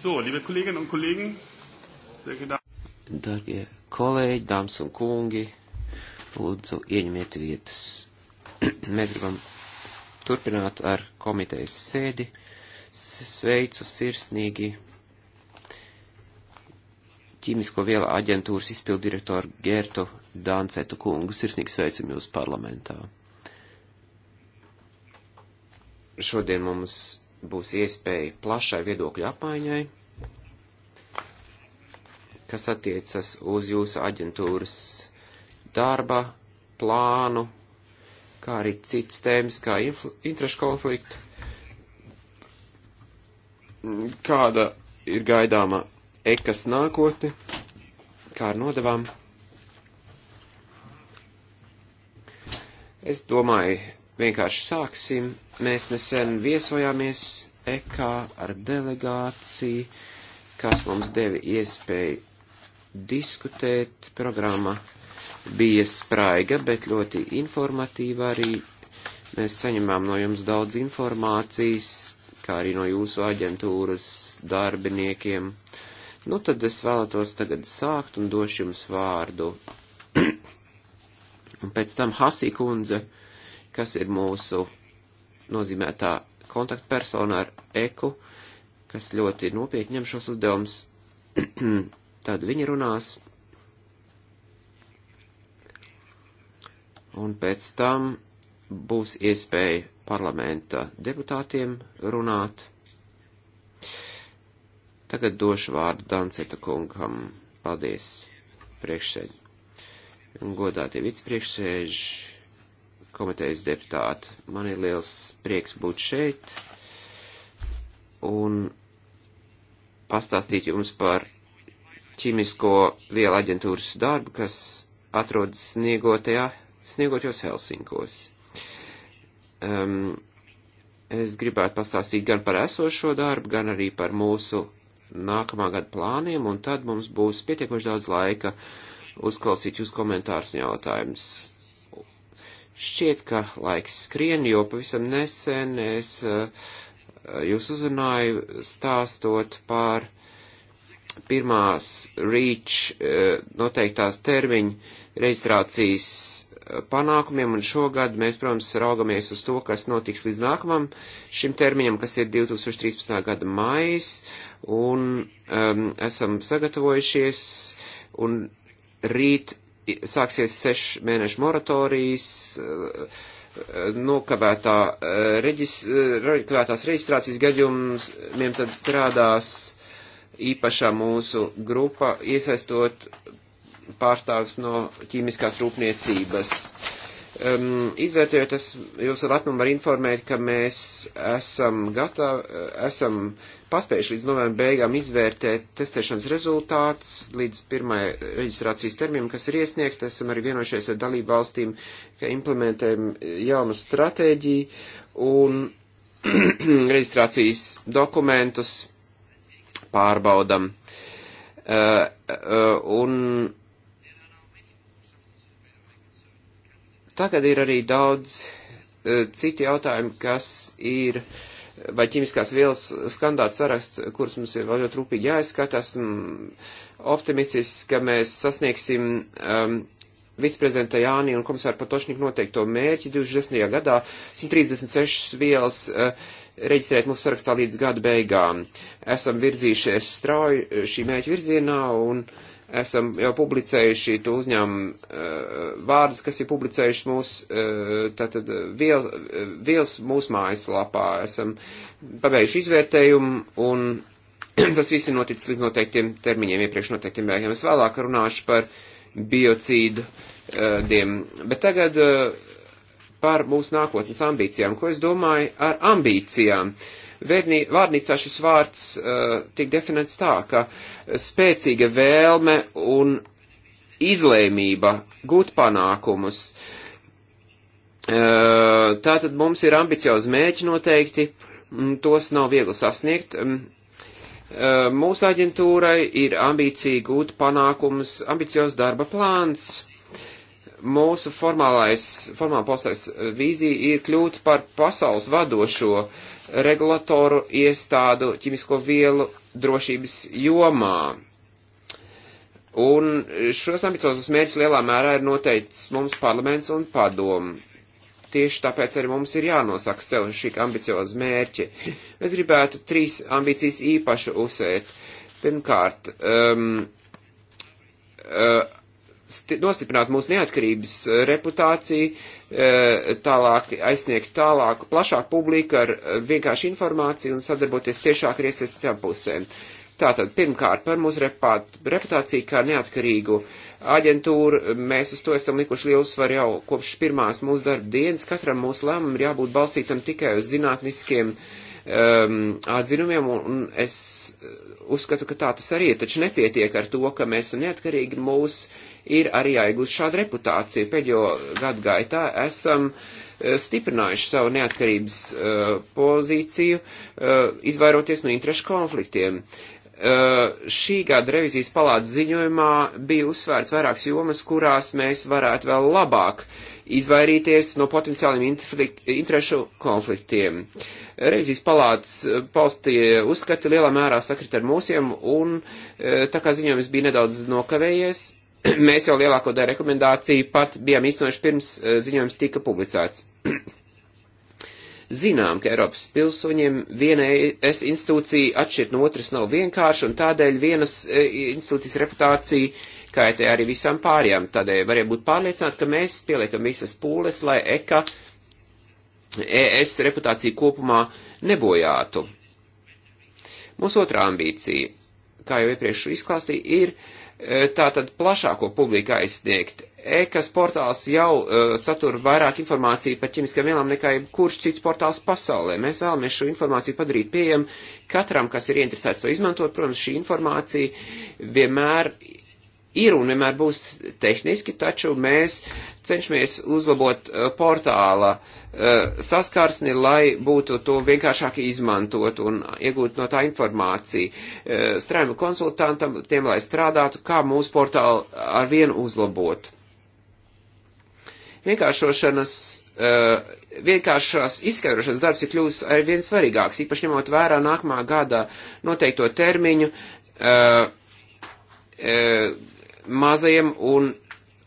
So, liebe Kolleginnen und Kollegen, sehr geehrte Darbie kolēģi, dāmas un kungi, lūdzu ieņemiet vietas. Mēs gribam turpināt ar komitejas sēdi. Sveicu sirsnīgi ķīmisko vielu aģentūras izpildirektoru Gertu Dāncetu kungu. Sirsnīgi sveicam jūs parlamentā. Šodien mums būs iespēja plašai viedokļu apmaiņai, kas attiecas uz jūsu aģentūras darba plānu, kā arī citas tēmas, kā interešu konfliktu, kāda ir gaidāma ekas nākotne, kā ar nodevām. Es domāju, Vienkārši sāksim. Mēs nesen viesojāmies EKA ar delegāciju, kas mums deva iespēju diskutēt. Programma bija spraiga, bet ļoti informatīva arī. Mēs saņemām no jums daudz informācijas, kā arī no jūsu aģentūras darbiniekiem. Nu, tad es vēlētos tagad sākt un došu jums vārdu. un pēc tam Hasī kundze kas ir mūsu nozīmētā kontaktpersona ar eku, kas ļoti nopietni ņem šos uzdevumus. Tad viņi runās. Un pēc tam būs iespēja parlamenta deputātiem runāt. Tagad došu vārdu Danceta kungam. Paldies, priekšsēd. Godātie vicepriekšsēži, komitejas deputāti. Man ir liels prieks būt šeit un pastāstīt jums par ķimisko vielu aģentūras darbu, kas atrodas sniegotajā, sniegotajos Helsinkos. Um, es gribētu pastāstīt gan par esošo darbu, gan arī par mūsu nākamā gada plāniem, un tad mums būs pietiekoši daudz laika uzklausīt jūs komentārus un jautājumus. Šķiet, ka laiks skrien, jo pavisam nesen es eh, jūs uzrunāju stāstot par pirmās rīč eh, noteiktās termiņu reģistrācijas eh, panākumiem, un šogad mēs, protams, raugamies uz to, kas notiks līdz nākamam šim termiņam, kas ir 2013. gada mājas, un um, esam sagatavojušies, un rīt sāksies sešu mēnešu moratorijas, eh, nokavētā, eh, reģis, nokavētās eh, reģistrācijas gadījumiem tad strādās īpašā mūsu grupa, iesaistot pārstāvs no ķīmiskās rūpniecības. Uh, Um, izvērtējot, es jūs ar lepnumu varu informēt, ka mēs esam gatavi, esam paspējuši līdz novembra beigām izvērtēt testēšanas rezultātus līdz pirmai reģistrācijas terminim, kas ir iesniegt. Esam arī vienojušies ar dalību valstīm, ka implementējam jaunu stratēģiju un reģistrācijas dokumentus pārbaudam. Uh, uh, un Tagad ir arī daudz e, citi jautājumi, kas ir, vai ķimiskās vielas skandāts saraksts, kurus mums ir vēl ļoti rūpīgi jāizskatās, un optimistiski, ka mēs sasniegsim um, viceprezidenta Jāni un komisāra Patošņika noteikto mērķi 2010. gadā 136 vielas uh, reģistrēt mūsu sarakstā līdz gada beigām. Esam virzījušies strauji šī mērķa virzienā un uh, esam jau publicējuši to uzņēmumu uh, vārdus, kas ir publicējuši mūsu, uh, eh, tātad viel, eh, viels mūsu mājaslapā. Esam pabeiguši izvērtējumu un tas viss ir noticis līdz noteiktiem termiņiem, iepriekš noteiktiem mērķiem. Es vēlāk runāšu par biocīdu uh, diem. Bet tagad uh, par mūsu nākotnes ambīcijām. Ko es domāju ar ambīcijām? Uh, Vērnī, vārnīcā šis vārds uh, tiek definēts tā, ka spēcīga vēlme un izlēmība gūt panākumus. Uh, Tātad mums ir ambiciozi mēķi noteikti, mm, tos nav viegli sasniegt. Mm, uh, mūsu aģentūrai ir ambīcija gūt panākumus, ambiciozs darba plāns mūsu formālais, formāla postais eh, vīzija ir kļūt par pasaules vadošo regulatoru iestādu ķimisko vielu drošības jomā. Un šos ambiciozus mērķus lielā mērā ir noteicis mums parlaments un padomu. Tieši tāpēc arī mums ir jānosaka sev šī ambicioza mērķi. Es gribētu trīs ambīcijas īpaši uzsvērt. Pirmkārt, um, uh, nostiprināt mūsu neatkarības eh, reputāciju, eh, tālāk aizsniegt tālāku, plašāku publiku ar eh, vienkāršu informāciju un sadarboties ciešāk ar iesaistītām pusēm. Tātad, pirmkārt, par mūsu reputāciju kā neatkarīgu aģentūru, mēs uz to esam likuši lielu svaru jau kopš pirmās mūsu darba dienas. Katram mūsu lēmumam ir jābūt balstītam tikai uz zinātniskiem uh, um, atzinumiem, un, un es uh, uzskatu, ka tā tas arī ir, taču nepietiek ar to, ka mēs esam neatkarīgi, mūs ir arī jāiegūst šāda reputācija. Pēdējo gadu gaitā esam uh, stiprinājuši savu neatkarības uh, pozīciju, uh, izvairoties no interešu konfliktiem. Uh, Eh, šī gada revizijas palātas ziņojumā bija uzsvērts vairākas jomas, kurās mēs varētu vēl labāk izvairīties no potenciāliem interešu konfliktiem. Revizijas palātas eh, palstie uzskati lielā mērā sakrit ar mūsiem, un eh, tā kā ziņojums bija nedaudz nokavējies, mēs jau lielāko daļu rekomendāciju pat bijām iznojuši pirms ziņojums tika publicēts. Zinām, ka Eiropas pilsoņiem viena es institūcija atšķirt no otras nav vienkārši, un tādēļ vienas e, institūcijas reputācija kaitē arī visām pārējām. Tādēļ varēja būt pārliecināti, ka mēs pieliekam visas pūles, lai EKA ES reputāciju kopumā nebojātu. Mūsu otrā ambīcija, kā jau iepriekš izklāstīja, ir Eh, tātad plašāko publiku aizsniegt. Ekas portāls jau uh, satur vairāk informāciju par ķīmiskajām vielām nekā jebkurš cits portāls pasaulē. Mēs vēlamies šo informāciju padarīt pieejamu katram, kas ir interesēts to izmantot. Protams, šī informācija vienmēr ir un vienmēr būs tehniski, taču mēs cenšamies uzlabot eh, portāla eh, saskarsni, lai būtu to vienkāršāk izmantot un iegūt no tā informāciju. Eh, Strādājam konsultantam, tiem, lai strādātu, kā mūsu portālu ar vienu uzlabot. Vienkāršošanas, vienkāršās izskaidrošanas darbs ir kļūst ar vien svarīgāks, īpaši ņemot vērā nākamā gada noteikto termiņu mazajiem un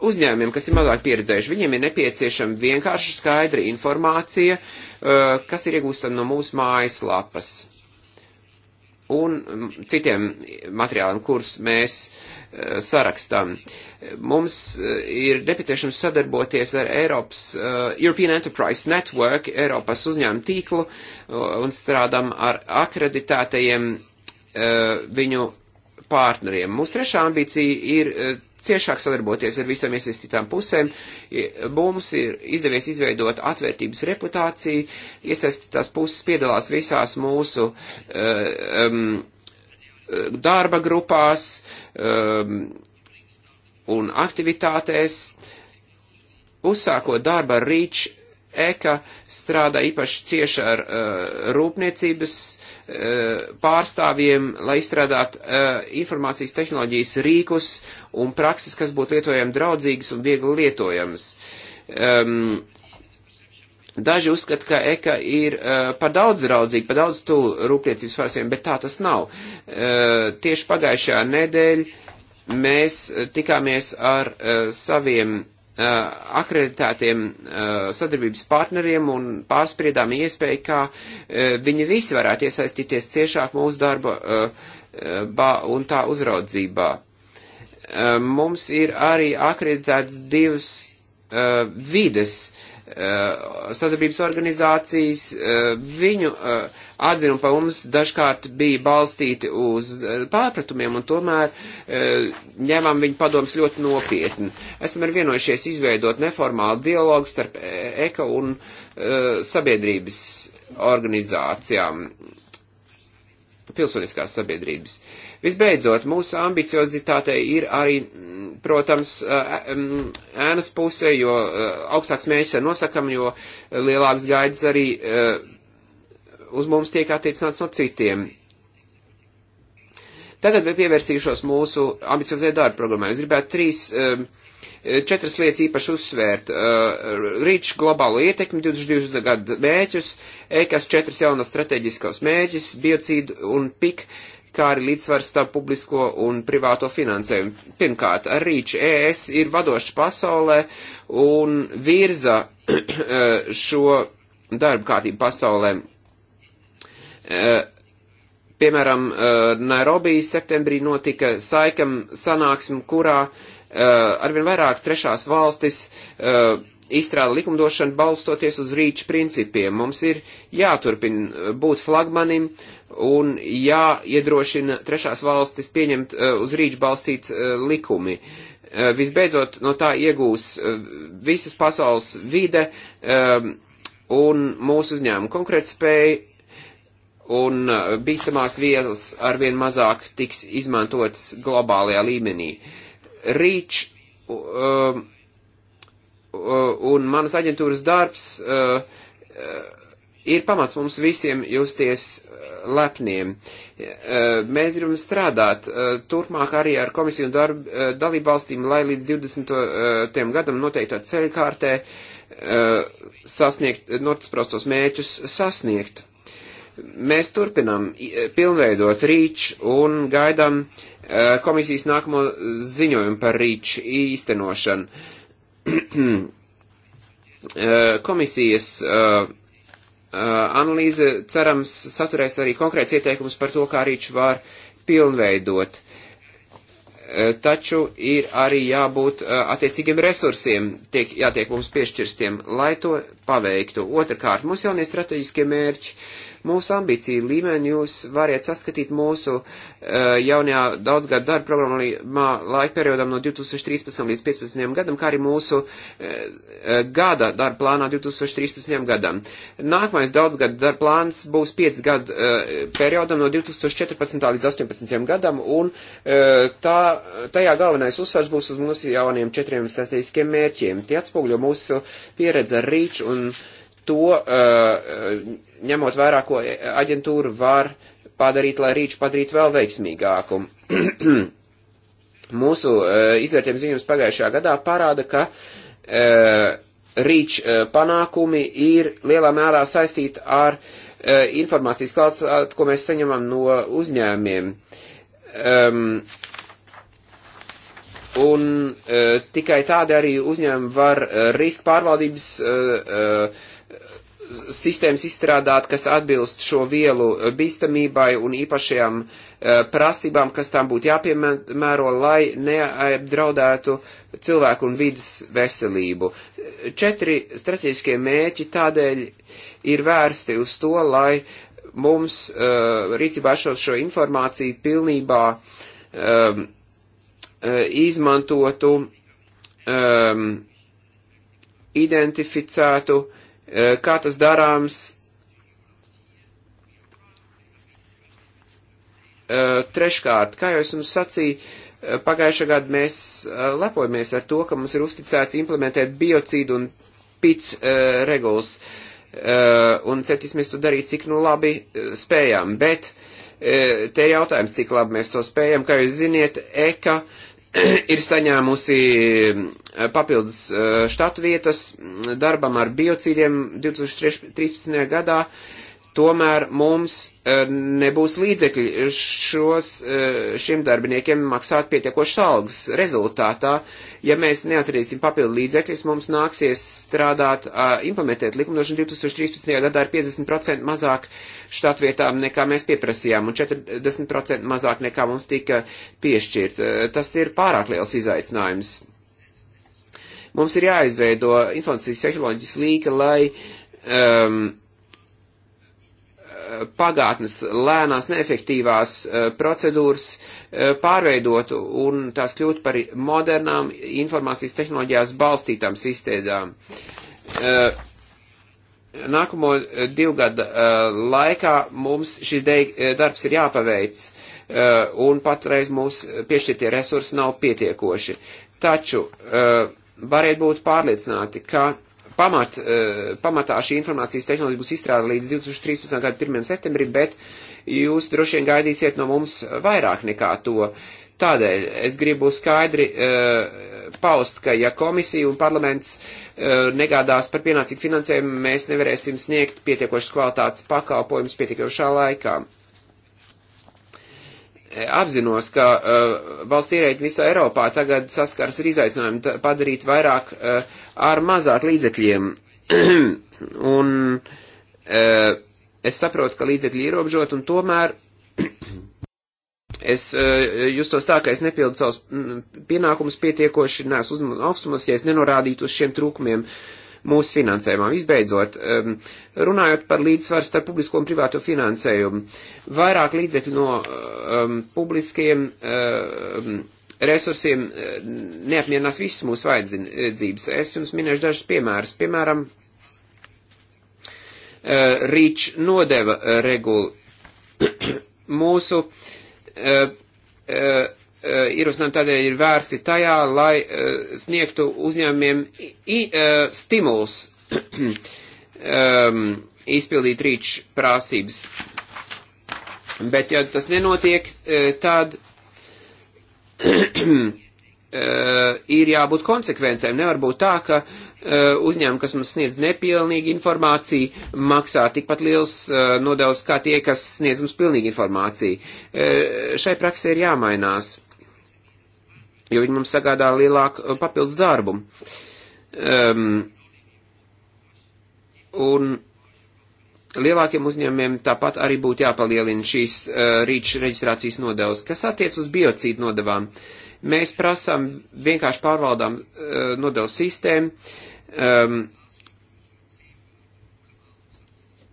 uzņēmumiem, kas ir mazāk pieredzējuši. Viņiem ir nepieciešama vienkārša, skaidra informācija, uh, kas ir iegūstama no mūsu mājaslapas un um, citiem materiāliem, kurus mēs uh, sarakstam. Mums uh, ir nepieciešams sadarboties ar Eiropas European Enterprise Network, Eiropas uzņēmumu tīklu, un strādam ar akreditētajiem viņu partneriem. Mūsu trešā ambīcija ir e, ciešāk sadarboties ar visām iesaistītām pusēm. Mums ir izdevies izveidot atvērtības reputāciju, iesaistītās puses piedalās visās mūsu uh, um, darba grupās um, un aktivitātēs. Uzsākot darba rīču ECA strādā īpaši cieši ar uh, rūpniecības uh, pārstāvjiem, lai izstrādātu uh, informācijas tehnoloģijas rīkus un prakses, kas būtu lietojami draudzīgas un viegli lietojamas. Um, Daži uzskata, ka ECA ir uh, par daudz draudzīga, par daudz tu rūpniecības pārstāvjiem, bet tā tas nav. Uh, tieši pagājušajā nedēļ mēs uh, tikāmies ar uh, saviem uh, akreditētiem sadarbības partneriem un pārspriedām iespēju, kā viņi visi varētu iesaistīties ciešāk mūsu darba un tā uzraudzībā. Mums ir arī akreditēts divas vides sadarbības organizācijas, viņu atzinumi par mums dažkārt bija balstīti uz eh, pārpratumiem un tomēr e, ņemam viņu padoms ļoti nopietni. Esam arī vienojušies izveidot neformālu dialogu starp ECA eh, e un e, sabiedrības organizācijām, pilsoniskās sabiedrības. Visbeidzot, mūsu ambiciozitātei ir arī, mm, protams, ēnas puse, jo augstāks mēs nosakam, jo lielāks gaidas arī uz mums tiek attiecināts no citiem. Tagad vēl pievērsīšos mūsu ambiciozajai darba programmai. Es gribētu trīs, um, četras lietas īpaši uzsvērt. Uh, Rīču globālo ietekmi, 2020. gada mēķus, EKS četras jaunas strateģiskos mēķus, biocīdu un PIK kā arī līdzsvars starp publisko un privāto finansējumu. Pirmkārt, Rīčs e ES ir vadošs pasaulē un virza uh, šo darbu kārtību pasaulē. Eh, piemēram, eh, Nairobi septembrī notika saikam sanāksme, kurā eh, arvien vairāk trešās valstis izstrāda likumdošanu balstoties uz rīču principiem. Mums ir jāturpina būt flagmanim un jāiedrošina trešās valstis pieņemt uz rīču balstīts likumi. Visbeidzot, no tā iegūs visas pasaules vide un mūsu uzņēmuma konkurētspēja un eh, bīstamās vielas arvien mazāk tiks izmantotas globālajā līmenī. Rīč um, un manas aģentūras darbs uh, ir pamats mums visiem justies lepniem. Uh, mēs gribam strādāt uh, turpmāk arī ar komisiju un darb, uh, dalību valstīm, lai līdz 20. gadam noteiktā ceļkārtē sasniegt, notasprostos mēķus sasniegt. Mēs turpinam e, pilnveidot rīču un gaidām e, komisijas nākamo ziņojumu par rīču īstenošanu. E, komisijas analīze, cerams, saturēs arī konkrēts ieteikums par to, kā rīču var pilnveidot. Taču ir arī jābūt attiecīgiem resursiem, tiek, jātiek mums piešķirstiem, lai to paveiktu. Otrakārt, mums jaunie strateģiskie mērķi Mūsu ambīciju līmeni jūs variet saskatīt mūsu uh, jaunajā daudzgadu darba programmā laika periodam no 2013 līdz 2015 gadam, kā arī mūsu uh, gada darba plānā 2013 gadam. Nākamais daudzgadu darba plāns būs 5 gadu uh, periodam no 2014 līdz 18 gadam, un uh, tā, tajā galvenais uzsvars būs uz mūsu jauniem četriem strateģiskiem mērķiem. Tie atspoguļo mūsu pieredze ar rīču un to uh, ņemot vērā, ko aģentūra var padarīt, lai rīču padarītu vēl veiksmīgāku. Mūsu uh, e, izvērtējums ziņojums pagājušajā gadā parāda, ka uh, rīč uh, panākumi ir lielā mērā saistīti ar uh, informācijas klātstātu, ko mēs saņemam no uzņēmiem. Um, un uh, tikai tādi arī uzņēmumi var uh, riska pārvaldības uh, uh, sistēmas izstrādāt, kas atbilst šo vielu bīstamībai un īpašajām eh, prasībām, kas tām būtu jāpiemēro, lai neapdraudētu cilvēku un vidas veselību. Četri strateģiskie mēķi tādēļ ir vērsti uz to, lai mums eh, rīcībā šos šo informāciju pilnībā um, izmantotu, um, identificētu, uh, Eh, kā tas darāms? Eh, treškārt, kā jau es jums sacīju, eh, pagājušā gada mēs lepojamies ar to, ka mums ir uzticēts implementēt biocīdu un pits regulas, un centīsimies to darīt, cik nu labi spējām, bet te ir jautājums, cik labi mēs to spējam, kā jūs ziniet, eka. E ir saņēmusi eh, papildus eh, štatu vietas darbam ar biocīdiem 2013. gadā tomēr mums e, nebūs līdzekļi šos, e, šiem darbiniekiem maksāt pietiekošas algas. Rezultātā, ja mēs neatrādīsim papildu līdzekļus, mums nāksies strādāt, implementēt likumdošanu 2013. gadā ar 50% mazāk štatvietām nekā mēs pieprasījām un 40% mazāk nekā mums tika piešķirt. E, tas ir pārāk liels izaicinājums. Mums ir jāizveido informācijas tehnoloģijas līka, lai um, pagātnes lēnās, neefektīvās eh, procedūras eh, pārveidotu un tās kļūtu par modernām informācijas tehnoloģijās balstītām sistēmām. Eh, nākamo divu gadu laikā mums šis darbs ir jāpaveic, un patreiz mūs piešķirtie resursi nav pietiekoši. Taču varētu būt pārliecināti, ka pamat, e, pamatā šī informācijas tehnoloģija būs izstrāda līdz 2013. gada 1. septembrim, bet jūs droši vien gaidīsiet no mums vairāk nekā to. Tādēļ es gribu skaidri uh, paust, ka ja komisija un parlaments uh, negādās par pienācīgu finansējumu, mēs nevarēsim sniegt pietiekošas kvalitātes pakalpojumus pietiekošā laikā. Uh, apzinos, ka uh, valsts ierēģi visā Eiropā tagad saskars ar izaicinājumu padarīt vairāk uh, ar mazāk līdzekļiem. un uh, es saprotu, ka līdzekļi ierobežot, un tomēr es uh, justos tā, ka es nepildu savus mm, pienākumus pietiekoši, nesu uzmanības augstumos, ja es nenorādītu uz šiem trūkumiem. Uh, mūsu finansējumam. Visbeidzot, um, runājot par līdzsvaru starp publisko un privāto finansējumu, vairāk līdzekļu no um, publiskiem um, resursiem uh, neapmierinās visas mūsu vajadzības. Es jums minēšu dažus piemērus. Piemēram, uh, rīč nodeva regulu. mūsu uh, uh, Eh, ierosinājumi tādēļ ir vērsti tajā, lai eh, sniegtu uzņēmumiem eh, stimulus ehm, izpildīt rīču prasības. Bet, ja tas nenotiek, tad ir jābūt konsekvencēm. Nevar būt tā, ka uzņēmumi, kas mums sniedz nepilnīgi informāciju, maksā tikpat liels nodevs kā tie, kas sniedz mums pilnīgi informāciju. Šai praksē ir jāmainās jo viņi mums sagādā lielāku uh, papildus darbu. Um, un lielākiem uzņēmumiem tāpat arī būtu jāpalielina šīs uh, rīču reģistrācijas nodevas. Kas attiec uz biocīdu nodevām, mēs prasām vienkārši pārvaldām uh, nodevu sistēmu, um,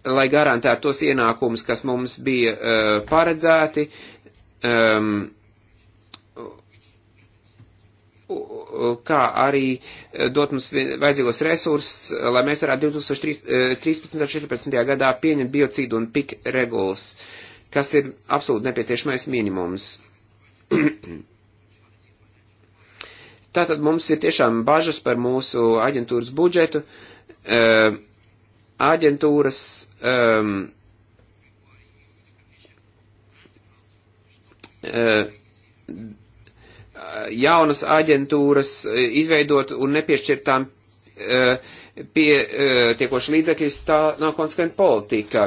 lai garantētu tos ienākumus, kas mums bija uh, paredzēti. Um, kā arī eh, dot mums vajadzīgos resursus, eh, lai mēs varētu 2013. un 2014. gadā pieņemt biocīdu un pik regulas, kas ir absolūti nepieciešamais minimums. Tātad mums ir tiešām bažas par mūsu aģentūras budžetu. Eh, aģentūras um, uh, Eh, jaunas aģentūras eh, izveidot un nepiešķirtām eh, pietiekoši līdzekļus, tā nav konsekventa politika.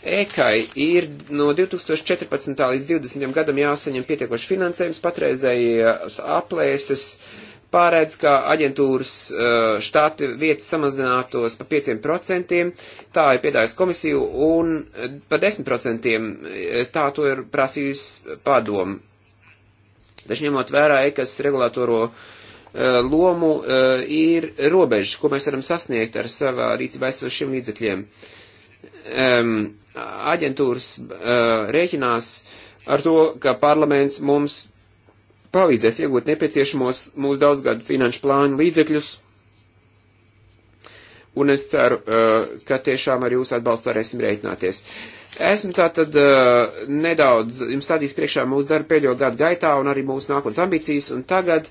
EKAI ir no 2014. līdz 2020. gadam jāsaņem pietiekoši finansējums, patreizējās aplēses pārēdz, ka aģentūras štāti vietas samazinātos pa 5%, tā ir piedājusi komisiju, un pa 10% tā to ir prasījusi padomu Taču ņemot vērā ekas regulatoro uh, e, lomu, uh, ir robežas, ko mēs varam sasniegt ar savā rīcībā esošiem līdzekļiem. Um, aģentūras uh, rēķinās ar to, ka parlaments mums palīdzēs iegūt nepieciešamos mūsu daudzgadu finanšu plānu līdzekļus un es ceru, ka tiešām ar jūsu atbalstu varēsim rēķināties. Esmu tā tad uh, eh, nedaudz jums stādījis priekšā mūsu darbu pēdējo gadu gaitā un arī mūsu nākotnes ambīcijas, un tagad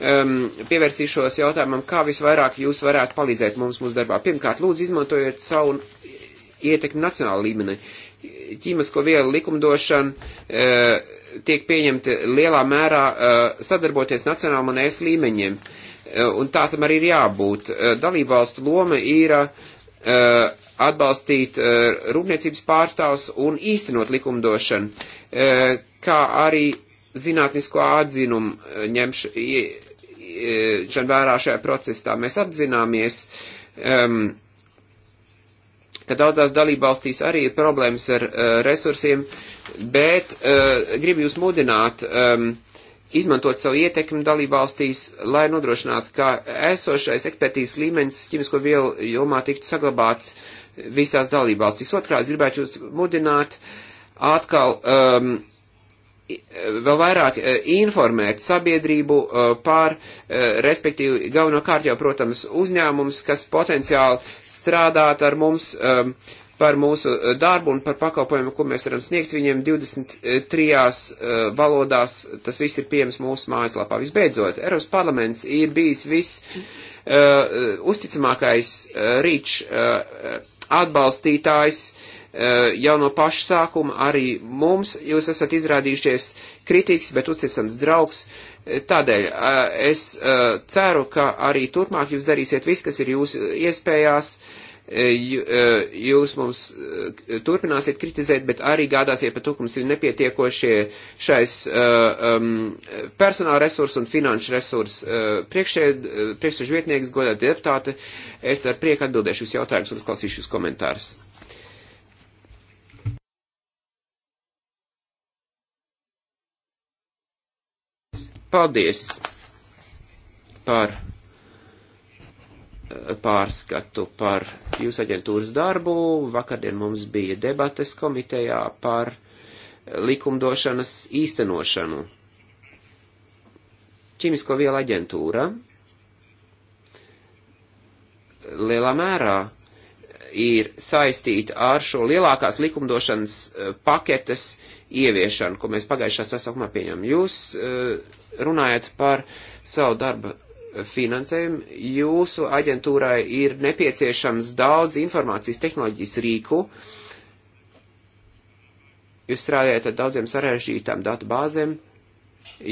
um, pievērsīšos jautājumam, kā visvairāk jūs varētu palīdzēt mums mūsu darbā. Pirmkārt, lūdzu, izmantojiet savu ietekmi nacionāla līmenī. Ķīmisko vielu likumdošana uh, tiek pieņemta lielā mērā uh, sadarboties nacionālam un es līmeņiem. Uh, un tā tam arī ir jābūt. Dalībvalstu loma ir Uh, atbalstīt uh, rūpniecības pārstāvs un īstenot likumdošanu, uh, kā arī zinātnisko atzinumu ņemšanu vērā šajā procesā. Mēs apzināmies, um, ka daudzās dalībvalstīs arī ir problēmas ar resursiem, bet gribu jūs mudināt, um, izmantot savu ietekmi dalībvalstīs, lai nodrošinātu, ka esošais ekspertīzes līmenis ķimisko vielu jomā tiktu saglabāts visās dalībvalstīs. Otrkārt, gribētu jūs mudināt atkal um, vēl vairāk uh, informēt sabiedrību uh, par, uh, respektīvi, galvenokārt jau, protams, uzņēmums, kas potenciāli strādāt ar mums um, par mūsu eh, darbu un par pakalpojumu, ko mēs varam sniegt viņiem 23 eh, valodās. Tas viss ir pieejams mūsu mājaslapā. Visbeidzot, Eiropas parlaments ir bijis viss uh, eh, uzticamākais uh, rīč uh, atbalstītājs jau no paša sākuma arī mums jūs esat izrādījušies kritikas, bet uzticams draugs. Tādēļ es ceru, ka arī turpmāk jūs darīsiet visu, kas ir jūsu iespējās. Uh, Eh, eh, jūs mums eh, turpināsiet kritizēt, bet arī gādāsiet par to, ka mums ir nepietiekošie šais personāla resursi un finanšu resursi. Priekšsēž vietnieks, godāti deputāti, es ar prieku atbildēšu jūs jautājumus un uzklausīšu jūs komentārus. Paldies par pārskatu par jūsu aģentūras darbu. Vakardien mums bija debates komitejā par likumdošanas īstenošanu. Ķimisko vielu aģentūra lielā mērā ir saistīta ar šo lielākās likumdošanas eh, paketes ieviešanu, ko mēs pagājušā sasaukumā pieņemam. Jūs eh, runājat par savu darba finansējumu, jūsu aģentūrai ir nepieciešams daudz informācijas tehnoloģijas rīku. Jūs strādājat ar daudziem sarežģītām datu bāzēm.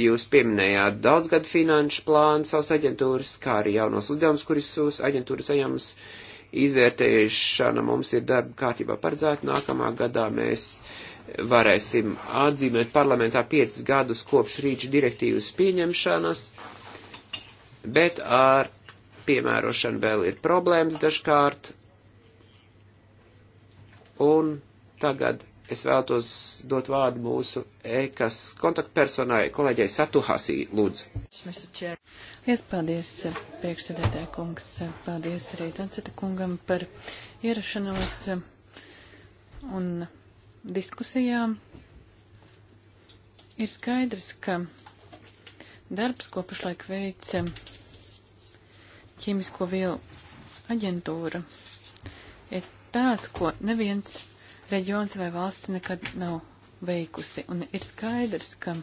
Jūs pieminējāt daudzgadu finanšu plānu savas aģentūras, kā arī jaunos uzdevumus, kurus jūs aģentūras saņemas izvērtēšana mums ir darba kārtībā paredzēta. Nākamā gadā mēs varēsim atzīmēt parlamentā piecus gadus kopš rīču direktīvas pieņemšanas. Uh, bet ar piemērošanu vēl ir problēmas dažkārt. Un tagad es vēlētos dot vārdu mūsu ēkas kontaktpersonai, kolēģei Satuhasī, lūdzu. Lies paldies, priekšsēdētāja kungs, paldies arī Tanceta kungam par ierašanos un diskusijām. Ir skaidrs, ka Darbs, ko pašlaik veic ķīmisko vielu aģentūra, ir tāds, ko neviens reģions vai valsts nekad nav veikusi. Un ir skaidrs, ka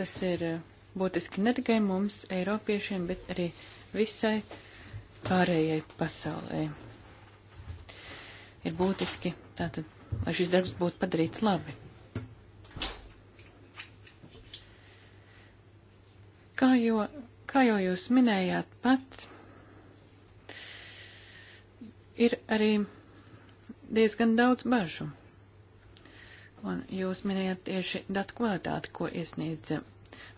tas ir eh, būtiski ne tikai mums, Eiropiešiem, bet arī visai pārējai pasaulē. Ir būtiski, tātad, lai šis darbs būtu padarīts labi. Kā jo, kā jo jūs minējāt pats, ir arī diezgan daudz bažu. Un jūs minējāt tieši datu kvalitāti, ko iesniedz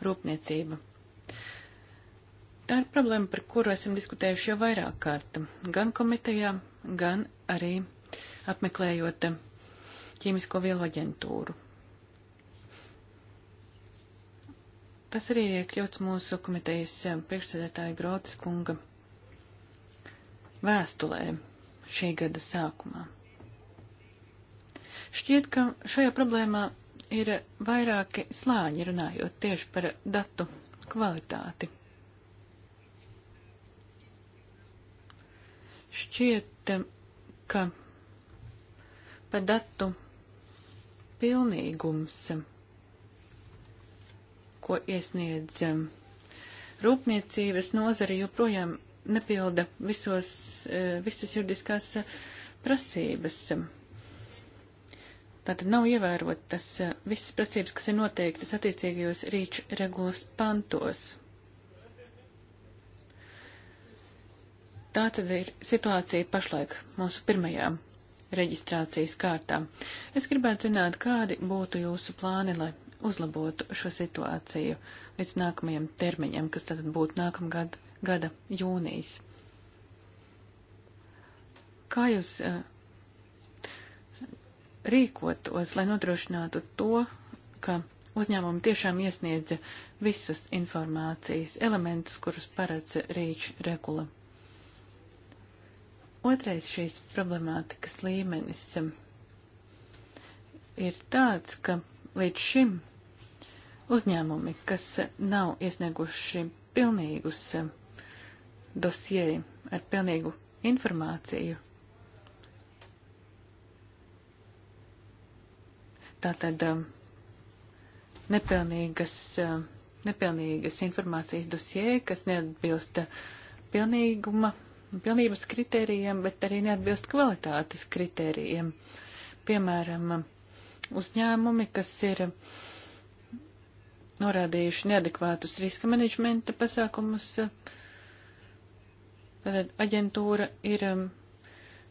rūpniecība. Tā ir problēma, par kuru esam diskutējuši jau vairāk kārt, gan komitejā, gan arī apmeklējot ķīmisko vielu aģentūru. Tas arī ir iekļauts mūsu komitejas eh, priekšsēdētāja Grotas kunga vēstulē šī gada sākumā. Šķiet, ka šajā problēmā ir vairāki slāņi runājot tieši par datu kvalitāti. Šķiet, eh, ka par datu pilnīgums ko iesniedz um, rūpniecības nozara, joprojām nepilda visos, uh, visas juridiskās uh, prasības. Tātad nav ievērotas uh, visas prasības, kas ir noteiktas attiecīgajos rīču regulas pantos. Tā tad ir situācija pašlaik mūsu pirmajā reģistrācijas kārtā. Es gribētu zināt, kādi būtu jūsu plāni, lai uzlabotu šo situāciju līdz nākamajam termiņam, kas tad būtu nākamgad gada jūnijas. Kā jūs uh, rīkotos, lai nodrošinātu to, ka uzņēmumi tiešām iesniedza visus informācijas elementus, kurus paredz rīču regula. Otrais šīs problemātikas līmenis eh, ir tāds, ka līdz šim Uzņēmumi, kas nav iesnieguši pilnīgus eh, dosieji ar pilnīgu informāciju, tātad eh, nepilnīgas, eh, nepilnīgas informācijas dosie, kas neatbilst pilnīguma, pilnības kritērijiem, bet arī neatbilst kvalitātes kritērijiem. Piemēram, uzņēmumi, kas ir uh, norādījuši neadekvātus riska menedžmenta pasākumus. Tātad aģentūra ir um,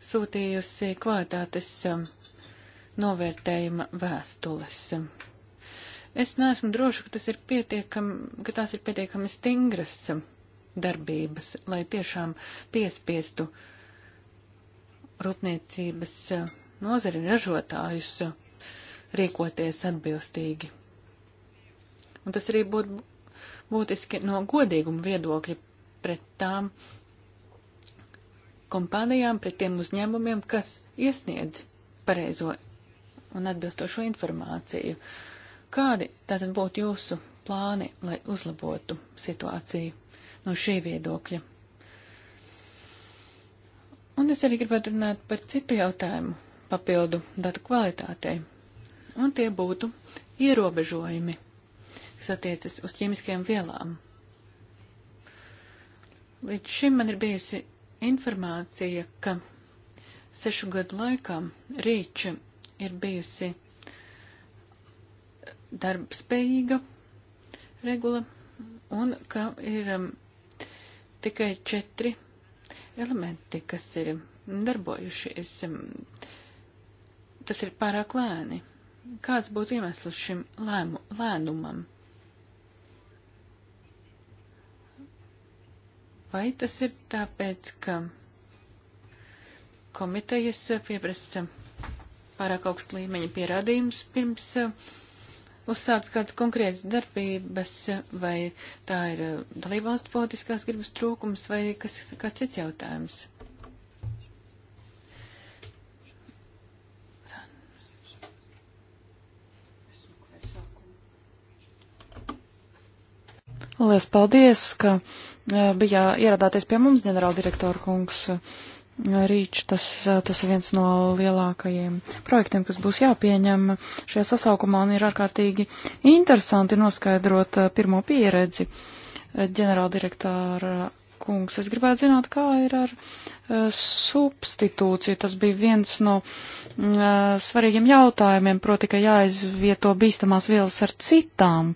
sūtījusi kvalitātes um, novērtējuma vēstules. Es neesmu droši, ka, tas ir ka tās ir pietiekami stingras um, darbības, lai tiešām piespiestu rūpniecības uh, nozari ražotājus uh, rīkoties atbilstīgi. Un tas arī būtu būtiski no godīguma viedokļa pret tām kompānijām, pret tiem uzņēmumiem, kas iesniedz pareizo un atbilstošo informāciju. Kādi tātad būtu jūsu plāni, lai uzlabotu situāciju no šī viedokļa? Un es arī gribētu runāt par citu jautājumu papildu datu kvalitātei. Un tie būtu ierobežojumi kas attiecas uz ķīmiskajām vielām. Līdz šim man ir bijusi informācija, ka sešu gadu laikā rīča ir bijusi darbspējīga regula un ka ir um, tikai četri elementi, kas ir darbojušies. Um, tas ir pārāk lēni. Kāds būtu iemesls šim lēmu, lēnumam? Vai tas ir tāpēc, ka komitejas pieprasa pārāk augstu līmeņa pierādījumus pirms uh, uzsākt kādas konkrētas darbības, vai tā ir uh, dalībvalstu politiskās gribas trūkums, vai kas, kāds cits jautājums? Lielas paldies, ka bija ieradāties pie mums, ģenerāldirektora kungs. Rīč, tas, tas ir viens no lielākajiem projektiem, kas būs jāpieņem šajā sasaukumā, un ir ārkārtīgi interesanti noskaidrot pirmo pieredzi ģenerāldirektora kungs, es gribētu zināt, kā ir ar uh, substitūciju. Tas bija viens no uh, svarīgiem jautājumiem, proti, ka jāizvieto bīstamās vielas ar citām.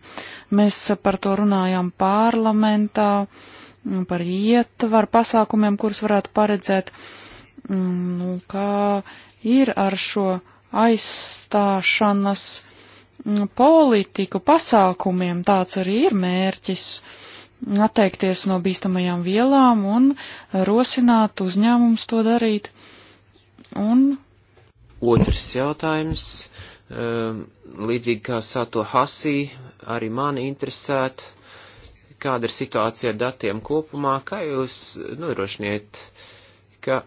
Mēs par to runājām parlamentā, mm, par ietvaru pasākumiem, kurus varētu paredzēt. Mm, nu, kā ir ar šo aizstāšanas mm, politiku pasākumiem? Tāds arī ir mērķis. Uh, atteikties no bīstamajām vielām un rosināt uzņēmums to darīt. Un... Otrs jautājums. Um, līdzīgi kā Sato Hasī, arī mani interesētu, kāda ir situācija ar datiem kopumā, kā jūs nodrošiniet, ka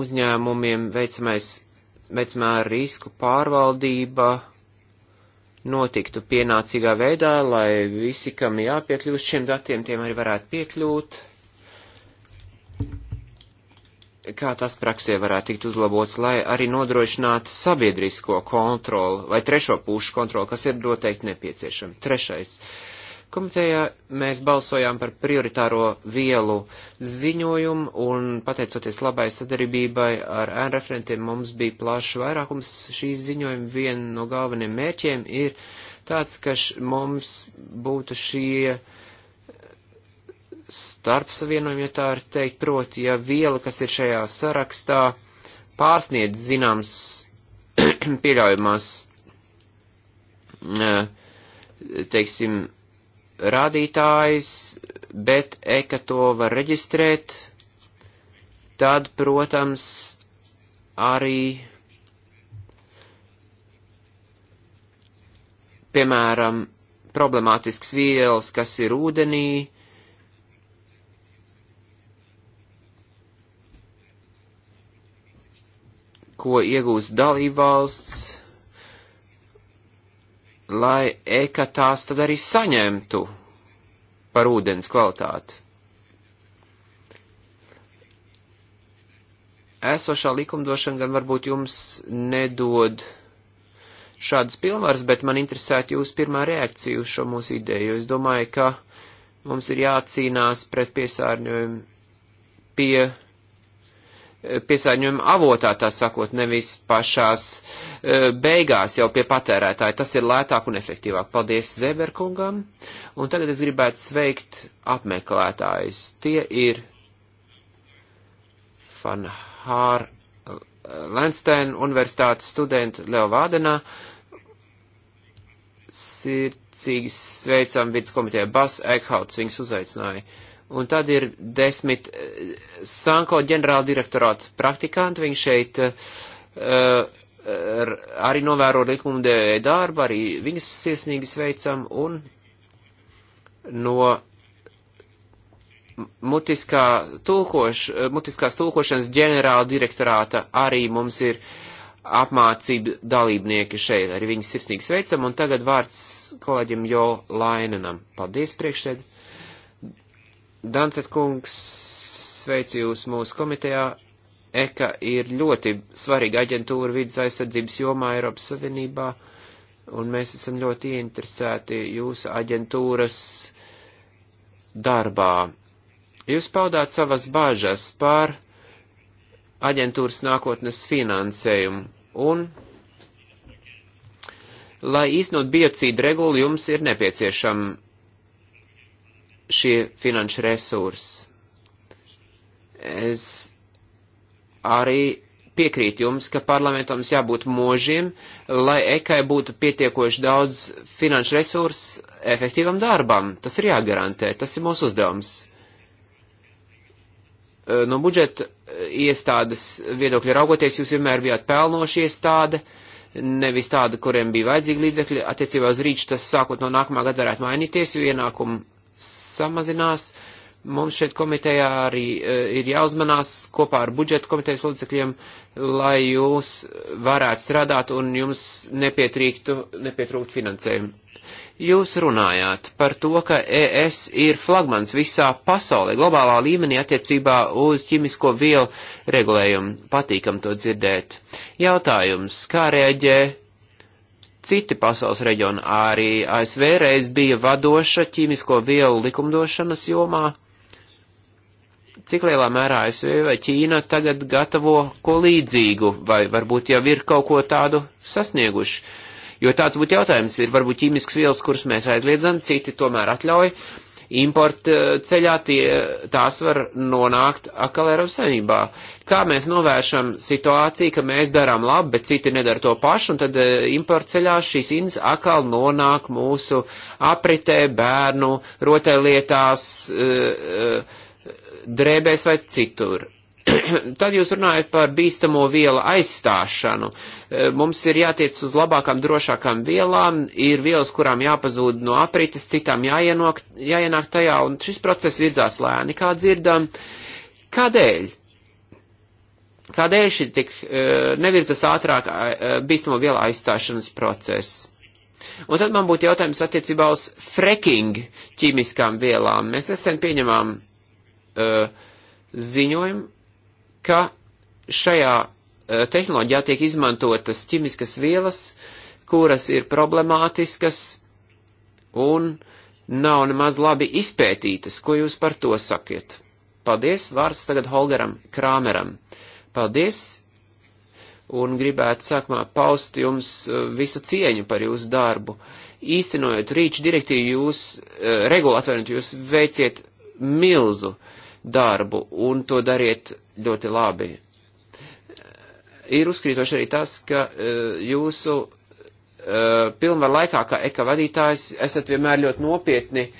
uzņēmumiem veicamais, veicamā risku pārvaldība notiktu pienācīgā veidā, lai visi, kam jāpiekļūst šiem datiem, tiem arī varētu piekļūt. Kā tas praksē varētu tikt uzlabots, lai arī nodrošinātu sabiedrisko kontroli vai trešo pušu kontroli, kas ir noteikti nepieciešama. Trešais. Uh, Komitejā mēs balsojām par prioritāro vielu ziņojumu un pateicoties labai sadarbībai ar ēnu referentiem mums bija plašs vairākums šī ziņojuma. Viena no galveniem mērķiem ir tāds, ka š, mums būtu šie starpsavienojumi, ja tā var teikt, proti, ja viela, kas ir šajā sarakstā, pārsniedz zināms pieļaujamās, eh, teiksim, rādītājs, bet eka to var reģistrēt, tad, protams, arī, piemēram, problemātisks vielas, kas ir ūdenī, ko iegūst dalībvalsts, lai eka tās tad arī saņemtu par ūdens kvalitāti. Esošā likumdošana gan varbūt jums nedod šādas pilnvaras, bet man interesētu jūsu pirmā reakcija uz šo mūsu ideju, jo es domāju, ka mums ir jācīnās pret piesārņojumu pie piesārņojuma avotā, tā sakot, nevis pašās e, beigās jau pie patērētāja. Tas ir lētāk un efektīvāk. Paldies Zeberkungam. Un tagad es gribētu sveikt apmeklētājus. Tie ir Fanhār e, Lensteina universitātes studenti Leo Vādenā. Sirdsīgi sveicam vidskomitē Bas Eikhauts, viņus uzaicināja. Uh, Un tad ir desmit eh, Sanko ģenerāla direktorāta praktikanti, viņi šeit eh, eh, arī novēro likumdevēja darbu, arī viņas sirsnīgi sveicam un no mutiskā tulkoš, mutiskās tulkošanas ģenerāla direktorāta arī mums ir apmācība dalībnieki šeit, arī viņas sirsnīgi sveicam, un tagad vārds kolēģim Jo Lainenam. Paldies priekšsēd. Dancet kungs, sveicu jūs mūsu komitejā. EKA ir ļoti svarīga aģentūra vidas aizsardzības jomā Eiropas Savienībā, un mēs esam ļoti ieinteresēti jūsu aģentūras darbā. Jūs paudāt savas bāžas par aģentūras nākotnes finansējumu, un, lai īstenot biocīdu regulu, jums ir nepieciešama šie finanšu resursi. Es arī piekrītu jums, ka parlamentam jābūt možiem, lai ekai būtu pietiekoši daudz finanšu resursu efektīvam darbam. Tas ir jāgarantē, tas ir mūsu uzdevums. Eh, no budžeta eh, iestādes viedokļa raugoties, jūs vienmēr bijāt pelnoši iestāde, nevis tāda, kuriem bija vajadzīgi līdzekļi. Attiecībā uz rīču tas sākot no nākamā gada varētu mainīties, jo ienākumu samazinās. Mums šeit komitejā arī e, ir jāuzmanās kopā ar budžeta komitejas līdzekļiem, lai jūs varētu strādāt un jums nepietrūkt finansējumu. Jūs runājāt par to, ka ES ir flagmans visā pasaulē, globālā līmenī attiecībā uz ķimisko vielu regulējumu. Patīkam to dzirdēt. Jautājums, kā rēģē citi pasaules reģioni. Arī ASV reiz bija vadoša ķīmisko vielu likumdošanas jomā. Cik lielā mērā ASV vai Ķīna tagad gatavo ko līdzīgu, vai varbūt jau ir kaut ko tādu sasnieguši? Jo tāds būtu jautājums, ir varbūt ķīmisks vielas, kuras mēs aizliedzam, citi tomēr atļauj. Uh, importa eh, ceļā, tie, tās var nonākt atkal Eiropas Savienībā. Kā mēs novēršam situāciju, ka mēs darām labi, bet citi nedara to pašu, un tad eh, importa ceļā šīs ins atkal nonāk mūsu apritē, bērnu, rotaļlietās, eh, drēbēs vai citur Tad jūs runājat par bīstamo vielu aizstāšanu. E, mums ir jātiec uz labākām, drošākām vielām, ir vielas, kurām jāpazūd no aprites, citām jāienok, jāienāk tajā, un šis process virzās lēni, kā dzirdam. Kādēļ? Kādēļ šī tik e, nevirzas ātrāk e, bīstamo vielu aizstāšanas process? Un tad man būtu jautājums attiecībā uz freking ķīmiskām vielām. Mēs nesen pieņemām uh, ziņojumu ka šajā eh, tehnoloģijā tiek izmantotas ķimiskas vielas, kuras ir problemātiskas un nav nemaz labi izpētītas. Ko jūs par to sakiet? Paldies, vārds tagad Holgeram Krāmeram. Paldies, un gribētu sākumā paust jums eh, visu cieņu par jūsu darbu. Īstenojot rīču direktīvu, jūs, eh, regulu atvainot, jūs veiciet milzu darbu, un to dariet ļoti labi. Ir uzkrītoši arī tas, ka e, jūsu e, pilnvaru laikā, kā eka vadītājs, esat vienmēr ļoti nopietni e,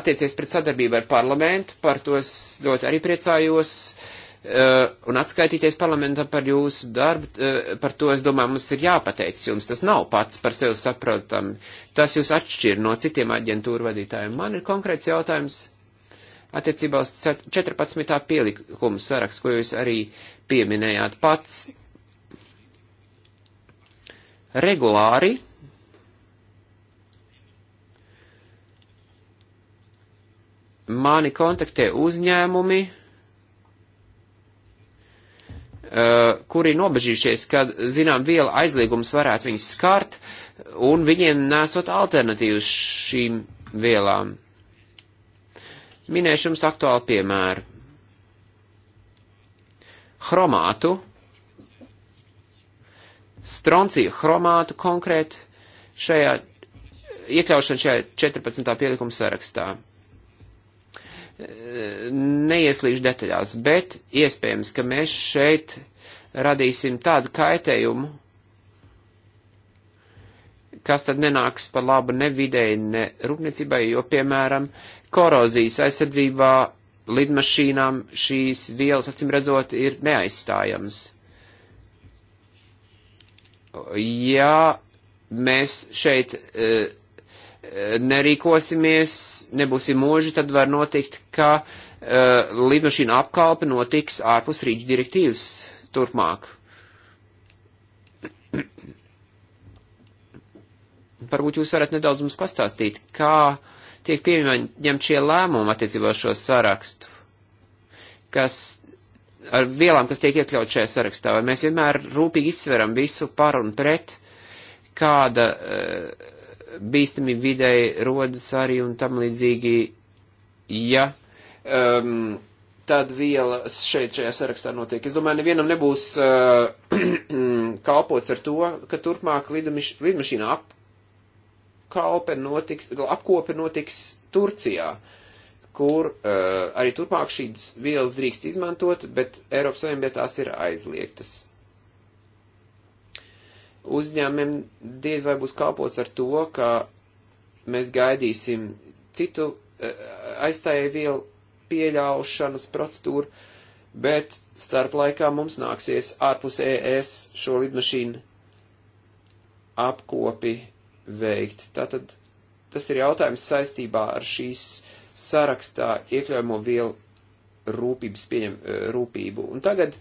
attiecies pret sadarbību ar parlamentu, par to es ļoti arī priecājos, un atskaitīties parlamentam par jūsu darbu, par to, es domāju, mums ir jāpateic jums, tas nav pats par sevi saprotam, tas jūs atšķir no citiem aģentūru vadītājiem. Man ir konkrēts jautājums attiecībā uz 14. pielikumu sarakstu, ko jūs arī pieminējāt pats. Regulāri mani kontaktē uzņēmumi, eh, kuri nobežījušies, ka, zinām, viela aizliegums varētu viņus skart, un viņiem nesot alternatīvas šīm vielām. Minēšu jums aktuālu piemēru. Hromātu, stronciju hromātu konkrēti šajā iekļaušana šajā 14. pielikuma sarakstā. Neieslīšu detaļās, bet iespējams, ka mēs šeit radīsim tādu kaitējumu, kas tad nenāks par labu ne videi, ne rūpniecībai, jo, piemēram, uh, korozijas aizsardzībā lidmašīnām šīs vielas, acīm redzot, ir neaizstājams. Ja mēs šeit e, e nerīkosimies, nebūsim mūži, tad var notikt, ka e, lidmašīna apkalpe notiks ārpus rīča direktīvas turpmāk. Varbūt jūs varat nedaudz mums pastāstīt, kā uh, tiek pieņemt šie lēmumi attiecībā uz šo sarakstu, kas ar vielām, kas tiek iekļaut šajā sarakstā, vai mēs vienmēr rūpīgi izsveram visu par un pret, kāda uh, eh, bīstami videi rodas arī un tam līdzīgi, ja um, tad viela šeit šajā sarakstā notiek. Es domāju, nevienam nebūs uh, kalpots ar to, ka turpmāk lidmašīna ap, kalpe notiks, apkope notiks Turcijā, kur uh, arī turpmāk šīs vielas drīkst izmantot, bet Eiropas Savienībā tās ir aizliegtas. Uzņēmumiem diez vai būs kalpots ar to, ka mēs gaidīsim citu uh, aizstājēju vielu pieļaušanas procedūru, bet starp laikā mums nāksies ārpus ES šo lidmašīnu apkopi veikt. Tātad tas ir jautājums saistībā ar šīs sarakstā iekļaujamo vielu rūpības pieņem, e, rūpību. Un tagad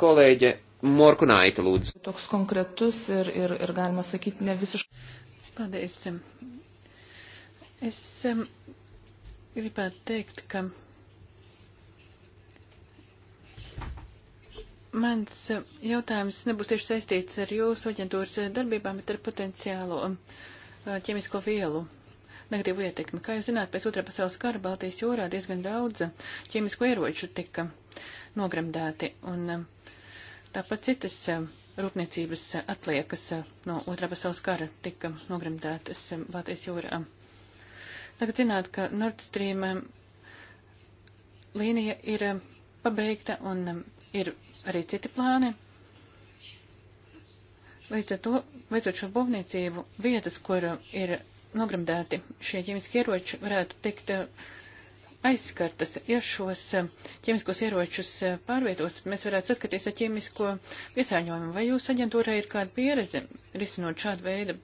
kolēģe Morkunaita lūdzu. Toks konkretus ir, ir, ir galima sakīt, ne visiškai. Paldies. Es um, gribētu teikt, ka Mans eh, jautājums nebūs tieši saistīts ar jūsu aģentūras eh, darbībām, bet ar potenciālo um, eh, ķemisko vielu negatīvu ietekmi. Kā jūs zināt, pēc otrā pasaules kara Baltijas jūrā diezgan daudz ķemisko ieroču tika nogremdēti, un tāpat citas rūpniecības atliekas no otrā pasaules kara tika nogremdētas Baltijas jūrā. Tagad zināt, ka Nord Stream līnija ir pabeigta un ir arī citi plāni. Līdz ar to, veicot šo būvniecību, vietas, kur ir nogremdēti šie ķīmiskie ieroči, varētu tikt eh, aizskartas. Ja šos eh, ķīmiskos ieročus eh, pārvietos, tad mēs varētu saskaties ar ķīmisko piesāņojumu. Vai jūsu aģentūrā ir kāda pieredze risinot šādu veidu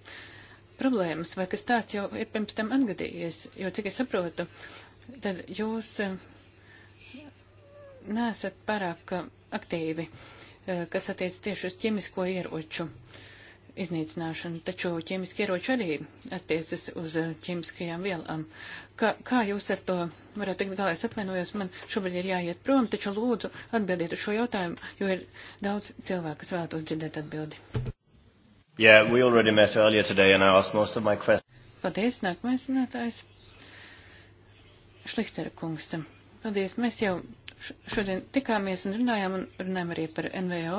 problēmas, vai kas tāds jau ir pirms tam atgadījies? Jo, cik es saprotu, tad jūs nesat pārāk aktīvi, eh, kas attiec tieši uz ķemisko ieroču iznīcināšanu, taču ķemiski ieroči arī attiecas uz eh, ķemiskajām vielām. Kā, kā jūs ar to varētu tikt galā? Es atvainojos, man šobrīd ir jāiet prom, taču lūdzu atbildiet uz šo jautājumu, jo ir daudz cilvēku, kas vēlētos dzirdēt atbildi. Yeah, we already met earlier today and I asked most of my questions. Paldies, nākamais runātājs. Šlichtera kungs. Paldies, mēs jau šodien tikāmies un runājām, un runājām arī par NVO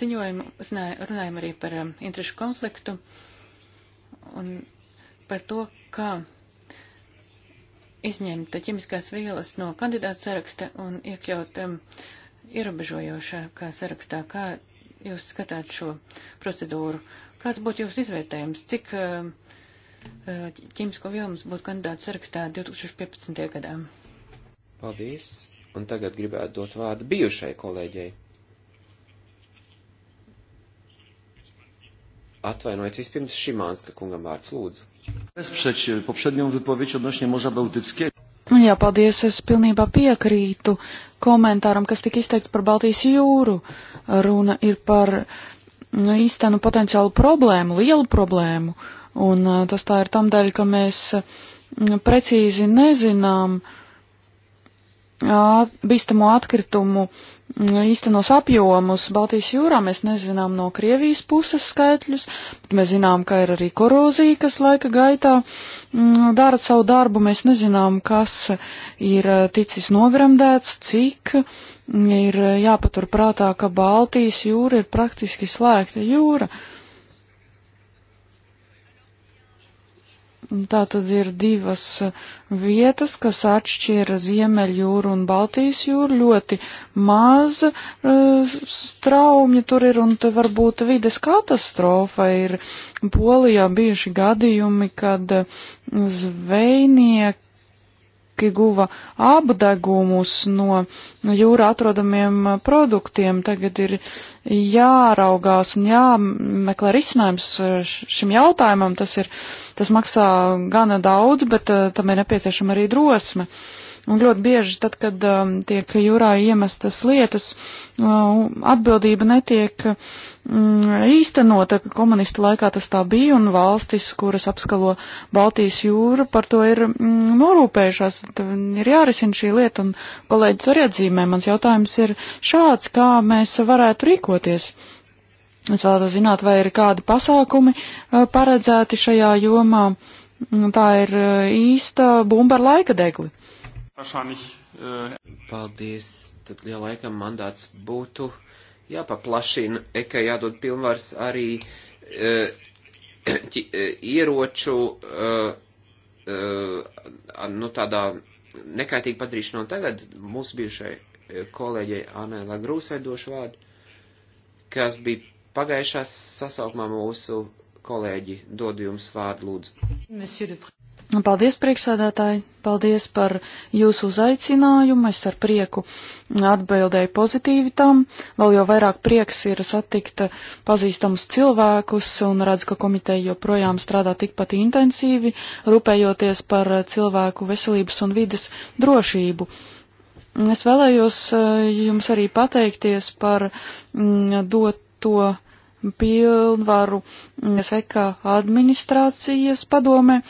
ziņojumu, runājām arī par um, interešu konfliktu un par to, kā izņemt ķemiskās vielas no kandidātu saraksta un iekļaut um, ierobežojošākā sarakstā. Kā jūs skatāt šo procedūru? Kāds būtu jūsu izvērtējums? Cik um, uh, ķemisko vielu mums būtu kandidātu sarakstā 2015. gadā? Paldies! Un tagad gribētu dot vārdu bijušai kolēģei. Atvainojiet, vispirms Šimānska kungam vārds lūdzu. Bezprecz poprzednią wypowiedź odnośnie Morza Bałtyckiego. Nu jā, paldies, es pilnībā piekrītu komentāram, kas tika izteikts par Baltijas jūru. Runa ir par nu, īstenu potenciālu problēmu, lielu problēmu, un uh, tas tā ir tam dēļ, ka mēs mm, precīzi nezinām, uh, bīstamo atkritumu mm, īstenos apjomus Baltijas jūrā. Mēs nezinām no Krievijas puses skaitļus, bet mēs zinām, ka ir arī korozija, kas laika gaitā mm, dara savu darbu. Mēs nezinām, kas ir eh, ticis nogremdēts, cik mm, ir eh, jāpaturprātā, ka Baltijas jūra ir praktiski slēgta jūra. Uh, Tā tad ir divas vietas, kas atšķiera Ziemeļjūru un Baltijas jūru. Ļoti maz e, straumja tur ir, un te varbūt vides katastrofa ir. Polijā bijuši gadījumi, kad zvejnieki cilvēki guva apdegumus no jūra atrodamiem produktiem. Tagad ir jāraugās un jāmeklē risinājums šim jautājumam. Tas, ir, tas maksā gana daudz, bet eh, tam ir nepieciešama arī drosme. Uh, Un ļoti bieži tad, kad um, tiek jūrā iemestas lietas, um, atbildība netiek um, īstenota. Komunistu laikā tas tā bija, un valstis, kuras apskalo Baltijas jūru, par to ir um, norūpējušās. Tad ir jārisina šī lieta, un kolēģis arī atzīmē. Mans jautājums ir šāds, kā mēs varētu rīkoties. Es vēlētos zināt, vai ir kādi pasākumi uh, paredzēti šajā jomā. Mm, tā ir uh, īsta bumba ar laika degli. Äh, Paldies. Tad, ja laikam mandāts būtu jāpaplašina, ka jādod pilnvars arī e, ķi, e, ieroču, e, e, nu tādā nekaitīgi padarīšanā tagad mūsu bijušai e, kolēģei Anē Lagrūsai došu vārdu, kas bija pagājušās sasaukumā mūsu kolēģi. Dodu jums vārdu, lūdzu. Paldies, priekšsēdētāji! Paldies par jūsu uzaicinājumu! Es ar prieku atbildēju pozitīvi tam. Vēl jau vairāk prieks ir satikt pazīstamus cilvēkus un redzu, ka komiteja joprojām strādā tikpat intensīvi, rūpējoties par cilvēku veselības un vides drošību. Es vēlējos eh, jums arī pateikties par mm, doto pilnvaru mm, SEKA administrācijas padomē.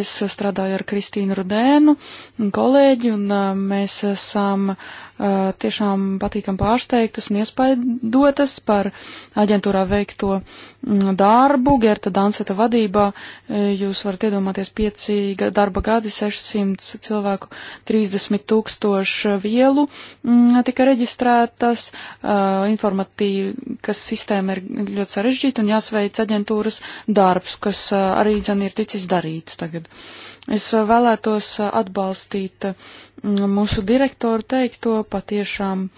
Es strādāju ar Kristīnu Rudēnu, kolēģi, un uh, mēs esam uh, Eh, tiešām patīkam pārsteigtas un iespaidotas par aģentūrā veikto mm, darbu. Gerta Danseta vadībā eh, jūs varat iedomāties 5 darba gadi, 600 cilvēku, 30 tūkstošu vielu mm, tika reģistrētas. Eh, informatīvas sistēma ir ļoti sarežģīta un jāsveic aģentūras darbs, kas arī dzen ir ticis darīts tagad. Es vēlētos atbalstīt uh, mūsu direktoru teikto patiešām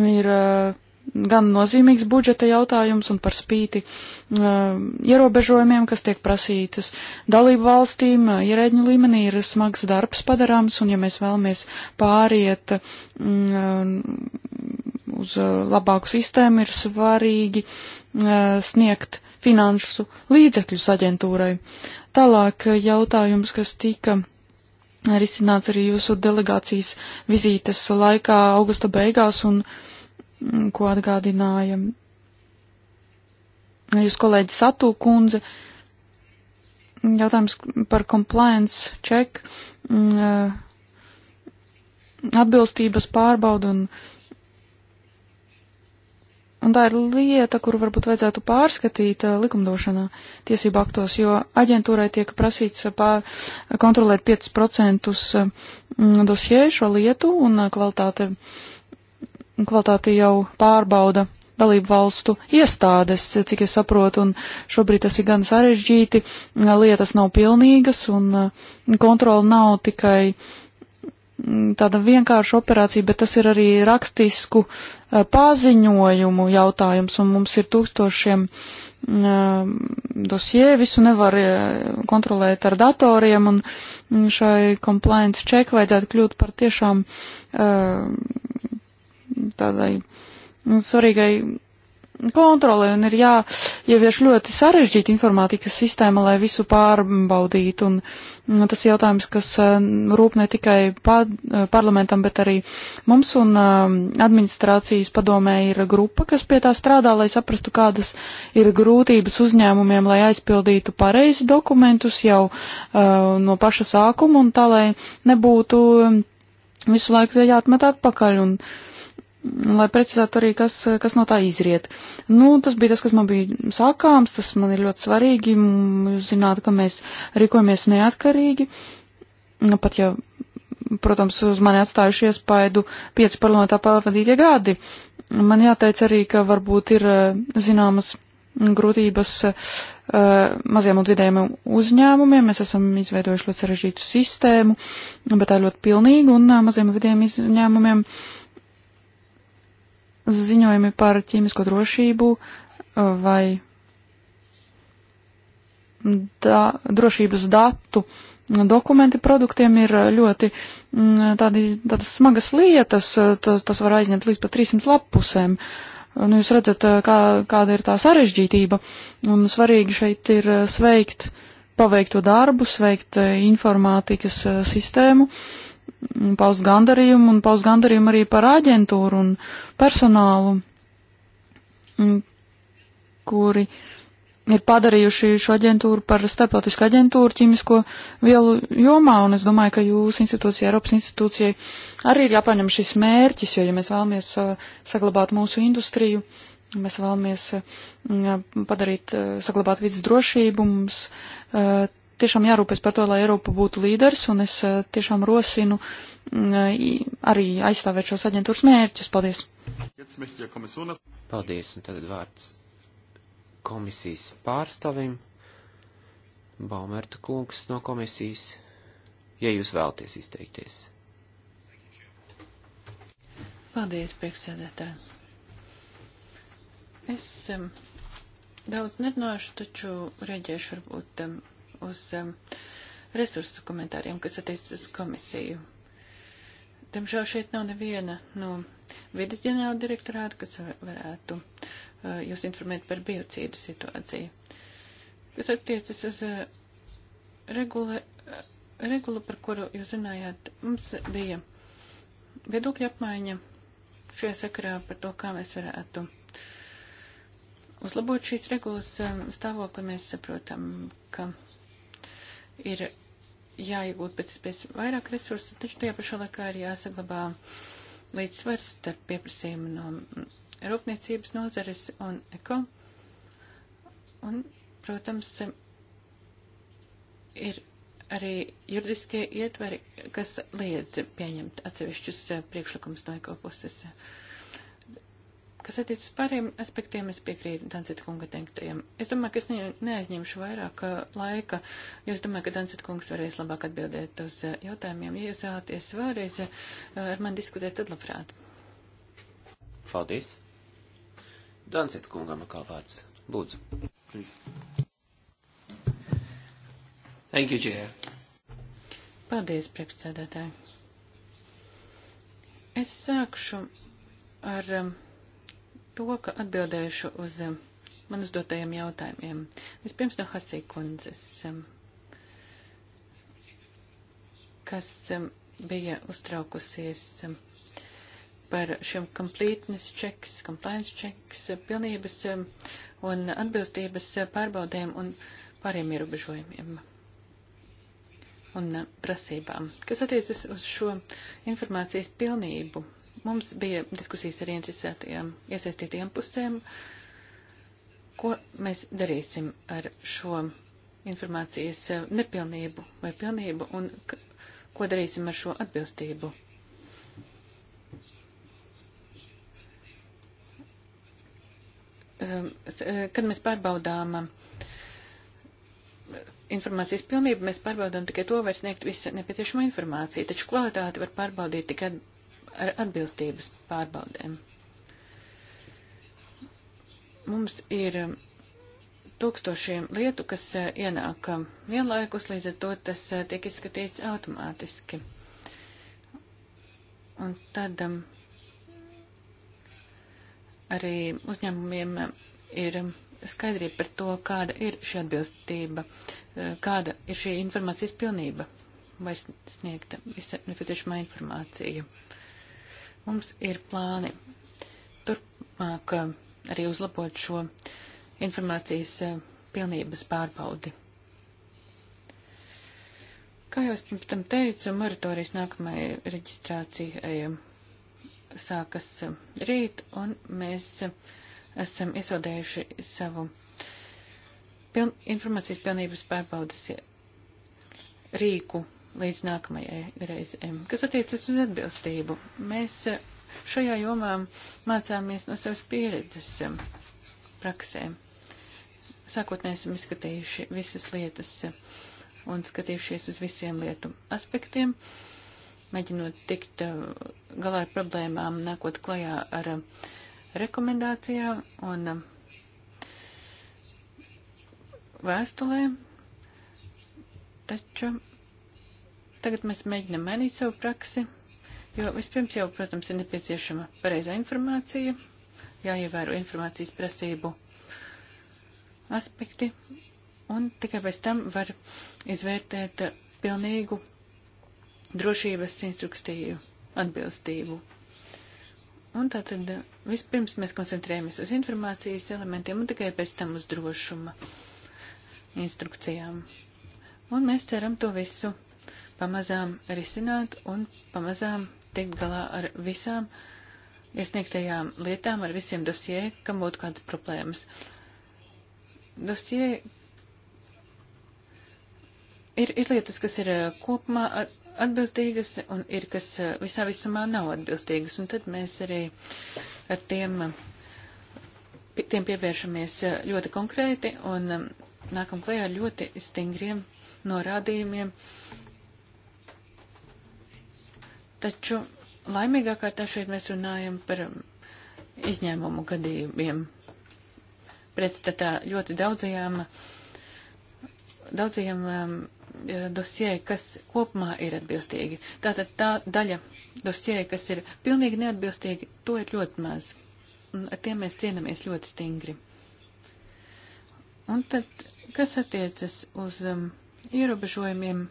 ir eh, gan nozīmīgs budžeta jautājums un par spīti eh, ierobežojumiem, kas tiek prasītas dalību valstīm, eh, ierēģņu līmenī ir smags darbs padarāms, un ja mēs vēlamies pāriet mm, uz labāku sistēmu, ir svarīgi sniegt finanšu līdzekļus aģentūrai. Tālāk jautājums, kas tika risināts arī jūsu delegācijas vizītes laikā augusta beigās un mm, ko atgādināja mm, jūs kolēģi Satū kundze. Jautājums par compliance check, mm, eh, atbilstības pārbaudu un Un tā ir lieta, kuru varbūt vajadzētu pārskatīt eh, likumdošanā tiesību aktos, jo aģentūrai tiek prasīts eh, pār, kontrolēt 5% mm, dosie šo lietu, un eh, kvalitāte, kvalitāte jau pārbauda dalību valstu iestādes, cik es saprotu, un šobrīd tas ir gan sarežģīti, mm, lietas nav pilnīgas, un kontrola nav tikai uh, Mm, tāda vienkārša operācija, bet tas ir arī rakstisku eh, paziņojumu jautājums, un mums ir tūkstošiem mm, dosie, visu nevar eh, kontrolēt ar datoriem, un mm, šai compliance check vajadzētu kļūt par tiešām eh, tādai svarīgai kontrole un ir jāievieš ļoti sarežģīta informātikas sistēma, lai visu pārbaudītu. Un mm, tas ir jautājums, kas mm, rūp ne tikai pār, mm, parlamentam, bet arī mums un administrācijas padomē ir grupa, kas pie tā strādā, lai saprastu, kādas ir grūtības uzņēmumiem, lai aizpildītu pareizi dokumentus jau uh, no paša sākuma un tā, lai nebūtu visu laiku jāatmet atpakaļ. Un, uh, lai precizētu arī, kas, kas no tā izriet. Nu, tas bija tas, kas man bija sākāms, tas man ir ļoti svarīgi, zināt, ka mēs rīkojamies neatkarīgi, nu, pat ja, protams, uz mani atstājuši iespaidu pieci parlamentā pārvadītie gadi. Man jāteic arī, ka varbūt ir eh, zināmas grūtības uh, maziem un vidējiem uzņēmumiem. Mēs esam izveidojuši ļoti sarežģītu sistēmu, bet tā ļoti pilnīga un uh, maziem un vidējiem uzņēmumiem uh, ziņojumi par ķīmisko drošību uh, vai da, drošības datu dokumenti produktiem ir uh, ļoti mm, tādi, tādas smagas lietas, uh, tas, tas var aizņemt līdz pat 300 lappusēm. Nu, jūs redzat, kā, kāda ir tā sarežģītība, un svarīgi šeit ir sveikt paveikto darbu, sveikt informātikas sistēmu. Uh, paust gandarījumu un paust gandarījumu arī par aģentūru un personālu, kuri ir padarījuši šo aģentūru par starptautisku aģentūru ķīmisko vielu jomā, un es domāju, ka jūsu institūcija, Eiropas institūcijai arī ir jāpaņem šis mērķis, jo ja mēs vēlamies uh, saglabāt mūsu industriju, mēs vēlamies uh, padarīt, uh, saglabāt vidas drošību, mums tiešām jārūpēs par to, lai Eiropa būtu līderis, un es eh, tiešām rosinu mm, eh, arī aizstāvēt šos aģentūras mērķus. Paldies! Paldies, un tagad vārds komisijas pārstāvim. Baumerta kungs no komisijas, ja jūs vēlties izteikties. Paldies, priekšsēdētāji. Es um, daudz nerunāšu, taču reaģēšu varbūt um, uz um, resursu komentāriem, kas attiecas uz komisiju. Diemžēl šeit nav neviena no vidas ģenerāla direktorāta, kas varētu uh, jūs informēt par biocīdu situāciju. Kas attiecas uz uh, regula, uh, regulu, par kuru jūs runājāt, mums bija viedokļa apmaiņa šajā sakarā par to, kā mēs varētu uzlabot šīs regulas um, stāvokli. Mēs saprotam, ka ir jāiegūt pēc iespējas vairāk resursu, taču tajā pašā laikā ir jāsaglabā līdzsvars starp pieprasījumu no rūpniecības nozares un eko. Un, protams, ir arī juridiskie ietveri, kas liedz pieņemt atsevišķus priekšlikumus no eko puses. Uh, Kas attiec uz pāriem aspektiem, es piekrītu Dancita kunga teiktajiem. Es domāju, ka es ne, neaizņemšu vairāk uh, laika, jo es domāju, ka Dancita kungs varēs labāk atbildēt uz uh, jautājumiem. Ja jūs vēlaties vēlreiz uh, ar mani diskutēt, tad labprāt. Paldies. Dancita kungam kā vārds. Lūdzu. Please. Thank you, Chair. Paldies, priekšsēdētāji. Es sākšu ar um, to, ka atbildēšu uz um, man uzdotajiem jautājumiem. Vispirms no Hasī kundzes, um, kas um, bija uztraukusies par šiem completeness checks, compliance checks, uh, pilnības un atbilstības uh, pārbaudēm un pāriem ierobežojumiem un uh, prasībām. Kas attiecas uz šo informācijas pilnību, Mums bija diskusijas ar interesētajām iesaistītajām pusēm, ko mēs darīsim ar šo informācijas eh, nepilnību vai pilnību un ko darīsim ar šo atbilstību. Ehm, eh, kad mēs pārbaudām eh, informācijas pilnību, mēs pārbaudām tikai to, vai sniegt visu nepieciešamo informāciju, taču kvalitāti var pārbaudīt tikai ar atbilstības pārbaudēm. Mums ir um, tūkstošiem lietu, kas uh, ienāk um, vienlaikus, līdz ar to tas uh, tiek izskatīts automātiski. Un tad um, arī uzņēmumiem um, ir skaidrība par to, kāda ir šī atbilstība, uh, kāda ir šī informācijas pilnība, vai sniegta visa nepieciešamā informācija. Uh, Mums ir plāni turpmāk arī uzlabot šo informācijas eh, pilnības pārbaudi. Kā jau es pirms tam teicu, moratorijas nākamajai reģistrācijai eh, sākas eh, rīt, un mēs esam iesaldējuši savu piln, informācijas pilnības pārbaudas rīku līdz nākamajai reizei. Kas attiecas uz atbilstību, mēs eh, šajā jomā mācāmies no savas pieredzes eh, praksē. Sākotnēji esam izskatījuši visas lietas eh, un skatījušies uz visiem lietu aspektiem, mēģinot tikt galā ar problēmām, nākot klajā ar rekomendācijām un vēstulēm. Taču Tagad mēs mēģinam mainīt savu praksi, jo vispirms jau, protams, ir nepieciešama pareizā informācija, jāievēro informācijas prasību aspekti, un tikai pēc tam var izvērtēt pilnīgu drošības instruktīvu atbilstību. Un tātad vispirms mēs koncentrējamies uz informācijas elementiem un tikai pēc tam uz drošuma instrukcijām. Un mēs ceram to visu pamazām risināt un pamazām tikt galā ar visām iesniegtajām lietām, ar visiem dosie, kam būtu kādas problēmas. Dosie ir, ir lietas, kas ir eh, kopumā atbilstīgas un ir, kas eh, visā visumā nav atbilstīgas, un tad mēs arī ar tiem, tiem pievēršamies eh, ļoti konkrēti un nākam klajā ļoti stingriem norādījumiem, Taču laimīgā kārtā šeit mēs runājam par um, izņēmumu gadījumiem. Pretstatā ļoti daudzajām, daudzajām um, dosie, kas kopumā ir atbilstīgi. Tātad tā daļa dosie, kas ir pilnīgi neatbilstīgi, to ir ļoti maz. Un ar tiem mēs cienamies ļoti stingri. Un tad, kas attiecas uz um, ierobežojumiem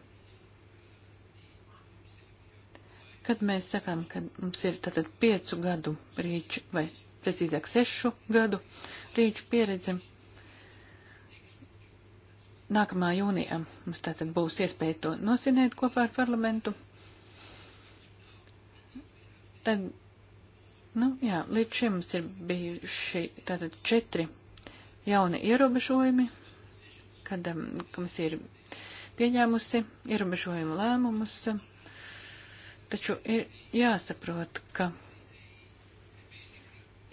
Kad mēs sakām, ka mums ir tātad piecu gadu rīču, vai precīzāk sešu gadu rīču pieredze, nākamā jūnijā mums tātad būs iespēja to nosinēt kopā ar parlamentu. Tad, nu jā, līdz šim mums ir bijuši tātad četri jauni ierobežojumi, kad um, komisija ir pieņēmusi ierobežojumu lēmumus. Um, Taču ir jāsaprot, ka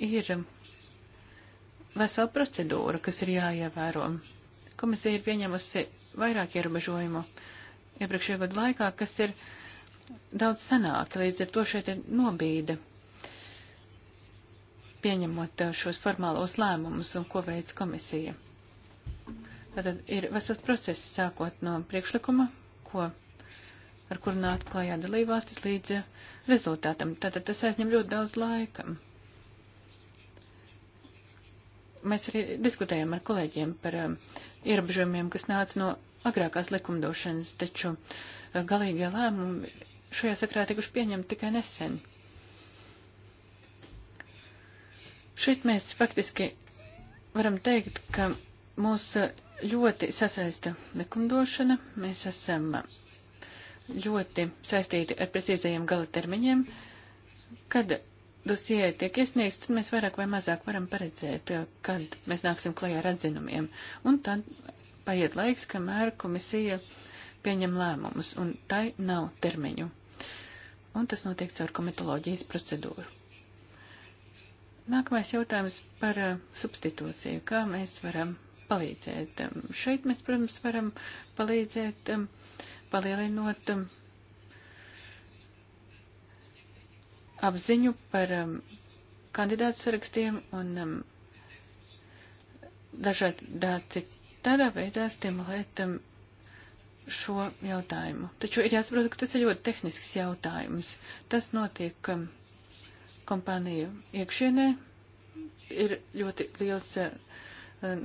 ir vesela procedūra, kas ir jāievēro. Komisija ir pieņemusi vairāk ierobežojumu iepriekšējā gadu laikā, kas ir daudz senāki, līdz ar to šeit ir nobīde pieņemot eh, šos formālos lēmumus un ko veids komisija. Tātad ir vesels process sākot no priekšlikuma, ko ar kur nākt klajā dalībvalstis līdz eh, rezultātam. Tātad tas aizņem ļoti daudz laika. Mēs arī diskutējām ar kolēģiem par um, ierobežojumiem, kas nāca no agrākās likumdošanas, taču uh, galīgie lēmumi šajā sakrā tikuši pieņemti tikai nesen. Šeit mēs faktiski varam teikt, ka mūs ļoti sasaista likumdošana. Mēs esam uh, ļoti saistīti ar precīzajiem gala termiņiem. Kad dosie tiek iesniegts, tad mēs vairāk vai mazāk varam paredzēt, eh, kad mēs nāksim klajā ar atzinumiem. Un tad paiet laiks, kamēr komisija pieņem lēmumus, un tai nav termiņu. Un tas notiek caur komitoloģijas procedūru. Nākamais jautājums par eh, substitūciju. Kā mēs varam palīdzēt? Šeit mēs, protams, varam palīdzēt eh, palielinot um, apziņu par um, kandidātu sarakstiem un um, dažādi tādā veidā stimulēt šo jautājumu. Taču ir jāsaprot, ka tas ir ļoti tehnisks jautājums. Tas notiek kompāniju iekšienē, ir ļoti liels uh,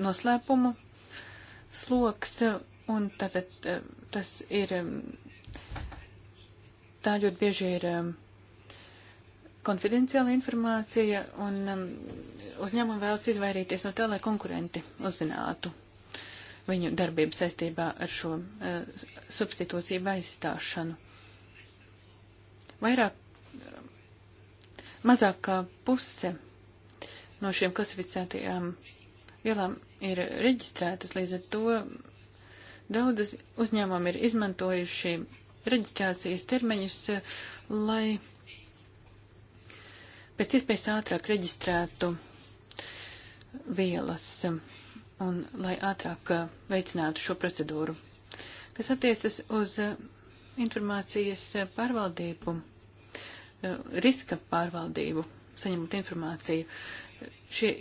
noslēpumu sloks, uh, Un tātad eh, tas ir, eh, tā ļoti bieži ir eh, konfidenciāla informācija, un uzņēmumi vēlas izvairīties no tā, lai konkurenti uzzinātu viņu darbību saistībā ar šo uh, substitūciju aizstāšanu. Vairāk, mazāk kā puse no šiem klasificētajām vielām ir reģistrētas, līdz ar to Daudz uzņēmumi ir izmantojuši reģistrācijas termiņus, eh, lai pēc iespējas ātrāk reģistrētu vielas eh, un lai ātrāk eh, veicinātu šo procedūru. Kas attiecas uz informācijas pārvaldību, riska pārvaldību, saņemot informāciju. Šī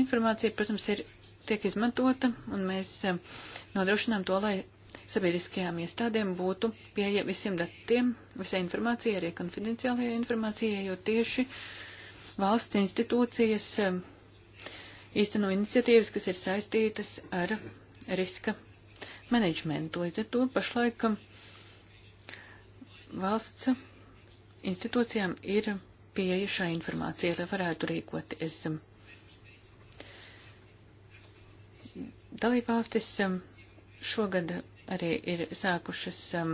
informācija, protams, ir tiek izmantota, un mēs eh, nodrošinām to, lai sabiedriskajām iestādēm būtu pieeja visiem datiem, visai informācijai, arī konfidenciālajai informācijai, jo tieši valsts institūcijas eh, īsteno iniciatīvas, kas ir saistītas ar riska menedžmentu. Līdz ar to pašlaik eh, valsts institūcijām ir pieeja šai informācijai, lai varētu rīkoties. Es Dalībvalstis um, šogad arī ir sākušas um,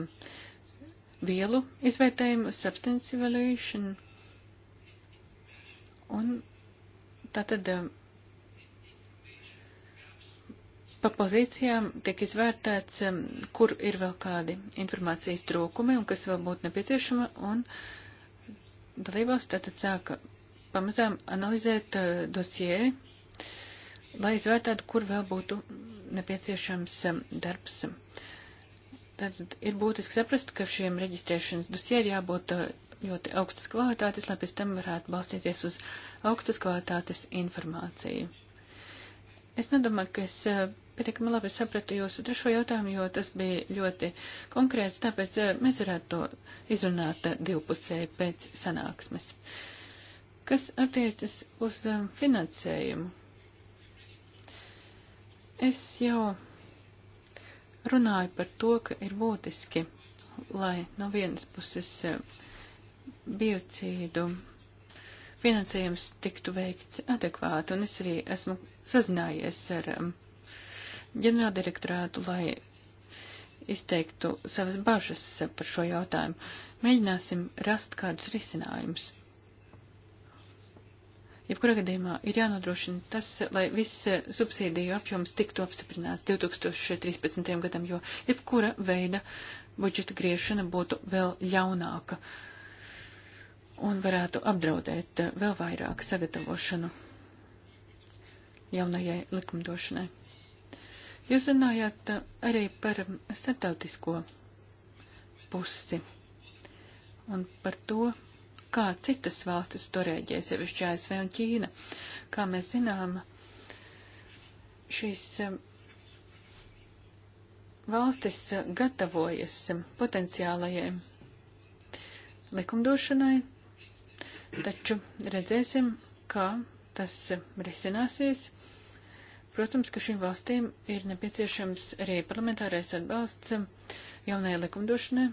vielu izvērtējumu, substance evaluation. Un tātad um, pa pozīcijām tiek izvērtēts, kur ir vēl kādi informācijas trūkumi un kas vēl būtu nepieciešama, un dalībās tātad sāka pamazām analizēt uh, dosie lai izvērtētu, kur vēl būtu nepieciešams um, darbs. Tātad ir būtiski saprast, ka šiem reģistrēšanas dosiem ir jābūt uh, ļoti augstas kvalitātes, lai pēc tam varētu balstīties uz augstas kvalitātes informāciju. Es nedomāju, ka es uh, pietiekami labi sapratu jūsu trešo jautājumu, jo tas bija ļoti konkrēts, tāpēc uh, mēs varētu to izrunāt divpusēji pēc sanāksmes. Kas attiecas uz um, finansējumu? Es jau runāju par to, ka ir būtiski, lai no vienas puses eh, biocīdu finansējums tiktu veikts adekvāti, un es arī esmu sazinājies ar eh, ģenerāldirektorātu, lai izteiktu savas bažas eh, par šo jautājumu. Mēģināsim rast kādus risinājumus. Jebkurā gadījumā ir jānodrošina tas, lai viss subsīdiju apjoms tiktu apstiprināts 2013. gadam, jo jebkura veida budžeta griešana būtu vēl ļaunāka un varētu apdraudēt vēl vairāk sagatavošanu jaunajai likumdošanai. Jūs runājāt arī par starptautisko pusi un par to, kā citas valstis to rēģē, sevišķi ASV un Ķīna. Kā mēs zinām, šīs um, valstis um, gatavojas um, potenciālajai likumdošanai, taču redzēsim, kā tas risināsies. Protams, ka šīm valstīm ir nepieciešams arī parlamentārais atbalsts jaunajai likumdošanai.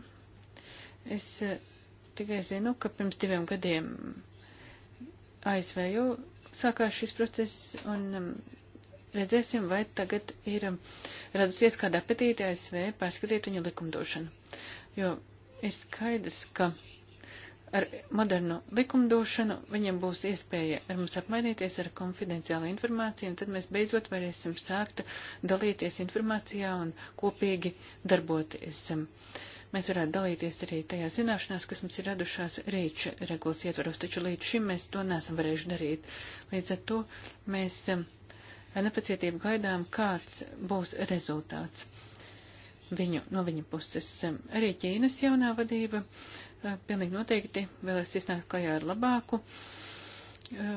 Es tikai zinu, ka pirms diviem gadiem ASV jau sākās šis process, un um, redzēsim, vai tagad ir um, radusies kāda apetīte ASV pārskatīt viņa likumdošanu. Jo ir skaidrs, ka ar modernu likumdošanu viņiem būs iespēja ar mums apmainīties ar konfidenciālu informāciju, un tad mēs beidzot varēsim sākt dalīties informācijā un kopīgi darboties. Uh, mēs varētu dalīties arī tajā zināšanās, kas mums ir radušās rīča regulas ietvaros, taču līdz šim mēs to nesam varējuši darīt. Līdz ar to mēs um, ar nepacietību gaidām, kāds būs rezultāts viņu, no viņa puses. Um, arī Ķīnas jaunā vadība uh, pilnīgi noteikti vēlēs iznākt klajā ar labāku uh,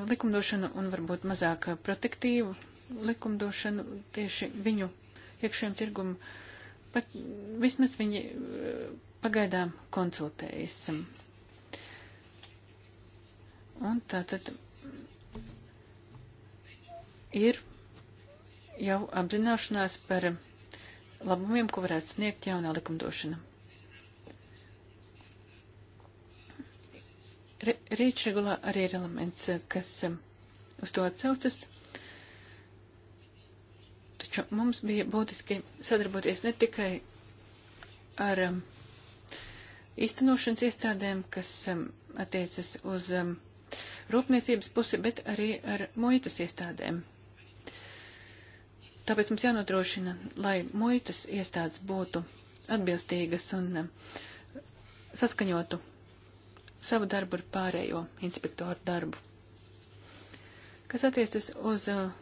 likumdošanu un varbūt mazāk protektīvu likumdošanu tieši viņu iekšējiem tirgumu Par, vismaz viņi eh, pagaidām konsultējas. Un tā tad ir jau apzināšanās par labumiem, ko varētu sniegt jaunā likumdošana. Re, Rīčregulā arī ir elements, eh, kas eh, uz to atsaucas. Taču mums bija būtiski sadarboties ne tikai ar um, īstenošanas iestādēm, kas um, attiecas uz um, rūpniecības pusi, bet arī ar muitas iestādēm. Tāpēc mums jānodrošina, lai muitas iestādes būtu atbilstīgas un um, saskaņotu savu darbu ar pārējo inspektoru darbu. Kas attiecas uz uh,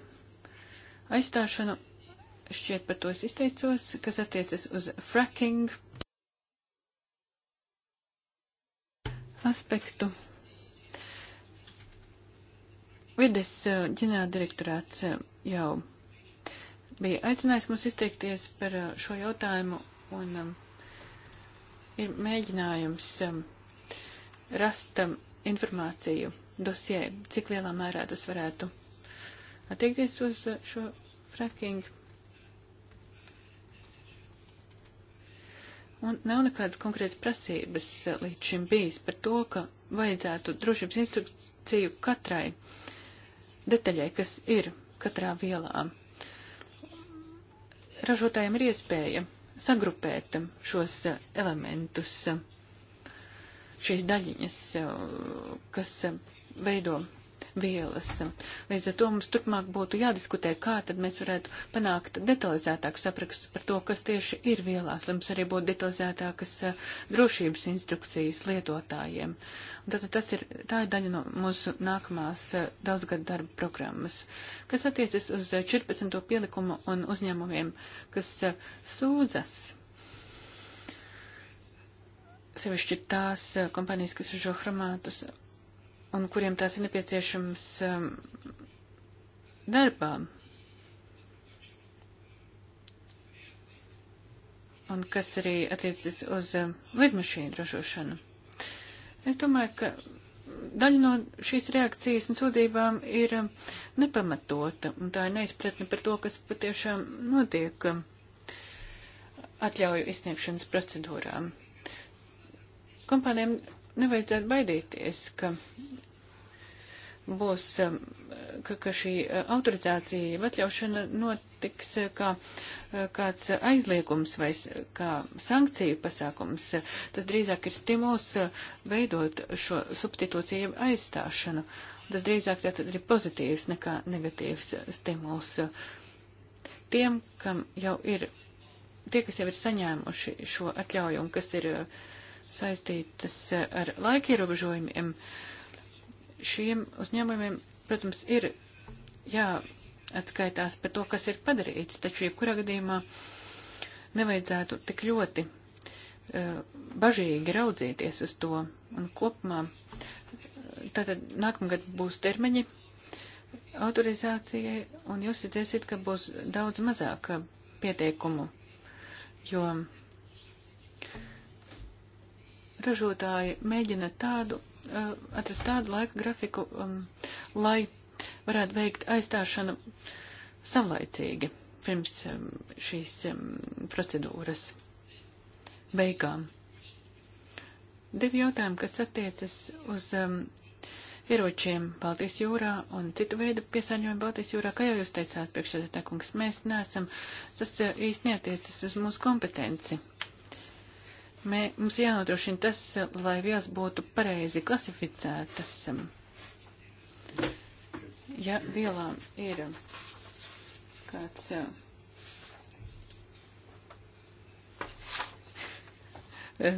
aizstāšanu šķiet par to es izteicos, kas attiecas uz fracking aspektu. Vides eh, ģenerāla direktorāts eh, jau bija aicinājis mums izteikties par eh, šo jautājumu un um, ir mēģinājums um, rast um, informāciju dosjē, cik lielā mērā tas varētu attiekties uz uh, šo fracking Un nav nekādas konkrētas prasības eh, līdz šim bijis par to, ka vajadzētu drošības instrukciju katrai detaļai, kas ir katrā vielā. Ražotājiem ir iespēja sagrupēt šos eh, elementus, eh, šīs daļiņas, kas veido vielas. Līdz ar to mums turpmāk būtu jādiskutē, kā tad mēs varētu panākt detalizētāku saprakstu par to, kas tieši ir vielās, lai mums arī būtu detalizētākas eh, drošības instrukcijas lietotājiem. Tātad tas ir, tā ir daļa no mūsu nākamās eh, daudzgada darba programmas, kas attiecas uz 14. Eh, pielikumu un uzņēmumiem, kas sūdzas sevišķi tās kompānijas, kas ražo hromātus un kuriem tās ir nepieciešams um, darbām. Un kas arī attiecas uz um, lidmašīnu ražošanu. Es domāju, ka daļa no šīs reakcijas un sūdzībām ir um, nepamatota, un tā ir neizpratne par to, kas patiešām notiek um, atļauju izsniegšanas procedūrām. Kompānijām nevajadzētu baidīties, ka būs, um, ka, ka šī uh, autorizācija, atļaušana notiks uh, kā uh, kāds aizliegums vai kā sankciju pasākums. Tas drīzāk ir stimuls veidot šo substitūciju aizstāšanu. Tas drīzāk tātad ir pozitīvs nekā negatīvs stimuls tiem, kam jau ir, tie, kas jau ir saņēmuši šo atļauju un kas ir uh, saistītas eh, ar laika ierobežojumiem, šiem uzņēmumiem, protams, ir jāatskaitās par to, kas ir padarīts, taču jebkurā gadījumā nevajadzētu tik ļoti uh, bažīgi raudzīties uz to. Un kopumā eh, tātad nākamgad būs termiņi autorizācijai, un jūs redzēsiet, ka būs daudz mazāk pieteikumu, jo ražotāji mēģina tādu, uh, atrast tādu laika grafiku, um, lai varētu veikt aizstāšanu savlaicīgi pirms um, šīs um, procedūras beigām. Divi jautājumi, kas attiecas uz ieročiem Baltijas jūrā un citu veidu piesārņojumu Baltijas jūrā, kā jau jūs teicāt, priekšsēdētā kungs, mēs neesam, tas uh, īsti neatiecas uz mūsu kompetenci. Mē, mums jānodrošina tas, lai vielas būtu pareizi klasificētas. Ja vielām ir kāds. Eh,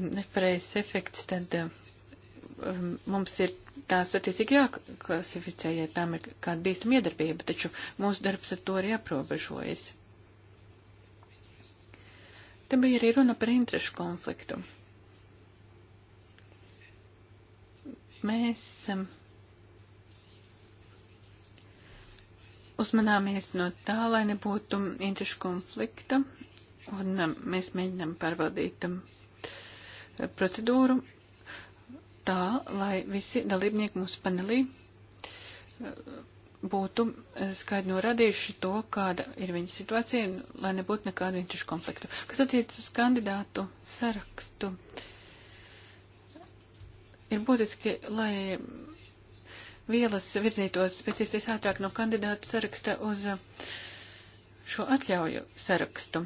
nepareizs efekts, tad um, mums ir tās attiecīgi jāklasificē, ja tām ir kāda bīstama iedarbība, taču mūsu darbs ar to arī aprobežojas. Te bija arī runa par interešu konfliktu. Mēs um, uzmanāmies no tā, lai nebūtu interešu konflikta, un um, mēs mēģinām pārvaldīt um, procedūru tā, lai visi dalībnieki mūsu panelī uh, būtu eh, skaidri norādījuši to, kāda ir viņa situācija, lai nebūtu nekādu interešu konfliktu. Kas attiecas uz kandidātu sarakstu, ir būtiski, lai vielas virzītos pēc iespējas ātrāk no kandidātu saraksta uz eh, šo atļauju sarakstu.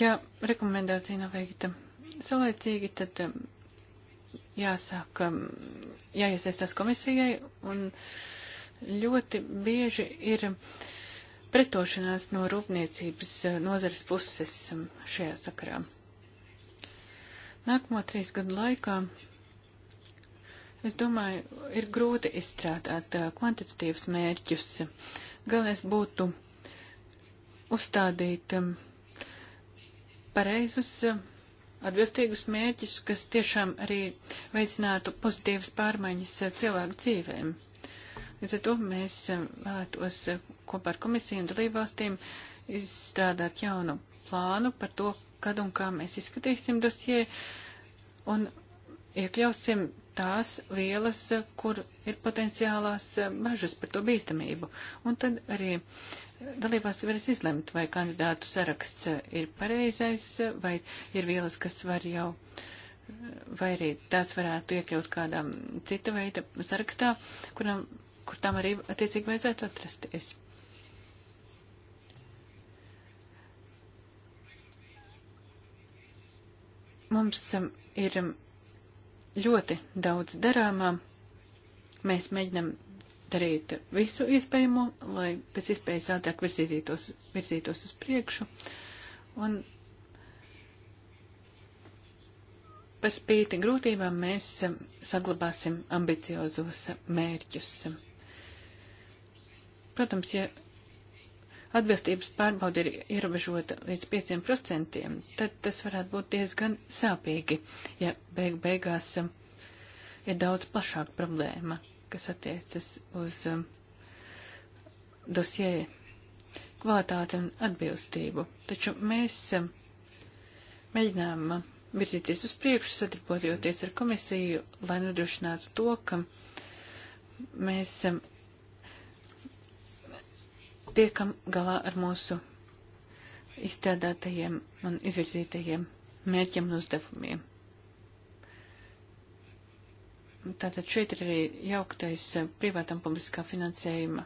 Ja rekomendācija nav veikta saulēcīgi, tad eh, jāsāk, jāiesaistās komisijai, un ļoti bieži ir pretošanās no rūpniecības eh, nozares puses um, šajā sakarā. Nākamo trīs gadu laikā, es domāju, ir grūti izstrādāt eh, kvantitatīvus mērķus. Galvenais būtu uzstādīt um, pareizus um, atbilstīgus mērķus, kas tiešām arī veicinātu pozitīvas pārmaiņas eh, cilvēku dzīvēm. Līdz ar to mēs eh, vēlētos eh, kopā ar komisiju un dalībvalstīm izstrādāt jaunu plānu par to, kad un kā mēs izskatīsim dosie un iekļausim tās vielas, kur ir potenciālās bažas par to bīstamību. Un tad arī uh, dalībvalsts varēs izlemt, vai kandidātu saraksts ir pareizais, vai ir vielas, kas var jau, vai arī tās varētu iekļaut kādā cita veida sarakstā, kuram, kur tam arī attiecīgi vajadzētu atrasties. Mums um, ir um, ļoti daudz darāmā. Mēs mēģinam darīt visu iespējamo, lai pēc iespējas ātrāk virzītos, virzītos uz priekšu. Un par spīti grūtībām mēs saglabāsim ambiciozos mērķus. Protams, ja atbilstības pārbauda ir ierobežota līdz 5%, tad tas varētu būt diezgan sāpīgi, ja beig beigās ir daudz plašāka problēma kas attiecas uz um, dosjē kvalitāti un atbilstību. Taču mēs um, mēģinām um, virzīties uz priekšu, sadarbojoties ar komisiju, lai nodrošinātu to, ka mēs tiekam galā ar mūsu izstrādātajiem un izvirzītajiem mērķiem un uzdevumiem. Tātad šeit ir arī jauktais eh, privātam publiskā finansējuma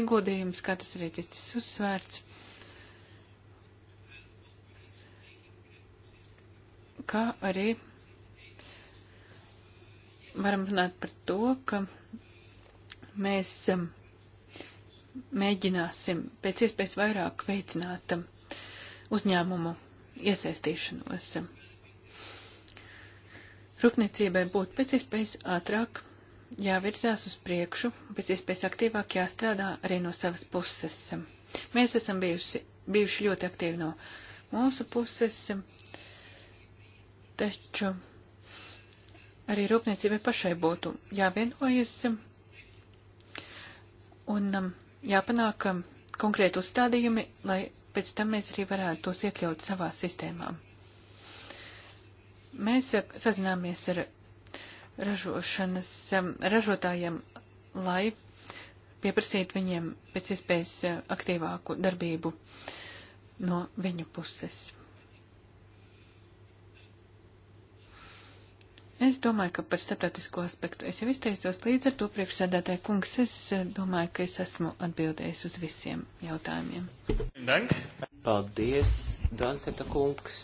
ieguldījums, kā tas arī ticis uzsvērts. Kā arī varam runāt par to, ka mēs eh, mēģināsim pēc iespējas vairāk veicināt eh, uzņēmumu iesaistīšanos Rūpniecībai būtu pēc iespējas ātrāk jāvirzās uz priekšu, pēc iespējas aktīvāk jāstrādā arī no savas puses. Mēs esam bijusi, bijuši ļoti aktīvi no mūsu puses, taču arī rūpniecībai pašai būtu jāvienojas un um, jāpanāk um, konkrēti uzstādījumi, lai pēc tam mēs arī varētu tos iekļaut savā sistēmām. Mēs sazināmies ar ražošanas um, ražotājiem, lai pieprasītu viņiem pēc iespējas uh, aktīvāku darbību no viņu puses. Es domāju, ka par statistisko aspektu es jau izteicos līdz ar to priekšsēdētāju kungs. Es uh, domāju, ka es esmu atbildējis uz visiem jautājumiem. Paldies, Danseta kungs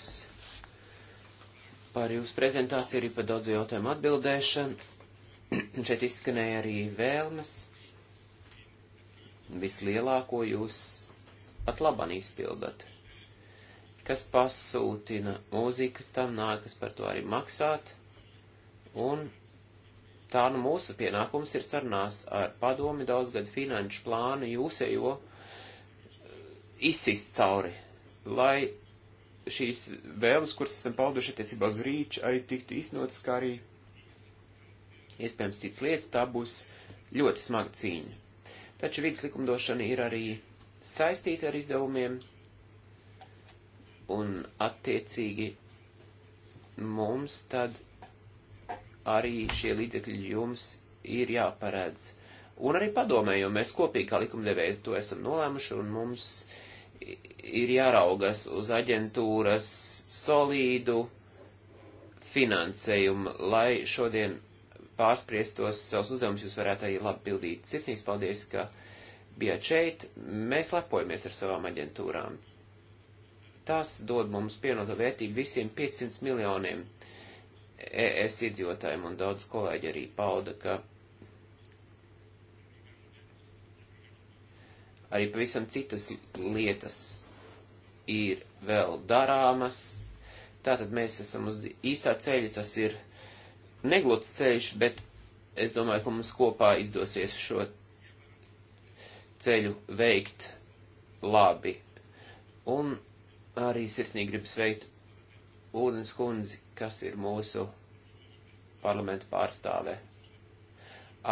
par jūsu prezentāciju, arī par daudzu jautājumu atbildēšanu. Šeit izskanēja arī vēlmes. Vislielāko jūs pat labam izpildat. Kas pasūtina mūziku, tam nākas par to arī maksāt. Un tā nu mūsu pienākums ir sarunās ar padomi daudzgadu finanšu plānu jūsējo eh, izsist cauri, lai šīs vēlas, kuras esam pauduši attiecībā uz rīču, arī tiktu iznotas, kā arī iespējams cits lietas, tā būs ļoti smaga cīņa. Taču vidas likumdošana ir arī saistīta ar izdevumiem, un attiecīgi mums tad arī šie līdzekļi jums ir jāparedz. Un arī padomē, jo mēs kopīgi kā likumdevēji to esam nolēmuši, un mums uh, ir jāraugas uz aģentūras solīdu finansējumu, lai šodien pārspriestos savus uzdevumus jūs varētu arī labi pildīt. Sirsnīgs paldies, ka bijāt šeit. Mēs lepojamies ar savām aģentūrām. Tas dod mums pienoto vērtību visiem 500 miljoniem ES iedzīvotājiem, un daudz kolēģi arī pauda, ka Arī pavisam citas lietas ir vēl darāmas. Tātad mēs esam uz īstā ceļa, tas ir neglots ceļš, bet es domāju, ka mums kopā izdosies šo ceļu veikt labi. Un arī sirsnīgi gribu sveikt Ūdens kundzi, kas ir mūsu parlamentu pārstāvē.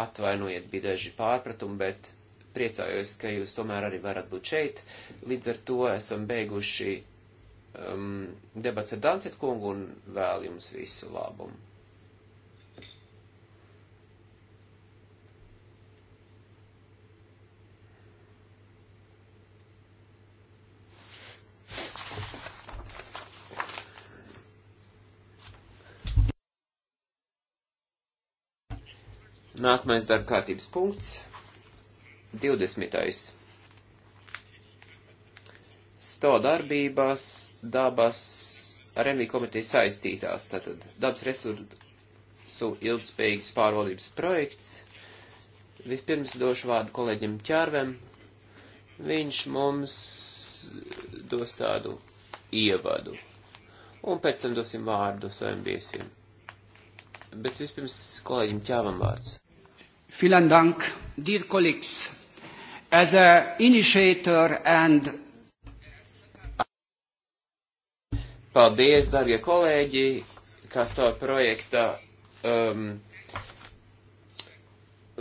Atvainojiet, bija daži pārpratumi, bet priecājos, ka jūs tomēr arī varat būt šeit. Līdz ar to esam beiguši um, debats ar Dancet kungu un vēl jums visu labumu. Nākamais darba kārtības punkts 20. Sto darbībās dabas ar MV komiteju saistītās, tātad dabas resursu ilgspējīgas pārvaldības projekts. Vispirms došu vārdu kolēģim Čārvem. Viņš mums dos tādu ievadu. Un pēc tam dosim vārdu saviem viesiem. Bet vispirms kolēģim Čāvam vārds. Vielen Dank, dear colleagues. As an initiator and Paldies, darbie kolēģi, kas to projekta um,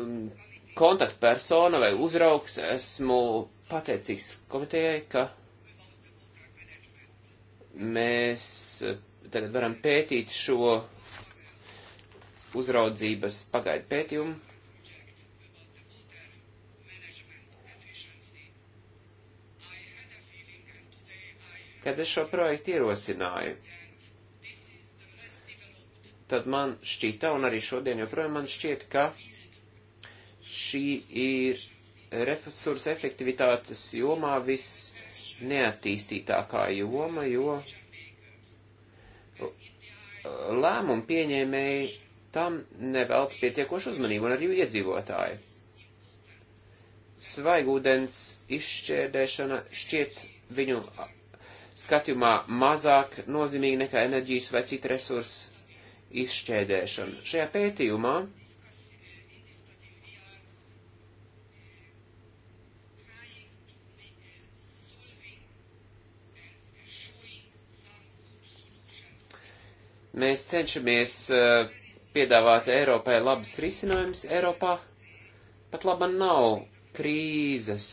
um, kontaktpersona vai uzraugs. Esmu pateicīgs komitejai, ka mēs tagad varam pētīt šo uzraudzības pagaidu pētījumu. Kad es šo projektu ierosināju, tad man šķita, un arī šodien joprojām man šķiet, ka šī ir resursu efektivitātes jomā viss neattīstītākā joma, jo lēmumu pieņēmēji tam nevelta pietiekošu uzmanību, un arī iedzīvotāji. Svaigūdens izšķērdēšana šķiet viņu skatījumā mazāk nozīmīgi nekā enerģijas vai citu resursu izšķēdēšana. Šajā pētījumā mēs cenšamies uh, piedāvāt Eiropai labas risinājumus. Eiropā pat laba nav krīzes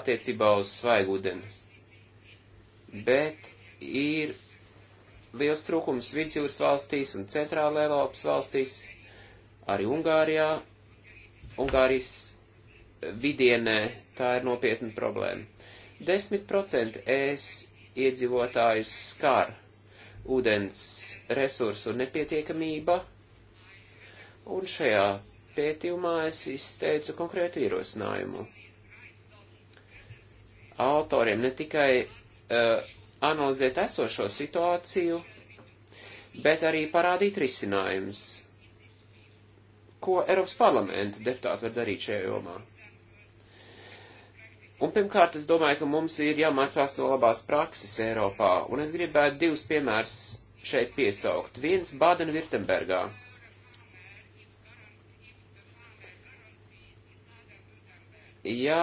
attiecībā uz svaigūdeni bet ir liels trūkums vidusjūras valstīs un centrāla Eiropas valstīs, arī Ungārijā. Ungārijas vidienē tā ir nopietna problēma. 10% es iedzīvotājus skar ūdens resursu nepietiekamība, un šajā pētījumā es izteicu konkrētu ierosinājumu. Autoriem ne tikai Uh, analizēt esošo situāciju, bet arī parādīt risinājumus. Ko Eiropas parlamenta deputāti var darīt šajā jomā? Un pirmkārt, es domāju, ka mums ir jāmācās no labās prakses Eiropā, un es gribētu divus piemērus šeit piesaukt. Viens Bādenvirtembergā. Ja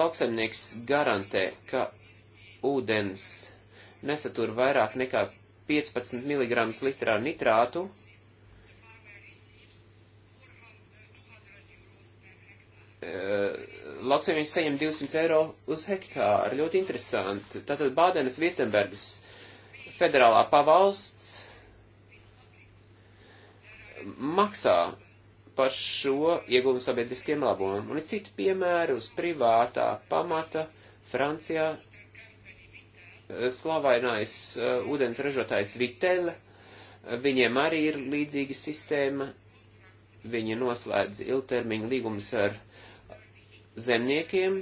lauksaimnieks garantē, ka ūdens nesatur vairāk nekā 15 mg litrā nitrātu, e, lauksaimnieks saņem 200 eiro uz hektāru. Ļoti interesanti. Tātad Bādenes Vietembergas federālā pavalsts maksā par šo ieguvumu sabiedriskiem labumam. Un ir citi piemēri uz privātā pamata Francijā, slavainais uh, ūdens ražotājs Vitele, viņiem arī ir līdzīga sistēma, viņi noslēdz ilgtermiņa līgumus ar zemniekiem,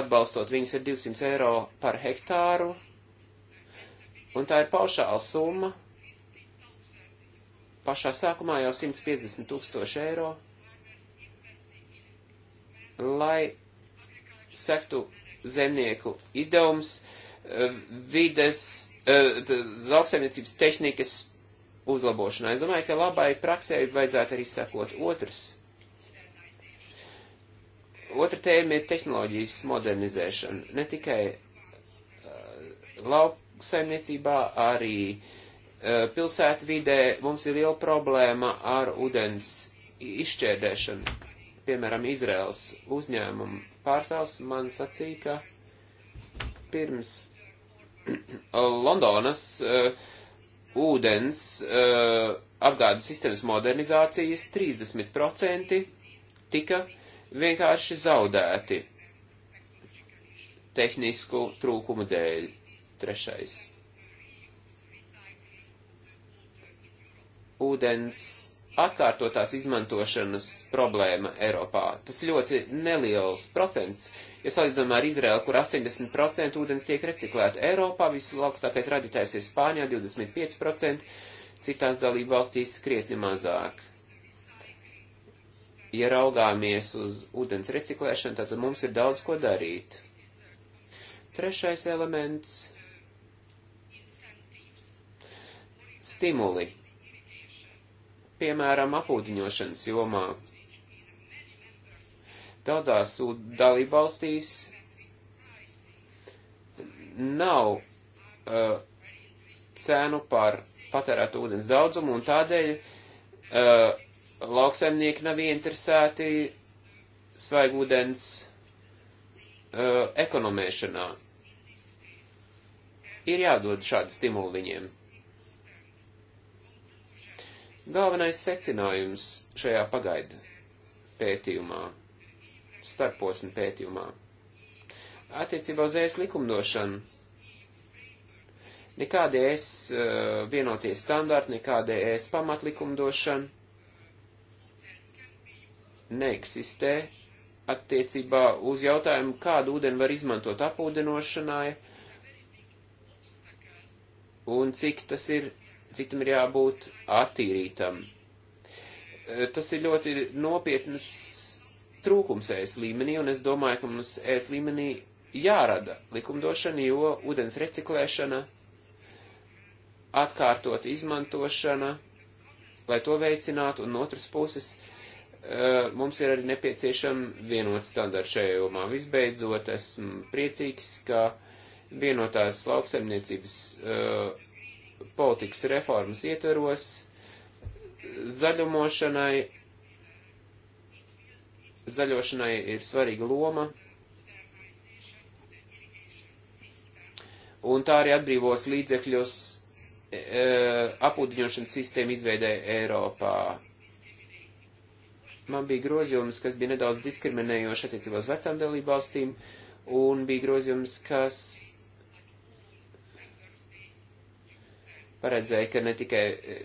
atbalstot viņus ar 200 eiro par hektāru, un tā ir paušāla summa, pašā sākumā jau 150 tūkstoši eiro, lai sektu zemnieku izdevums, eh, vides, eh, lauksaimniecības tehnikas uzlabošanā. Es domāju, ka labai praksē vajadzētu arī sekot otrs. Otra tēma ir tehnoloģijas modernizēšana. Ne tikai eh, lauksaimniecībā, arī pilsētvidē mums ir liela problēma ar ūdens izšķērdēšanu piemēram, Izraels uzņēmumu pārstāvs man sacīja, ka pirms Londonas uh, ūdens uh, apgādes sistēmas modernizācijas 30% tika vienkārši zaudēti tehnisku trūkumu dēļ. Trešais. Ūdens atkārtotās izmantošanas problēma Eiropā. Tas ļoti neliels procents, ja salīdzinām ar Izraelu, kur 80% ūdens tiek reciklēta. Eiropā vislaukstākais radītājs ir Spānijā 25%, citās dalību valstīs krietni mazāk. Ja raugāmies uz ūdens reciklēšanu, tad mums ir daudz ko darīt. Trešais elements - stimuli piemēram, apūdiņošanas jomā. Daudzās dalībvalstīs nav uh, cenu par patērētu ūdens daudzumu, un tādēļ uh, lauksaimnieki nav ieinteresēti svaigūdens uh, ekonomēšanā. Ir jādod šādi stimuli viņiem. Galvenais secinājums šajā pagaidu pētījumā, starposmu pētījumā, attiecībā uz ēst likumdošanu, nekādi ēs uh, vienotie standarti, nekādi ēs pamatlikumdošana neeksistē attiecībā uz jautājumu, kādu ūdeni var izmantot apūdenošanai un cik tas ir cik tam ir jābūt attīrītam. E, tas ir ļoti nopietnas trūkums ēs līmenī, un es domāju, ka mums ēs līmenī jārada likumdošana, jo ūdens reciklēšana, atkārtot izmantošana, lai to veicinātu, un otras puses e, mums ir arī nepieciešama vienota standarta šajā jomā. Visbeidzot, esmu priecīgs, ka vienotās lauksaimniecības uh, politikas reformas ietveros, zaļumošanai, zaļošanai ir svarīga loma, un tā arī atbrīvos līdzekļus e, e apūdiņošanas sistēmu izveidē Eiropā. Man bija grozījums, kas bija nedaudz diskriminējoši attiecībā uz vecām dalībvalstīm, un bija grozījums, kas paredzēja, ka ne tikai eh,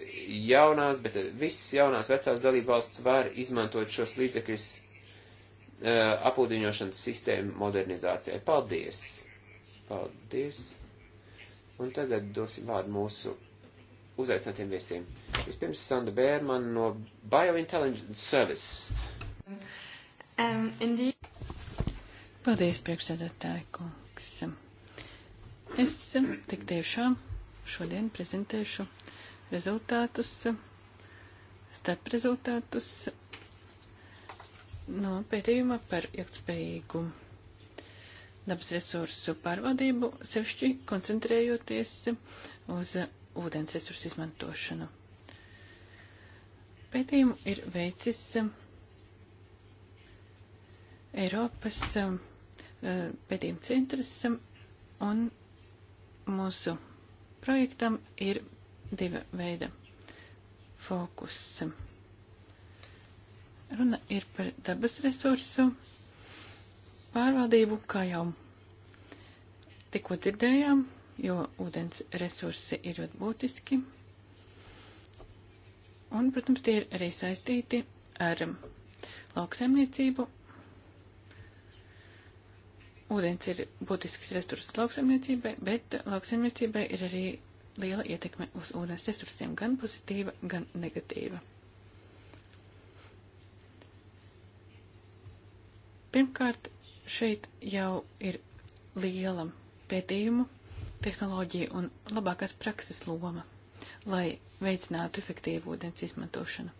jaunās, bet eh, visas jaunās vecās dalībvalsts var izmantot šos līdzekļus uh, apūdiņošanas sistēmu modernizācijai. Paldies! Paldies! Un tagad dosim vārdu mūsu uzaicinātiem viesiem. Vispirms Sanda Bērman no Biointelligence Service. Um, indeed. Paldies, priekšsēdētāji kungs. Es um, tik tiešām šodien prezentēšu rezultātus, starp rezultātus no pētījuma par ilgspējīgu dabas resursu pārvaldību, sevišķi koncentrējoties uz ūdens resursu izmantošanu. Pētījumu ir veicis eh, Eiropas eh, pētījuma centrs eh, un mūsu Projektam ir diva veida fokus. Runa ir par dabas resursu pārvaldību, kā jau tikko dzirdējām, jo ūdens resursi ir ļoti būtiski. Un, protams, tie ir arī saistīti ar lauksaimniecību Ūdens ir būtisks resurss lauksaimniecībai, bet lauksaimniecībai ir arī liela ietekme uz ūdens resursiem, gan pozitīva, gan negatīva. Pirmkārt, šeit jau ir liela pētījumu, tehnoloģija un labākās prakses loma, lai veicinātu efektīvu ūdens izmantošanu.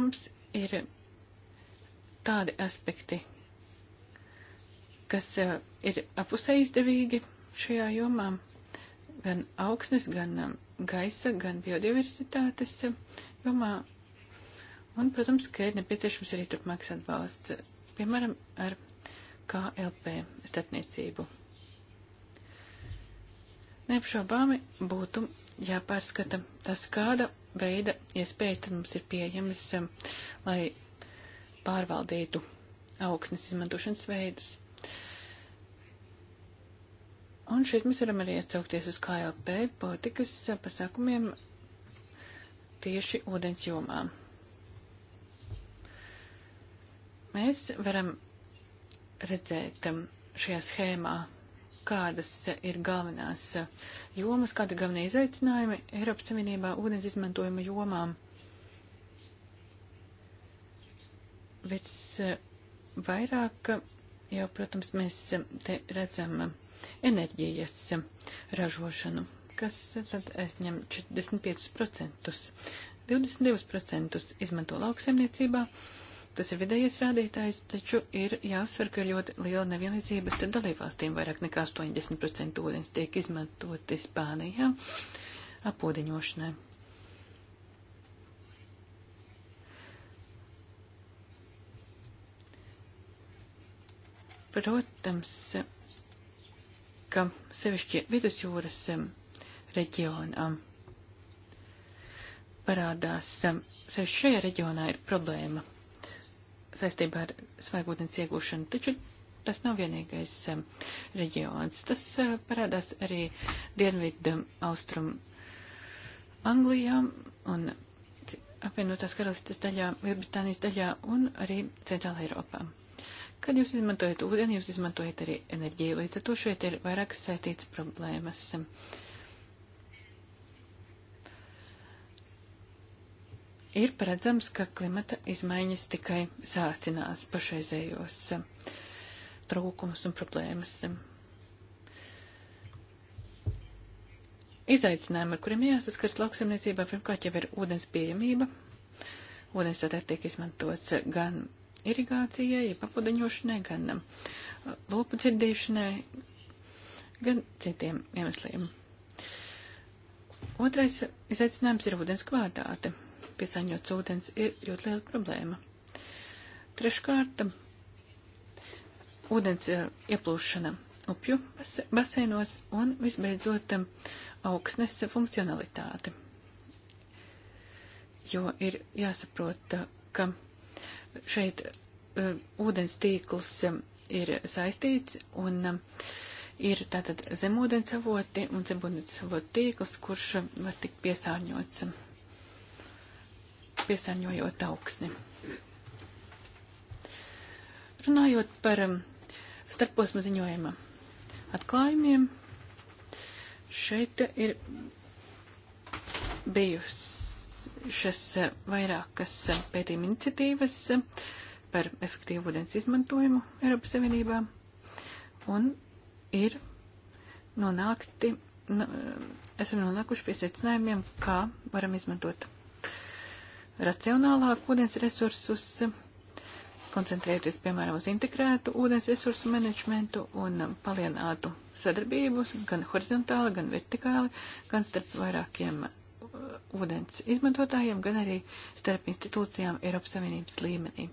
Mums ir tādi aspekti, kas eh, ir apusē izdevīgi šajā jomā, gan augsnes, gan eh, gaisa, gan biodiversitātes eh, jomā. Un, protams, ka ir nepieciešams arī turpmāks atbalsts, piemēram, ar KLP starpniecību. Neapšaubāmi būtu jāpārskata tas, kāda veida iespējas tad mums ir pieejamas, lai pārvaldītu augsnes izmantošanas veidus. Un šeit mēs varam arī atsaukties uz KLP politikas pasākumiem tieši ūdens jomā. Mēs varam redzēt um, šajā schēmā, kādas ir galvenās uh, jomas, kāda galvenie izaicinājumi Eiropas Savienībā ūdens izmantojuma jomām. Viss uh, vairāk jo, protams, mēs eh, te redzam eh, enerģijas eh, ražošanu, kas tad aizņem 45%. 22% izmanto lauksaimniecībā, tas ir vidējais rādītājs, taču ir jāsver, ka ir ļoti liela nevienlīdzība starp dalībvalstīm. Vairāk nekā 80% ūdens tiek izmantot Spānijā apūdeņošanai. Protams, ka sevišķi vidusjūras reģionā parādās, sevišķi šajā reģionā ir problēma saistībā ar svaigūdens iegūšanu, taču tas nav vienīgais reģions. Tas eh, parādās arī dienvidu austrumu Anglijā un apvienotās karalistes daļā, Lielbritānijas daļā un arī Centrāla Eiropā. Kad jūs izmantojat ūdeni, jūs izmantojat arī enerģiju, līdz ar to šeit ir vairākas saistītas problēmas. Ir paredzams, ka klimata izmaiņas tikai sāstinās pašreizējos trūkumus un problēmas. Izaicinājumi, ar kuriem jāsaskars lauksaimniecībā, pirmkārt jau ir ūdens pieejamība. Ūdens tātad tiek izmantots gan irigācijai, ja papudeņošanai, gan um, lopu dzirdīšanai, gan citiem iemesliem. Otrais izaicinājums ir ūdens kvalitāte. Piesaņots ūdens ir ļoti liela problēma. Treškārt, um, ūdens uh, ieplūšana upju basēnos un visbeidzot um, augsnes funkcionalitāte. Jo ir jāsaprot, uh, ka Šeit uh, ūdens tīkls um, ir saistīts un um, ir tātad zemūdens avoti un zemūdens avoti tīkls, kurš um, var tikt piesārņots, um, piesārņojot augsni. Runājot par um, starposma ziņojuma atklājumiem, šeit ir bijusi bijušas eh, vairākas eh, pētījuma iniciatīvas eh, par efektīvu ūdens izmantojumu Eiropas Savienībā un ir nonākti, nu, esam nonākuši pie secinājumiem, kā varam izmantot racionālāk ūdens resursus, koncentrēties, piemēram, uz integrētu ūdens resursu menedžmentu un palielinātu sadarbības gan horizontāli, gan vertikāli, gan starp vairākiem ūdens izmantotājiem, gan arī starp institūcijām Eiropas Savienības līmenī.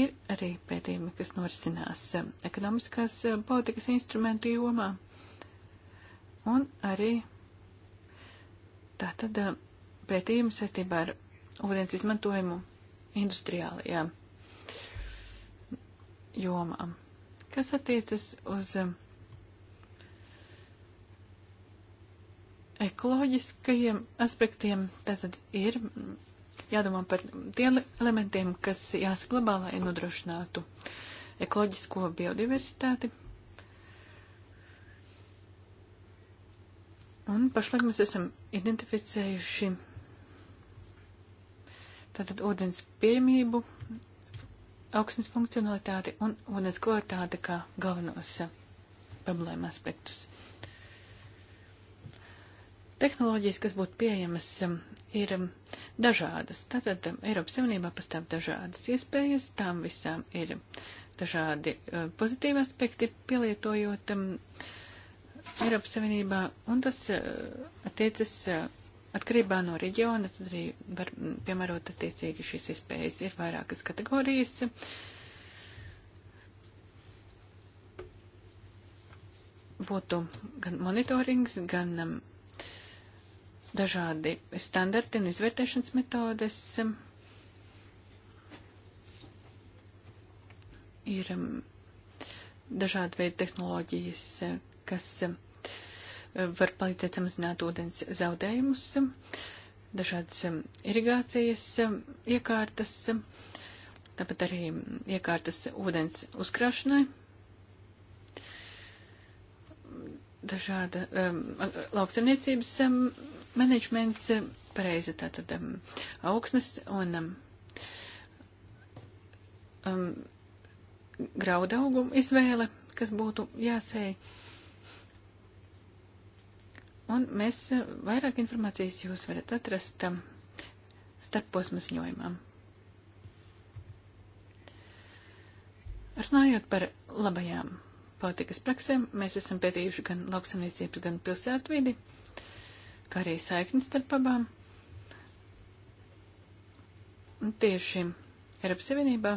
Ir arī pētījumi, kas norisinās um, ekonomiskās um, politikas instrumentu jomā, un arī tātad um, pētījumi saistībā ar ūdens izmantojumu industriālajām jomām, kas attiecas uz uh, ekoloģiskajiem aspektiem, tātad ir jādomā par tiem elementiem, kas jāsaglabā, lai nodrošinātu ekoloģisko biodiversitāti. Un pašlaik mēs esam identificējuši tātad ūdens pieejamību, augsnes funkcionalitāti un ūdens kvalitāti kā galvenos problēma aspektus. Tehnoloģijas, kas būtu pieejamas, um, ir um, dažādas. Tātad um, Eiropas Savienībā pastāv dažādas iespējas, tām visām ir dažādi uh, pozitīvi aspekti pielietojot Eiropas Savienībā, un tas uh, attiecas uh, atkarībā no reģiona, tad arī var mm, piemērot attiecīgi šīs iespējas. Ir vairākas kategorijas. būtu gan monitorings, gan um, dažādi standarti un izvērtēšanas metodes ir um, dažādi veidi tehnoloģijas, kas um, var palīdzēt samazināt ūdens zaudējumus, um, dažādas irigācijas iekārtas, tāpat arī iekārtas ūdens uzkrāšanai, dažāda um, lauksaimniecības um, Menedžments pareizi tātad um, augsnes un um, um, graudu augumu izvēle, kas būtu jāsēj. Un mēs uh, vairāk informācijas jūs varat atrast um, starpposma ziņojumam. Runājot par labajām politikas praksēm, mēs esam pētījuši gan lauksamniecības, gan pilsētvidi. vidi kā arī saiknes starp abām. Un tieši Eiropas Savienībā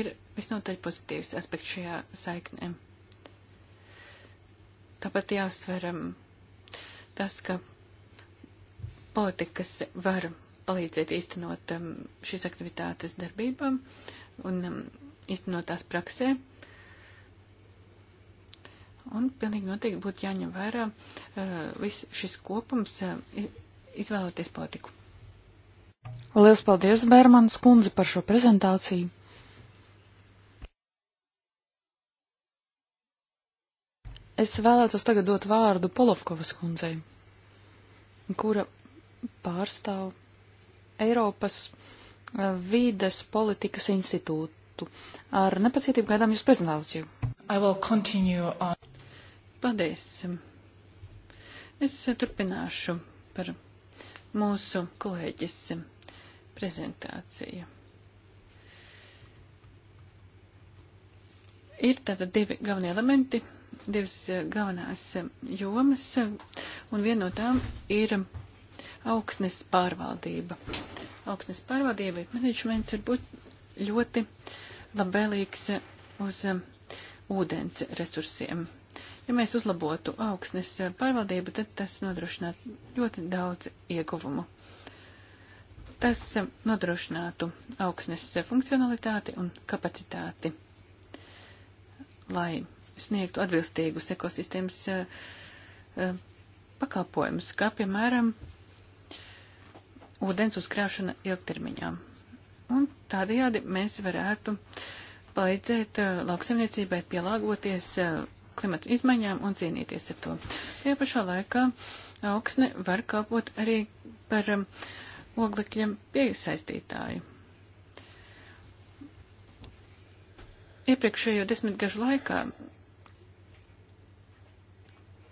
ir visnotaļ pozitīvs aspekts šajā saiknē. Tāpat jāuzsver um, tas, ka politikas var palīdzēt īstenot um, šīs aktivitātes darbībām un um, īstenot tās praksē. Un pilnīgi noteikti būtu jāņem vērā eh, viss šis kopums, eh, izvēlēties politiku. Lielas paldies, Bērmanas kundze, par šo prezentāciju. Es vēlētos tagad dot vārdu Polovkovas kundzei, kura pārstāv Eiropas eh, vīdes politikas institūtu. Ar nepacietību gaidām jūs prezentāciju. I will continue on. Paldies! Es turpināšu par mūsu kolēģis prezentāciju. Ir tātad divi galvenie elementi, divas galvenās jomas, un viena no tām ir augsnes pārvaldība. Augsnes pārvaldība ir menedžments, ir būt ļoti labvēlīgs uz ūdens resursiem. Ja mēs uzlabotu augsnes eh, pārvaldību, tad tas nodrošinātu ļoti daudz ieguvumu. Tas eh, nodrošinātu augsnes eh, funkcionalitāti un kapacitāti, lai sniegtu atbilstīgus ekosistēmas pakalpojumus, kā piemēram ūdens uzkrāšana ilgtermiņā. Un tādējādi mēs varētu palīdzēt lauksaimniecībai pielāgoties klimata izmaiņām un cīnīties ar to. Tajā pašā laikā augsne var kalpot arī par um, oglekļiem piesaistītāju. Iepriekšējo desmitgažu laikā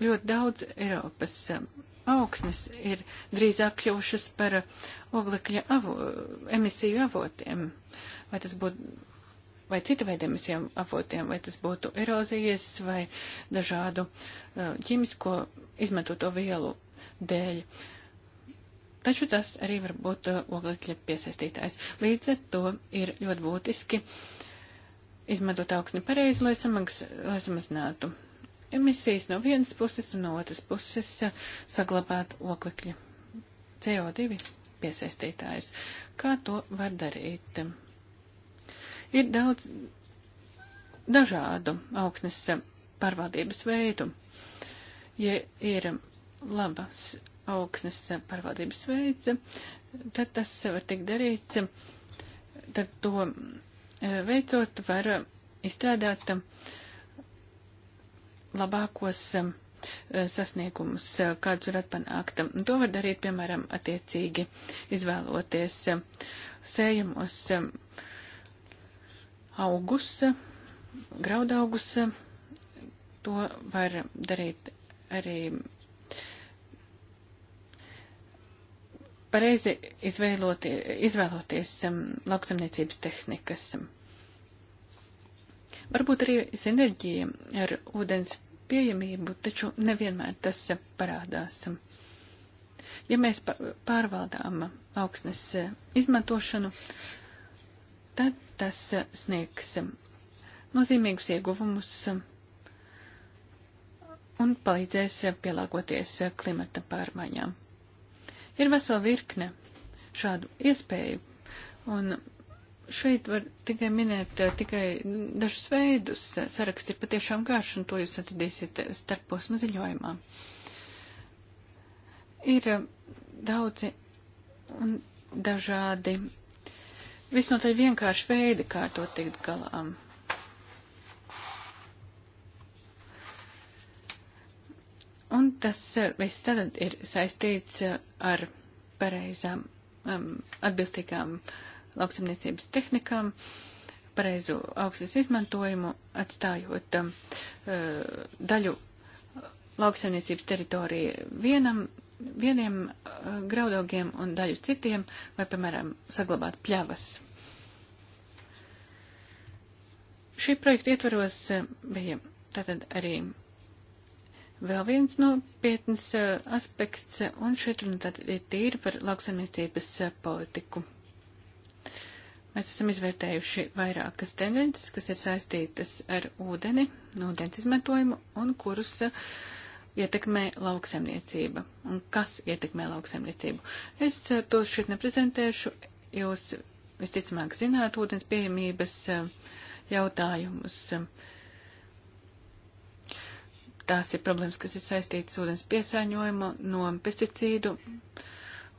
ļoti daudz Eiropas um, augsnes ir drīzāk kļuvušas par um, oglekļa avo, emisiju avotiem. Vai tas būtu vai cita veida emisijām avotiem, vai tas būtu erozijas vai dažādu uh, ķīmisko izmantoto vielu dēļ. Taču tas arī var būt uh, oglekļa piesaistītājs. Līdz ar to ir ļoti būtiski izmantot augsni pareizi, lai, samags, lai samazinātu emisijas no vienas puses un no otras puses uh, saglabāt oglekļa CO2 piesaistītājus. Kā to var darīt? Ir daudz dažādu augsnes pārvaldības veidu. Ja ir labas augsnes pārvaldības veids, tad tas var tikt darīts, tad to e, veicot var izstrādāt labākos e, sasniegumus, kādus varat panākt. To var darīt, piemēram, attiecīgi izvēloties e, sējumos augus, graudaugus. To var darīt arī pareizi izvēloties um, lauksamniecības tehnikas. Varbūt arī sinerģija ar ūdens pieejamību, taču nevienmēr tas parādās. Ja mēs pārvaldām augsnes izmantošanu, uh, tad tas sniegs nozīmīgus ieguvumus un palīdzēs pielāgoties klimata pārmaiņām. Ir vesela virkne šādu iespēju, un šeit var tikai minēt eh, tikai dažus veidus. Saraksts ir patiešām garš, un to jūs atradīsiet starposma ziņojumā. Ir eh, daudzi un dažādi visnotaļ vienkārši veidi, kā ar to tikt galām. Un tas eh, viss tad ir saistīts eh, ar pareizām, um, atbilstīgām lauksamniecības tehnikām, pareizu augsnes izmantojumu, atstājot um, eh, daļu lauksamniecības teritoriju vienam vieniem eh, graudaugiem un daļu citiem, vai, piemēram, saglabāt pļavas. Šī projekta ietvaros eh, bija tātad arī vēl viens nopietns eh, aspekts, un šeit runa tātad ir tīri par lauksaimniecības politiku. Mēs esam izvērtējuši vairākas tendences, kas ir saistītas ar ūdeni, nu, ūdens izmantojumu un kurus uh, ietekmē lauksemniecība un kas ietekmē lauksemniecību. Es eh, to šeit neprezentēšu, jūs visticamāk zināt ūdens pieejamības eh, jautājumus. Tās ir problēmas, kas ir saistītas ūdens piesāņojumu no pesticīdu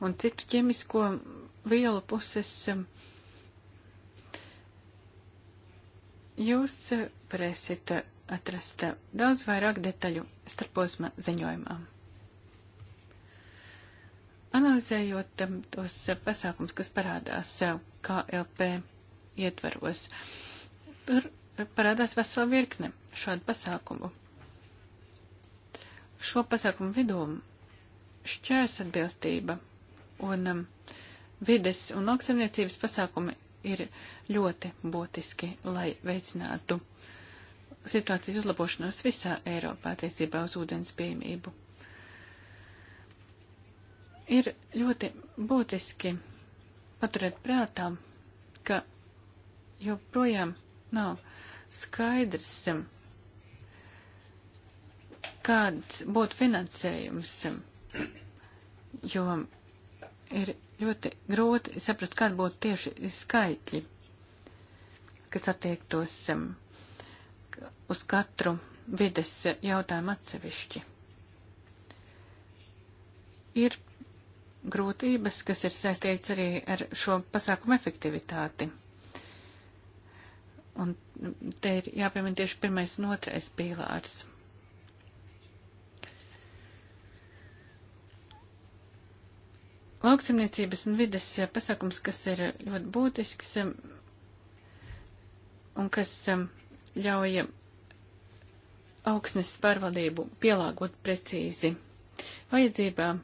un citu ķemisko vielu puses. Jūs eh, varēsiet atrast daudz vairāk detaļu starposma ziņojumā. Analizējot um, tos uh, pasākums, kas parādās uh, KLP ietvaros, tur uh, parādās vesela virkne šādu pasākumu. Šo pasākumu vidū šķērs atbilstība un um, vides un lauksaimniecības pasākumi ir ļoti būtiski, lai veicinātu situācijas uzlabošanos visā Eiropā attiecībā uz ūdens pieejamību. Ir ļoti būtiski paturēt prātā, ka joprojām nav skaidrs, kāds būtu finansējums, jo ir ļoti grūti saprast, kādi būtu tieši skaitļi, kas attiektos um, uz katru vides jautājumu atsevišķi. Ir grūtības, kas ir saistīts arī ar šo pasākumu efektivitāti. Un te ir jāpiemina tieši pirmais un otrais pīlārs. Lauksimniecības un vides pasākums, kas ir ļoti būtisks um, un kas um, ļauj augsnes pārvaldību pielāgot precīzi vajadzībām,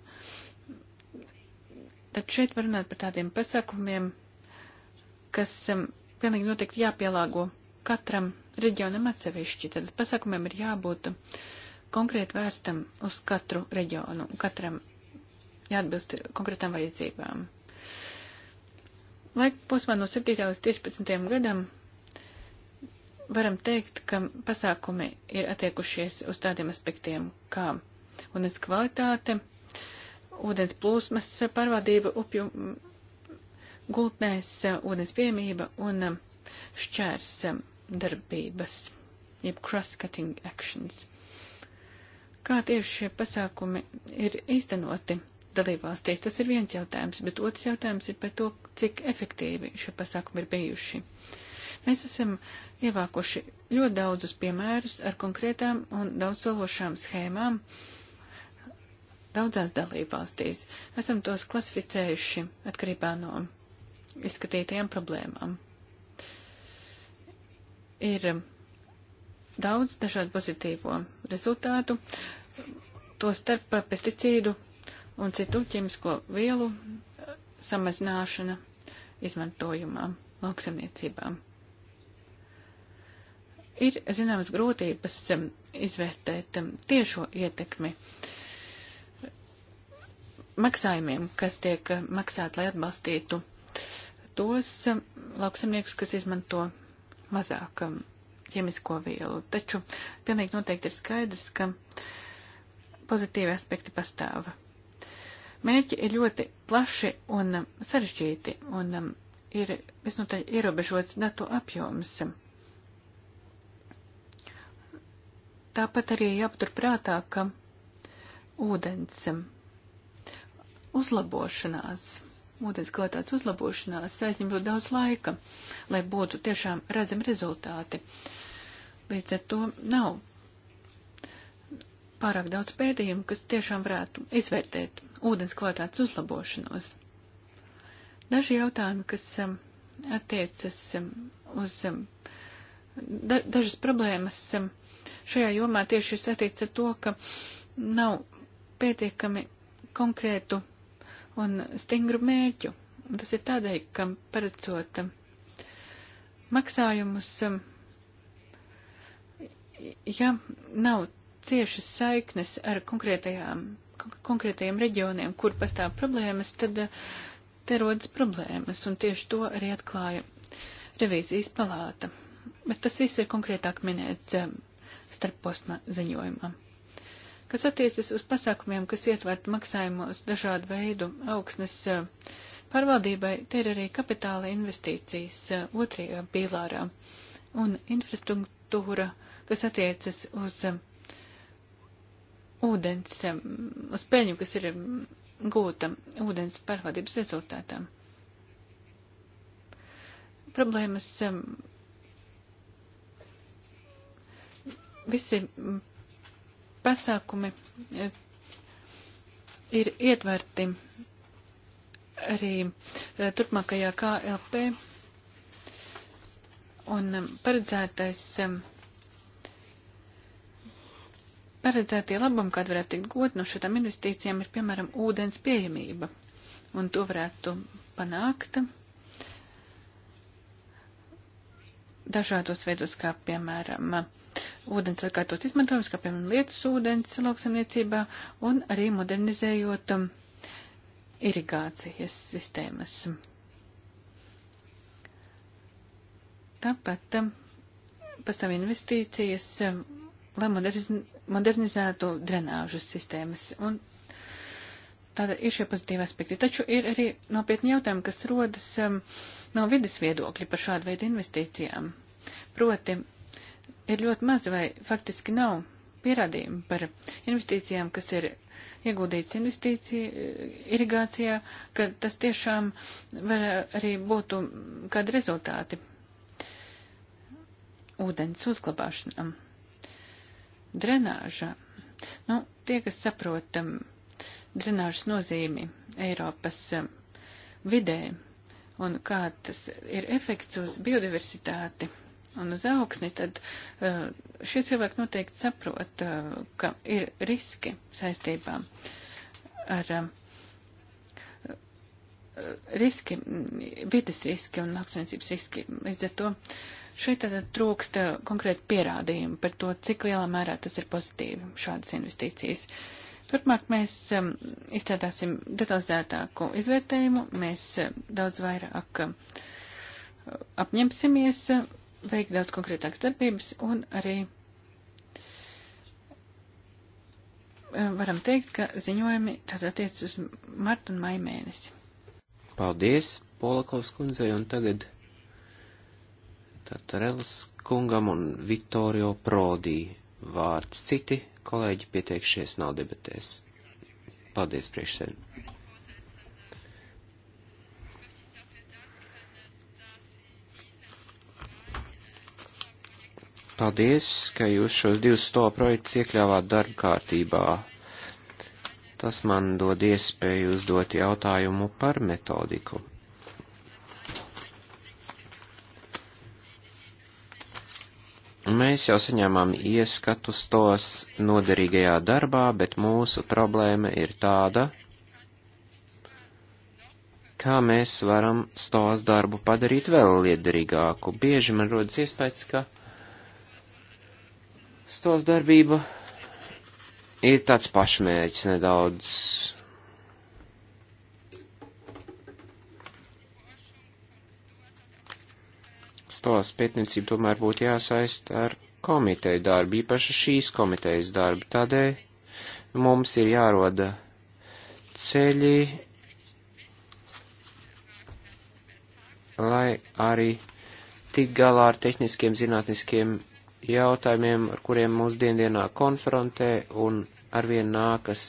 tad šeit var runāt par tādiem pasākumiem, kas um, pilnīgi noteikti jāpielāgo katram reģionam atsevišķi. Tad pasākumiem ir jābūt konkrēti vērstam uz katru reģionu, katram jāatbilst konkrētām vajadzībām. Laika posmā no 7. līdz 13. gadam varam teikt, ka pasākumi ir attiekušies uz tādiem aspektiem kā ūdens kvalitāte, ūdens plūsmas pārvaldība upju gultnēs, ūdens piemība un šķērs darbības, jeb cross-cutting actions. Kā tieši šie pasākumi ir īstenoti dalībvalstīs, tas ir viens jautājums, bet otrs jautājums ir par to, cik efektīvi šie pasākumi ir bijuši. Uh, Mēs esam ievākuši ļoti daudzus piemērus ar konkrētām un daudzsološām schēmām daudzās dalībvalstīs. Esam tos klasificējuši atkarībā no izskatītajām problēmām. Ir um, daudz dažādu pozitīvo rezultātu, to starp pesticīdu un citu ķemisko vielu uh, samazināšana izmantojumā lauksamniecībām ir zināmas grūtības um, izvērtēt um, tiešo ietekmi maksājumiem, kas tiek uh, maksāti, lai atbalstītu tos um, lauksamniekus, kas izmanto mazāk ķemisko vielu. Taču pilnīgi noteikti ir skaidrs, ka pozitīvi aspekti pastāv. Mērķi ir ļoti plaši un sarežģīti, un ir visnotaļ ierobežots datu apjoms. Tāpat arī jāpatur prātā, ka ūdens uzlabošanās, ūdens kvalitātes uzlabošanās aizņem ļoti daudz laika, lai būtu tiešām redzami rezultāti. Līdz ar to nav pārāk daudz pētījumu, kas tiešām varētu izvērtēt ūdens kvalitātes uzlabošanos. Daži jautājumi, kas um, attiecas um, uz um, da, dažas problēmas, šajā jomā tieši ir satīts ar to, ka nav pietiekami konkrētu un stingru mērķu. Un tas ir tādēļ, ka paredzot um, maksājumus, um, ja nav ciešas saiknes ar konkrētajām, konkrētajiem reģioniem, kur pastāv problēmas, tad uh, te rodas problēmas, un tieši to arī atklāja revīzijas palāta. Bet tas viss ir konkrētāk minēts um, starpposma ziņojumā. Kas attiecas uz pasākumiem, kas ietvert maksājumos dažādu veidu augsnes eh, pārvaldībai, te ir arī kapitāla investīcijas eh, otrajā pīlārā un infrastruktūra, kas attiecas uz eh, ūdens, uz peļņu, kas ir gūta ūdens pārvaldības rezultātā. Problēmas visi pasākumi ir, eh, ir ietverti arī eh, turpmākajā KLP un eh, paredzētais, paredzētie labumi, kāda varētu tikt gūt no šitām investīcijām, ir piemēram ūdens pieejamība, un to varētu panākt dažādos veidos, kā piemēram ūdens atkārtot izmantojums, kā piemēram lietas ūdens lauksamniecībā, un arī modernizējot um, irigācijas sistēmas. Tāpat um, pastāv investīcijas, um, lai moderniz modernizētu drenāžu sistēmas, un tāda ir šie pozitīvi aspekti. Taču ir arī nopietni jautājumi, kas rodas um, no vidas viedokļa par šādu veidu investīcijām. Proti, ir ļoti maz vai faktiski nav pierādījumu par investīcijām, kas ir ieguldīts investīcija irigācijā, ka tas tiešām var arī būtu kādi rezultāti ūdens uzglabāšanām. Drenāža. Nu, tie, kas saprotam um, drenāžas nozīmi Eiropas um, vidē un kā tas ir efekts uz biodiversitāti un uz augsni, tad uh, šie cilvēki noteikti saprot, uh, ka ir riski saistībā ar um, uh, riski, vidas riski un lauksainicības riski. Līdz ar to šeit tad trūkst konkrēti pierādījumi par to, cik lielā mērā tas ir pozitīvi šādas investīcijas. Turpmāk mēs um, izstrādāsim detalizētāku izvērtējumu, mēs uh, daudz vairāk uh, apņemsimies uh, veikt daudz konkrētākas darbības un arī e, varam teikt, ka ziņojumi tad attiec uz martu un maiju mēnesi. Paldies, Polakovs kundzei, un tagad Tatarels kungam un Vittorio Prodī vārds citi kolēģi pieteikšies nav debatēs. Paldies, priekšsēdētāji. Paldies, ka jūs šos divus to projektus iekļāvāt darba kārtībā. Tas man dod iespēju uzdot jautājumu par metodiku. Mēs jau saņēmām ieskatus tos noderīgajā darbā, bet mūsu problēma ir tāda, kā mēs varam stos darbu padarīt vēl liederīgāku. Bieži man rodas iespējas, ka stos darbība ir tāds pašmērķis nedaudz. Stos pētniecība tomēr būtu jāsaist ar komiteju darbu, īpaši šīs komitejas darbu. Tādēļ mums ir jāroda ceļi, lai arī tik galā ar tehniskiem zinātniskiem jautājumiem, ar kuriem mūs diendienā konfrontē un arvien nākas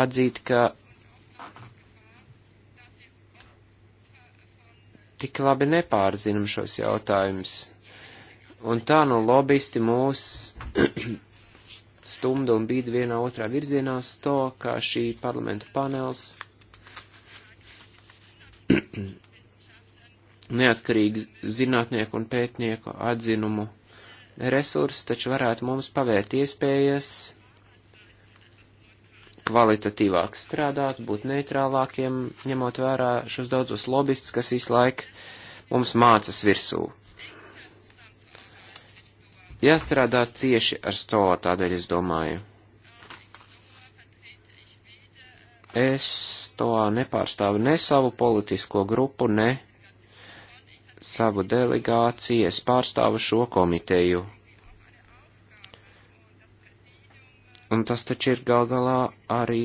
atzīt, ka tik labi nepārzinam šos jautājumus. Un tā nu lobbyisti mūs stumda un bīda vienā otrā virzienā uz to, kā šī parlamenta panels neatkarīgi zinātnieku un pētnieku atzinumu resursi taču varētu mums pavērt iespējas kvalitatīvāk strādāt, būt neitrālākiem, ņemot vērā šos daudzos lobbystus, kas visu laiku mums mācas virsū. Jāstrādā cieši ar sto, tādēļ es domāju. Es to nepārstāvu ne savu politisko grupu, ne savu delegāciju, es pārstāvu šo komiteju. Un tas taču ir gal galā arī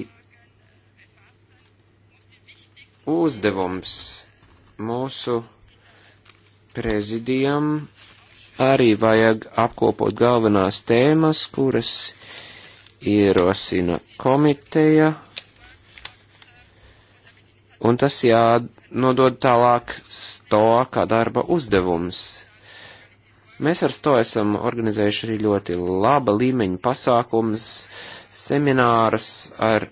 uzdevums mūsu prezidijam arī vajag apkopot galvenās tēmas, kuras ierosina komiteja, un tas jā, nodod tālāk sto kā darba uzdevums. Mēs ar to esam organizējuši arī ļoti laba līmeņa pasākums, seminārus ar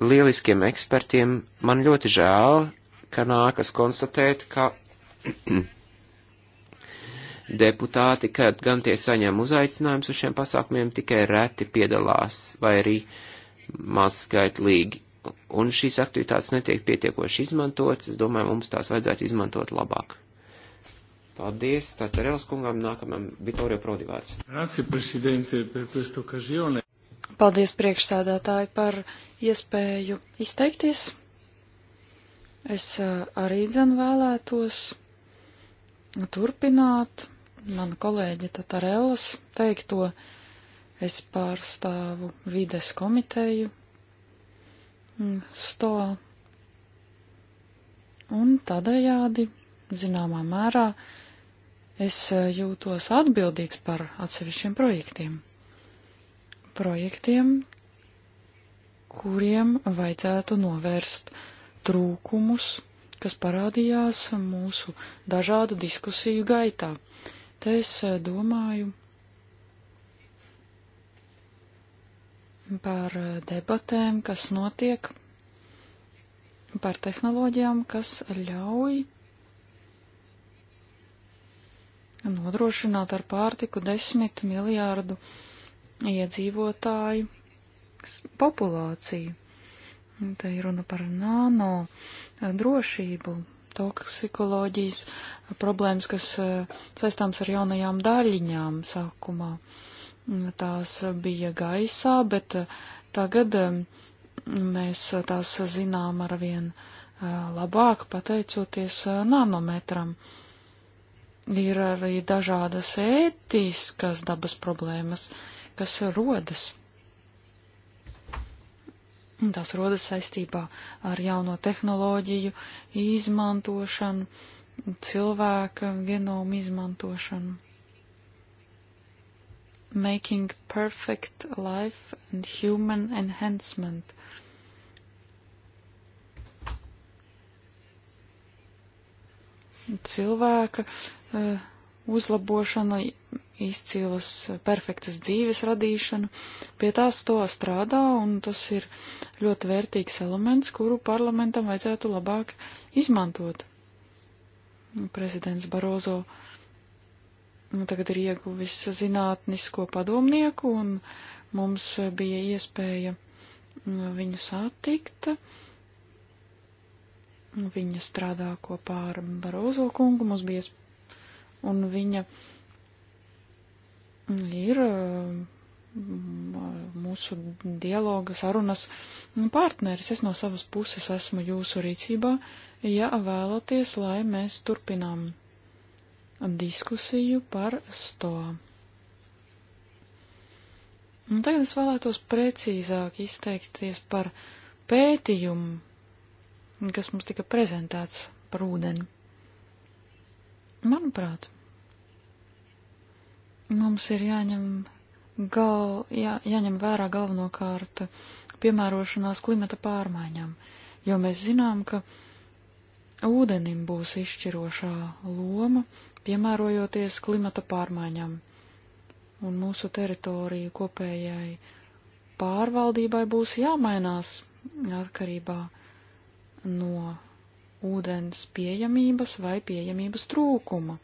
lieliskiem ekspertiem. Man ļoti žēl, ka nākas konstatēt, ka deputāti, kad gan tie saņem uzaicinājumus uz šiem pasākumiem, tikai reti piedalās vai arī mazskaitlīgi un šīs aktivitātes netiek pietiekoši izmantotas, es domāju, mums tās vajadzētu izmantot labāk. Paldies, tātad Rels kungam, nākamam Vitorio Prodivārds. Paldies priekšsēdētāji par iespēju izteikties. Es eh, arī dzen vēlētos turpināt mana kolēģa Tatarellas teikto. Es pārstāvu vides komiteju stoā. Un tādējādi, zināmā mērā, es eh, jūtos atbildīgs par atsevišķiem projektiem. Projektiem, kuriem vajadzētu novērst trūkumus, kas parādījās mūsu dažādu diskusiju gaitā. Te es eh, domāju, par eh, debatēm, kas notiek, par tehnoloģijām, kas ļauj nodrošināt ar pārtiku desmit miljārdu iedzīvotāju populāciju. Te ir runa par nano eh, drošību, toksikoloģijas eh, problēmas, kas saistāms ar jaunajām daļiņām sākumā. Uh, Tās bija gaisā, bet eh, tagad eh, mēs tās zinām arvien eh, labāk pateicoties nanometram. Ir arī dažādas ētiskas dabas problēmas, kas rodas. Tās rodas saistībā ar jauno tehnoloģiju izmantošanu, cilvēka genomu izmantošanu making perfect life and human enhancement. Cilvēka uh, uzlabošana, izcīlas, eh, perfektas dzīves radīšana, pie tās to strādā, un tas ir ļoti vērtīgs elements, kuru parlamentam vajadzētu labāk izmantot. Prezidents Barozo uh, nu, tagad ir ieguvis zinātnisko padomnieku, un mums bija iespēja mm, viņu satikt. Viņa strādā kopā ar Barozo kungu, mums bija, un viņa mm, ir mm, mūsu dialoga sarunas partneris. Es no savas puses esmu jūsu rīcībā, ja vēlaties, lai mēs turpinām diskusiju par sto. Un tagad es vēlētos precīzāk izteikties par pētījumu, kas mums tika prezentēts par ūdeni. Manuprāt, mums ir jāņem, gal, jā, jāņem vērā galvenokārt piemērošanās klimata pārmaiņām, jo mēs zinām, ka ūdenim būs izšķirošā loma piemērojoties klimata pārmaiņām un mūsu teritoriju kopējai pārvaldībai būs jāmainās atkarībā no ūdens pieejamības vai pieejamības trūkuma.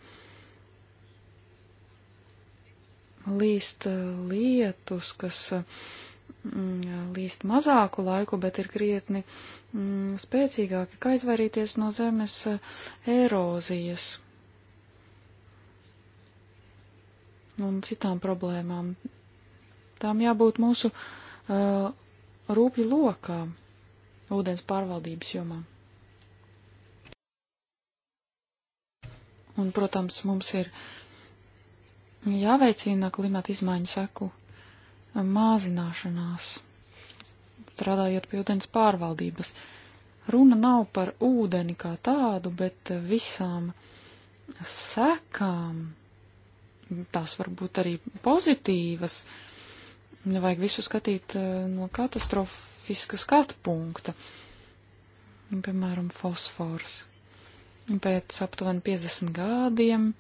Līst lietus, kas mm, līst mazāku laiku, bet ir krietni mm, spēcīgāki, kā izvairīties no zemes erozijas un citām problēmām. Tām jābūt mūsu uh, rūpju lokā, ūdens pārvaldības jomā. Un, protams, mums ir jāveicina klimata izmaiņu seku māzināšanās, strādājot pie ūdens pārvaldības. Runa nav par ūdeni kā tādu, bet visām sekām, tās var būt arī pozitīvas. Nevajag visu skatīt eh, no katastrofiska skatu punkta. Nu, piemēram, fosfors. Pēc aptuveni 50 gadiem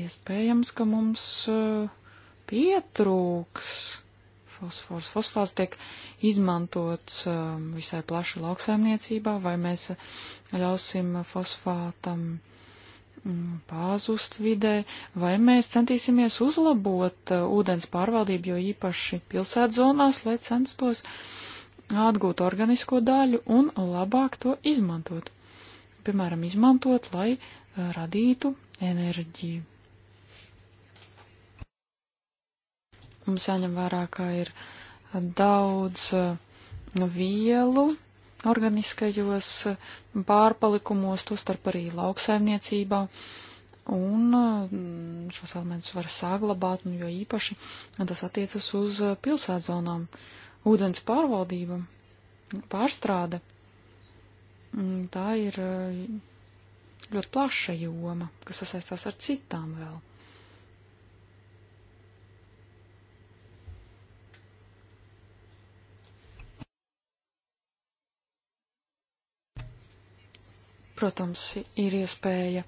iespējams, ka mums eh, pietrūks fosfors. Fosfors tiek izmantots eh, visai plaši lauksaimniecībā, vai mēs ļausim fosfātam Mm, pāzust vidē, vai mēs centīsimies uzlabot uh, ūdens pārvaldību, jo īpaši pilsētzonās, lai censtos atgūt organisko daļu un labāk to izmantot. Piemēram, izmantot, lai uh, radītu enerģiju. Mums jāņem vērā, ka ir daudz uh, vielu, organiskajos pārpalikumos, tostarp arī lauksaimniecībā. Un mm, šos elementus var saglabāt, un jo īpaši tas attiecas uz pilsētzonām. Ūdens pārvaldība, pārstrāde, mm, tā ir mm, ļoti plaša joma, kas sasaistās ar citām vēl. Protams, ir iespēja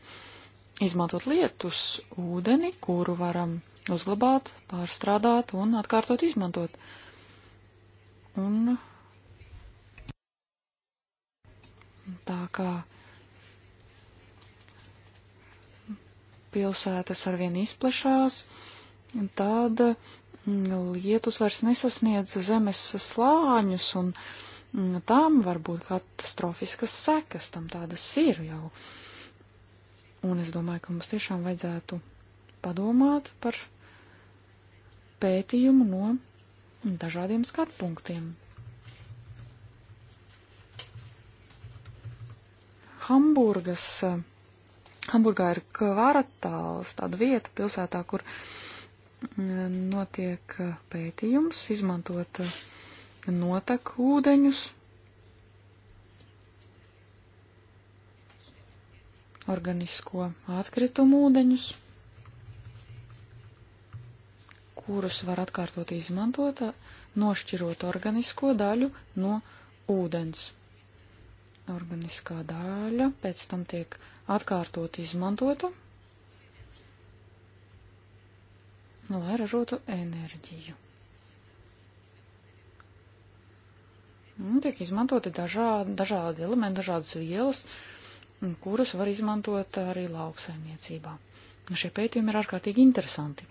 izmantot lietus, ūdeni, kuru varam uzglabāt, pārstrādāt un atkārtot izmantot. Un tā kā pilsētas arvien izplešās, tad lietus vairs nesasniedz zemes slāņus un uh, Tām var būt katastrofiskas sekas, tam tādas ir jau. Un es domāju, ka mums tiešām vajadzētu padomāt par pētījumu no dažādiem skatu punktiem. Hamburgas, Hamburgā ir kvartāls, tāda vieta pilsētā, kur mm, notiek eh, pētījums, izmantot uh, notek ūdeņus, organisko atkritumu ūdeņus, kurus var atkārtot izmantot, nošķirot organisko daļu no ūdens. Organiskā daļa pēc tam tiek atkārtot izmantota, lai ražotu enerģiju. Mm, tiek izmantoti dažādi, dažādi elementi, dažādas vielas, kurus var izmantot arī lauksaimniecībā. Šie pētījumi ir ārkārtīgi interesanti.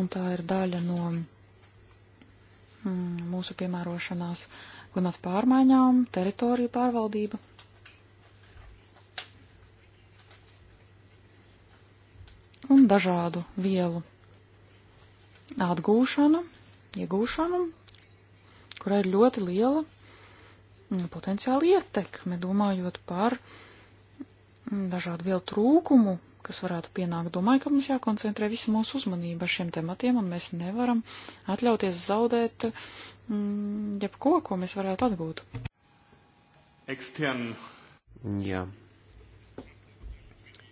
Un tā ir daļa no mm, mūsu piemērošanās klimata pārmaiņām, teritoriju pārvaldība. Un dažādu vielu atgūšana, iegūšana, kurai ir ļoti liela mm, potenciāla ietekme, domājot par mm, dažādu vielu trūkumu, kas varētu pienākt. Domāju, ka mums jākoncentrē visa mūsu uzmanība ar šiem tematiem, un mēs nevaram atļauties zaudēt mm, jebko, ko mēs varētu atgūt. Ekstern. Jā,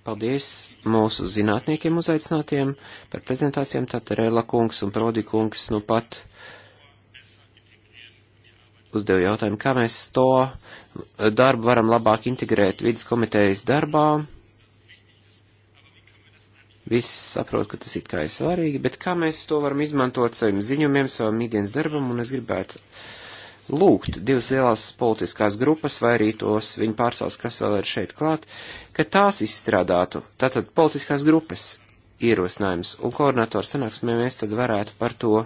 Paldies mūsu zinātniekiem uzaicinātiem par prezentācijām, tātad Rēla kungs un Prodi kungs nu pat uzdevu jautājumu, kā mēs to darbu varam labāk integrēt vidas komitejas darbā. Viss saprot, ka tas it kā ir svarīgi, bet kā mēs to varam izmantot saviem ziņumiem, savam ikdienas darbam, un es gribētu lūgt divas lielās politiskās grupas, vai arī tos viņu pārstāvs, kas vēl ir šeit klāt, ka tās izstrādātu, tātad politiskās grupas ierosinājums, un koordinātoru sanāksmē mēs tad varētu par to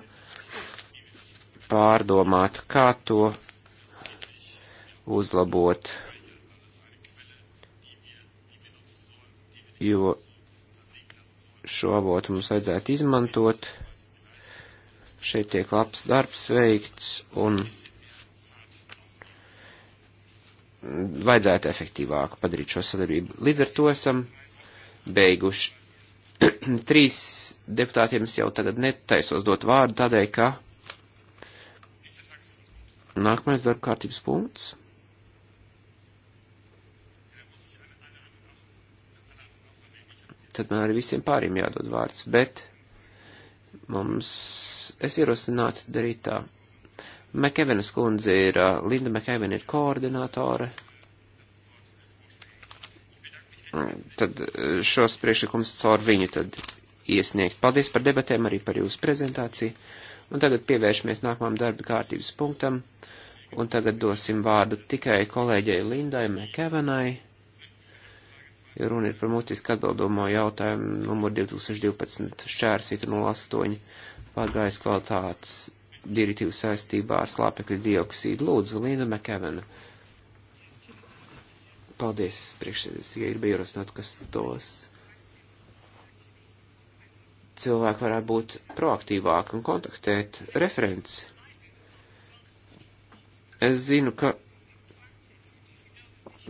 pārdomāt, kā to uzlabot. Jo šo avotu mums vajadzētu izmantot. Šeit tiek labs darbs veikts, un vajadzētu efektīvāk padarīt šo sadarbību. Līdz ar to esam beiguši. Trīs deputātiem es jau tagad netaisos dot vārdu tādēļ, ka nākamais darba kārtības punkts. Tad man arī visiem pāriem jādod vārds, bet mums es ierosinātu darīt tā. Mekevenas kundze ir, uh, Linda Mekevena ir koordinātore. Tad uh, šos priekšlikumus caur viņu tad iesniegt. Paldies par debatēm, arī par jūsu prezentāciju. Un tagad pievēršamies nākamajam darba kārtības punktam. Un tagad dosim vārdu tikai kolēģei Lindai Mekevenai. Runa ir par mutisku atbildamo jautājumu numur 2012 šķērsīta 08 pārgājas kvalitātes direktīvu saistībā ar slāpekļa dioksīdu. Lūdzu, Līna Mekevena. Paldies, priekšsēdētājs, tikai ir ierosināt, kas tos cilvēki varētu būt proaktīvāki un kontaktēt referents. Es zinu, ka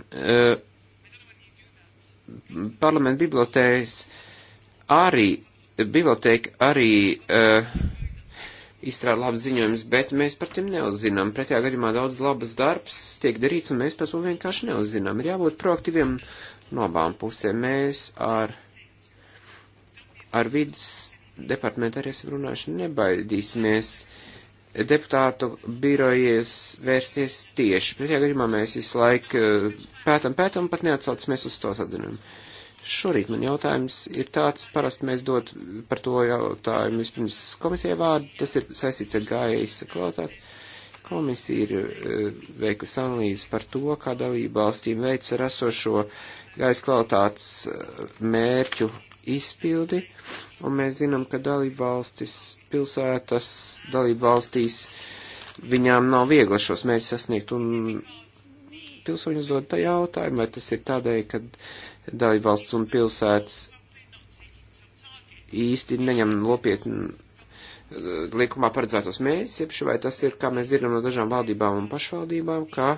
uh, parlamenta bibliotēkas arī, bibliotēka arī uh, izstrādā labs ziņojums, bet mēs par tiem neuzzinām. Pretējā gadījumā daudz labas darbs tiek darīts, un mēs par to vienkārši neuzzinām. Ir jābūt proaktīviem no abām pusēm. Mēs ar, ar vidas departamentu arī esam runājuši, nebaidīsimies deputātu birojies vērsties tieši. Pretējā gadījumā mēs visu laiku eh, pētam, pētam, pat neatsaucamies uz tos atzinumu. Šorīt man jautājums ir tāds, parasti mēs dot par to jautājumu vispirms komisijai vārdu, tas ir saistīts ar gaisa kvalitāti. Komisija ir uh, veikusi analīzi par to, kā dalība valstīm veic ar esošo gaisa kvalitātes uh, mērķu izpildi, un mēs zinām, ka dalība valstis, pilsētas dalība valstīs, viņām nav viegli šos mērķus sasniegt, un pilsoņus dod tā jautājumu, vai tas ir tādēļ, ka dalībvalsts un pilsētas īsti neņem nopietni likumā paredzētos mērķus, jeb vai tas ir, kā mēs zinām no dažām valdībām un pašvaldībām, ka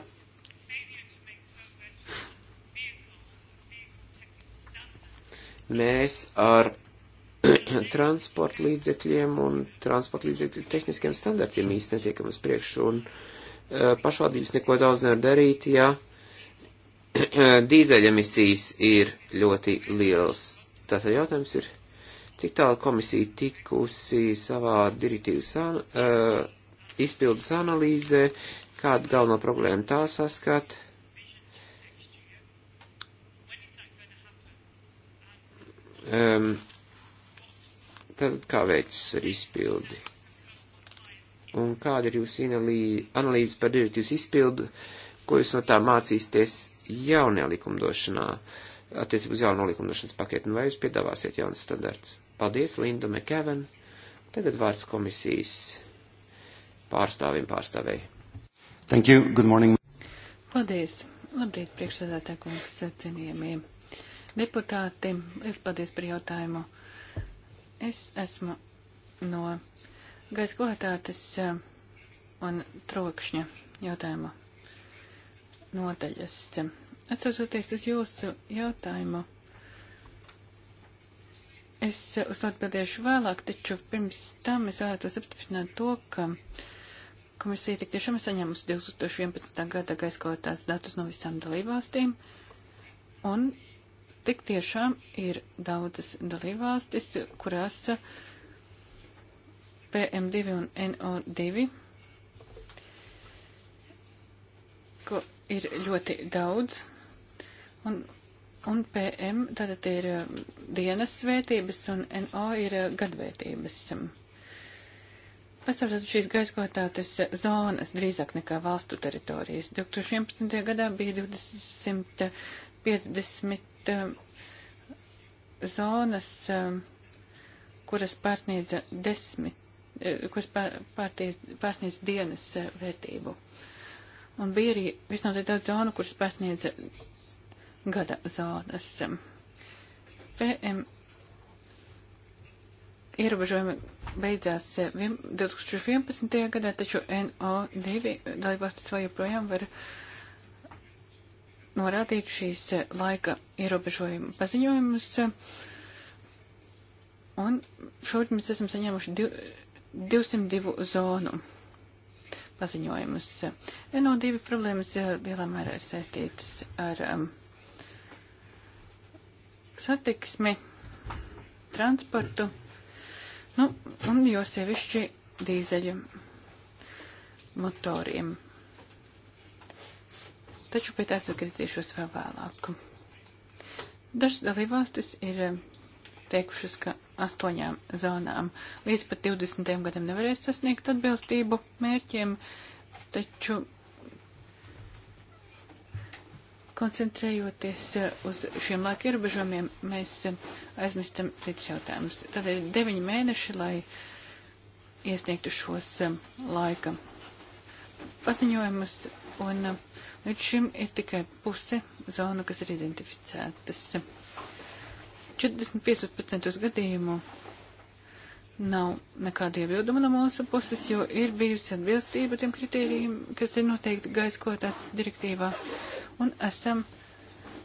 mēs ar transporta līdzekļiem un transporta līdzekļu tehniskiem standartiem īsti netiekam uz priekšu, un eh, pašvaldības neko daudz nevar darīt, ja uh, dīzeļemisijas ir ļoti liels. Tātad jautājums ir, cik tālu komisija tikusi savā direktīvas an uh, izpildes analīzē, kādu galveno problēmu tā saskat. Um, tad kā veicas ar izpildi? Un kāda ir jūsu analīze par direktīvas izpildu? Ko jūs no tā mācīsieties jaunajā likumdošanā, attiecībā uz jauno likumdošanas paketu, vai jūs piedāvāsiet jaunas standarts? Paldies, Linda McKeven. Tagad vārds komisijas pārstāvim pārstāvēji. Thank you. Good morning. Paldies. Labrīt, priekšsēdētāj kungs, cienījamie deputāti. Es paldies par jautājumu. Es esmu no gaisa kvalitātes eh, un trokšņa jautājumu nodaļas. Atcaucoties uz jūsu jautājumu, es uz to atbildēšu vēlāk, taču pirms tam es vēlētos apstiprināt to, ka komisija tik tiešām saņēmusi 2011. gada gaisa kvalitātes datus no visām dalībvalstīm, un tik tiešām ir daudzas dalībvalstis, kurās PM2 un NO2 ko ir ļoti daudz, un, un PM tātad ir um, dienas svētības, un NO ir uh, gadvētības. Um, Pastāv tātad šīs gaiskotētas uh, zonas drīzāk nekā valstu teritorijas. 2011. gadā bija 250 um, zonas, kuras pārsniedza desmit, uh, kuras pārsniedz, pārsniedz dienas vērtību. Uh, Un bija arī visnotaļ daudz zonu, kuras pasniedza gada zonas. PM ierobežojumi beidzās 2011. gadā, taču NO2 dalībvalstis vēl joprojām var norādīt šīs laika ierobežojumu paziņojumus. Un šodien mēs esam saņēmuši 202 zonu paziņojumus. NO2 problēmas lielā mērā ir saistītas ar um, satiksmi, transportu, nu, un jo sevišķi dīzeļu motoriem. Taču pie tās atgriezīšos vēl vēlāk. Dažas dalībvalstis ir um, teikušas, ka astoņām zonām. Līdz pat 20. gadam nevarēs sasniegt atbilstību mērķiem, taču koncentrējoties uz šiem laika ierobežojumiem, mēs aizmirstam citus jautājumus. Tad ir deviņi mēneši, lai iesniegtu šos um, laika paziņojumus, un um, līdz šim ir tikai puse zonu, kas ir identificētas. Tas 40-15% gadījumu nav nekāda iebilduma no mūsu puses, jo ir bijusi atbilstība tiem kritērijiem, kas ir noteikti gaisa kvalitātes direktīvā, un esam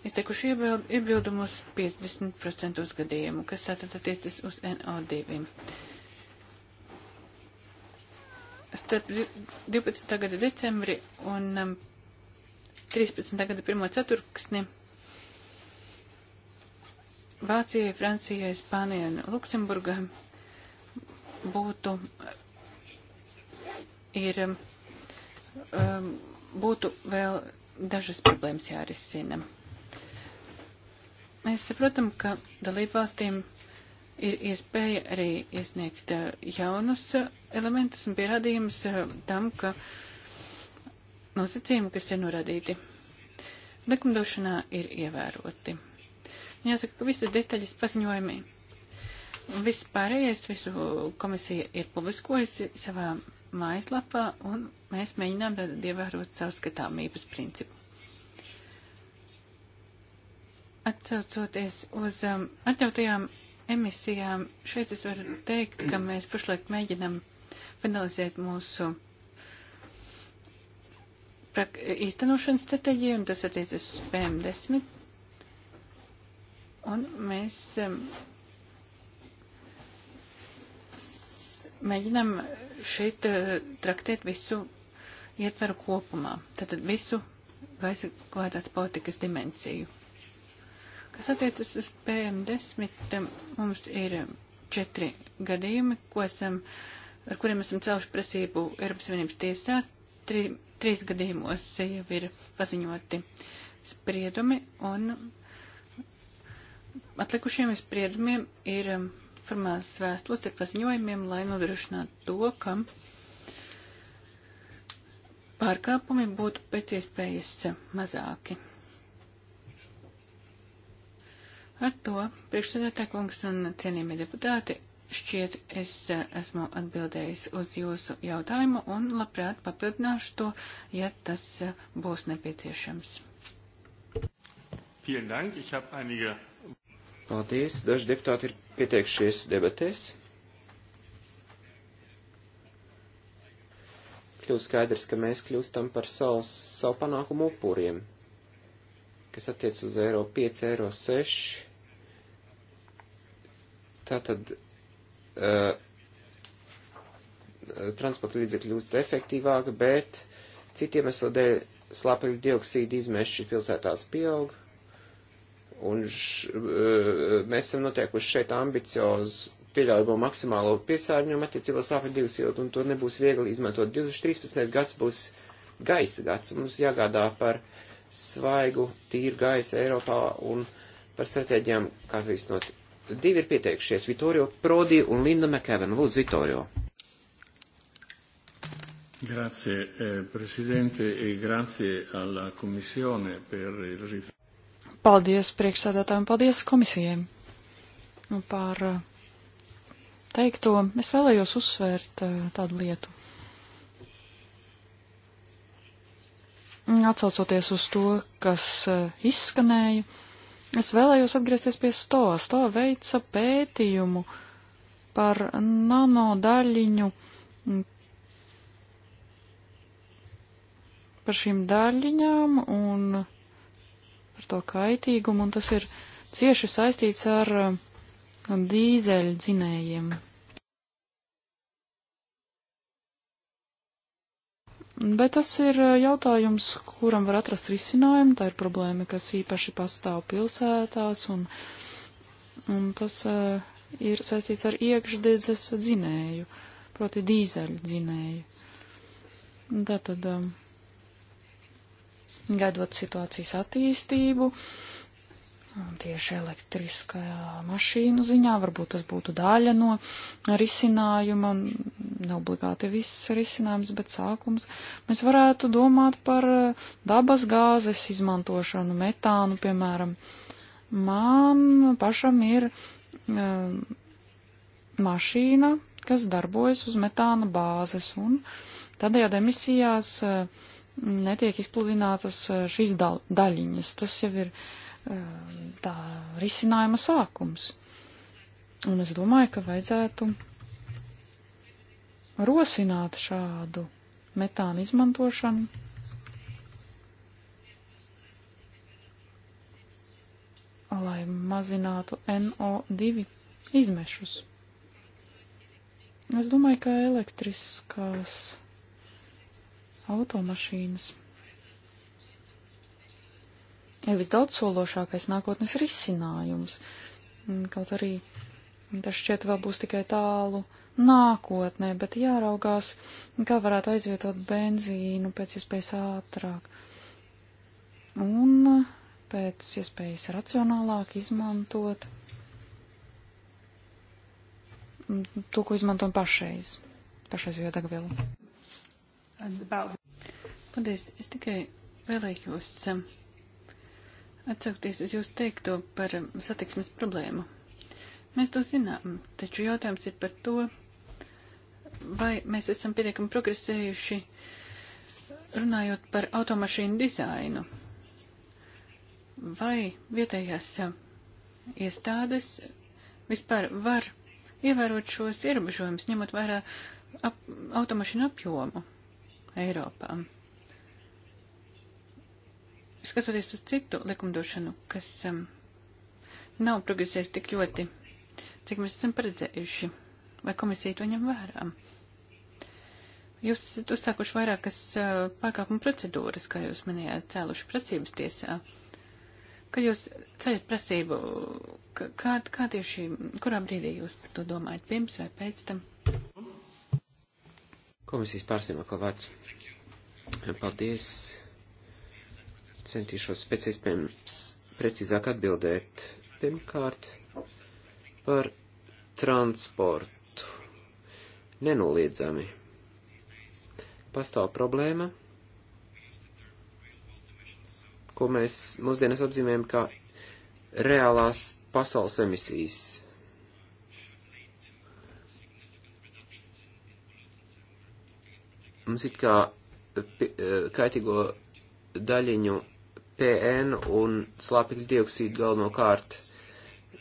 izteikuši iebildumus 50% gadījumu, kas tātad attiecas uz NO2. Starp 12. gada decembri un 13. Um, gada 1. ceturksni Vācijai, Francijai, Spānijai un Luksemburgai būtu, ir, um, um, būtu vēl dažas problēmas jārisina. Mēs saprotam, ka dalībvalstīm ir iespēja arī iesniegt uh, jaunus uh, elementus un pierādījumus uh, tam, ka nosacījumi, kas ir norādīti likumdošanā, ir ievēroti. Jāsaka, ka visas detaļas paziņojumi. Viss pārējais, visu komisija ir publiskojusi savā mājaslapā, un mēs mēģinām tad ievērot savu skatāmības principu. Atcaucoties uz um, atļautajām emisijām, šeit es varu teikt, ka mēs pašlaik mēģinam finalizēt mūsu īstenošanas stratēģiju, un tas attiecas uz PM10 Un mēs mēģinām šeit eh, traktēt visu ietveru kopumā, tātad visu gaisa kvalitātes politikas dimensiju. Kas attiecas uz PM10, mums ir četri gadījumi, ko esam, ar kuriem esam celši prasību Eiropas Savienības tiesā. Tri, trīs gadījumos jau ir paziņoti spriedumi, un Atlikušiem spriedumiem ir um, formāls vēstules ar paziņojumiem, lai nodrošinātu to, ka pārkāpumi būtu pēc iespējas uh, mazāki. Ar to priekšsēdētāj kungs un cienījamie deputāti šķiet es uh, esmu atbildējis uz jūsu jautājumu un labprāt papildināšu to, ja tas uh, būs nepieciešams. Vielen Dank. Ich habe einige Paldies. Daži deputāti ir pieteikšies debatēs. Kļūst skaidrs, ka mēs kļūstam par savu, savu panākumu upuriem, kas attiec uz eiro 5, eiro 6. Tātad uh, transporta līdzekļi kļūst efektīvāki, bet citiem esodēļ slāpekļu dioksīdu izmeši pilsētās pieauga Un š, eh, mēs esam noteikuši šeit ambiciozu pieļaujamo maksimālo piesārņojumu attiecībā uz AP2 siltu, un to nebūs viegli izmantot. 2013. gads būs gaisa gads, mums jāgādā par svaigu, tīru gaisu Eiropā un par stratēģijām, kā to iznot. Divi ir pieteikušies, Vitorio Prodi un Linda Mekevena. Lūdzu, Vitorio. Grazie, eh, Presidente, e grazie alla Commissione per il riferimento. Paldies priekšsēdētājiem, paldies komisijiem nu, par eh, teikto. Es vēlējos uzsvērt eh, tādu lietu. Mm, Atcaucoties uz to, kas eh, izskanēja, es vēlējos atgriezties pie STOA. STOA veica pētījumu par nanodaļiņu, mm, par šīm daļiņām un par to kaitīgumu, un tas ir cieši saistīts ar uh, dīzeļu dzinējiem. Bet tas ir uh, jautājums, kuram var atrast risinājumu. Tā ir problēma, kas īpaši pastāv pilsētās, un, un tas uh, ir saistīts ar iekšdedzes dzinēju, proti dīzeļu dzinēju. Tātad. Um, gaidot situācijas attīstību. Tieši elektriskā mašīnu ziņā varbūt tas būtu daļa no risinājuma, ne obligāti viss risinājums, bet sākums. Mēs varētu domāt par eh, dabas gāzes izmantošanu, metānu, piemēram. Man pašam ir um, mašīna, kas darbojas uz metāna bāzes, un tādējādi emisijās uh, netiek izpludinātas eh, šīs daļiņas. Tas jau ir eh, tā risinājuma sākums. Un es domāju, ka vajadzētu rosināt šādu metānu izmantošanu. lai mazinātu NO2 izmešus. Es domāju, ka elektriskās automašīnas ir visdaudzsološākais nākotnes risinājums. Mm, kaut arī tas šķiet vēl būs tikai tālu nākotnē, bet jāraugās, kā varētu aizvietot benzīnu pēc iespējas ātrāk. Un pēc iespējas racionālāk izmantot to, ko izmantojam pašreiz, pašreizējo degvielu. Paldies. Es tikai vēlējos um, atsaukties uz jūsu teikto par um, satiksmes problēmu. Mēs to zinām, taču jautājums ir par to, vai mēs esam pietiekami progresējuši runājot par automašīnu dizainu. Vai vietējās um, iestādes vispār var ievērot šos ierobežojumus, ņemot vērā ap, automašīnu apjomu? Eiropā. Skatoties uz citu likumdošanu, kas um, nav progresējis tik ļoti, cik mēs esam paredzējuši, vai komisija to ņem vērā. Jūs esat uzsākuši vairākas uh, pārkāpuma procedūras, kā jūs minējāt, cēluši prasības tiesā. Kad jūs ceļat prasību, kā, kā tieši, kurā brīdī jūs par to domājat, pirms vai pēc tam? Uh, Komisijas pārstāvjiem atkal vārds. Paldies. Centīšos pēc iespējams precīzāk atbildēt. Pirmkārt, par transportu. Nenoliedzami. Pastāv problēma, ko mēs mūsdienās apzīmējam kā reālās pasaules emisijas Mums it kā e, kaitīgo daļiņu PN un slāpekļu dioksīdu galvenokārt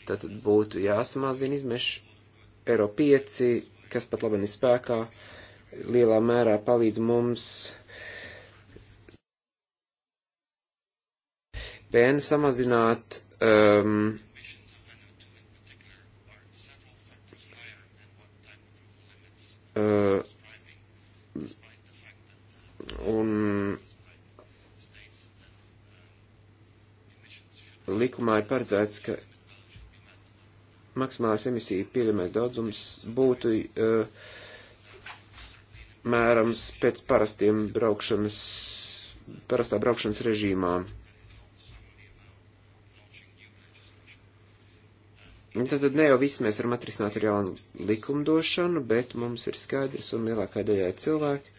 tad būtu jāsamazina izmešu Eiro 5, kas pat labi ir spēkā, lielā mērā palīdz mums PN samazināt um, uh, Un likumā ir paredzēts, ka maksimālais emisiju pieļamais daudzums būtu uh, mērams pēc parastiem braukšanas, parastā braukšanas režīmā. Tad, tad ne jau viss mēs varam atrisināt ar jaunu likumdošanu, bet mums ir skaidrs un lielākai daļai cilvēki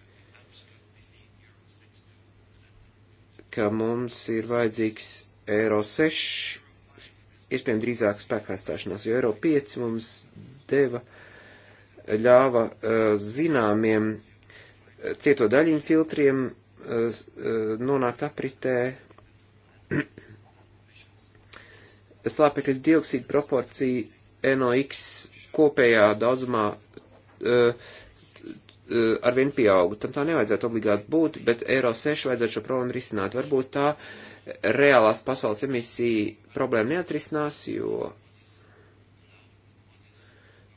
ka mums ir vajadzīgs Eiro 6, iespējams drīzāk spēkā stāšanās, jo Eiro 5 mums deva, ļāva eh, zināmiem eh, cieto daļiņu filtriem eh, nonākt apritē. Slāpekļa dioksīda proporcija NOx kopējā daudzumā Eh, arvien pieauga. Tam tā nevajadzētu obligāti būt, bet Eiro 6 vajadzētu šo problēmu risināt. Varbūt tā reālās pasaules emisija problēma neatrisinās, jo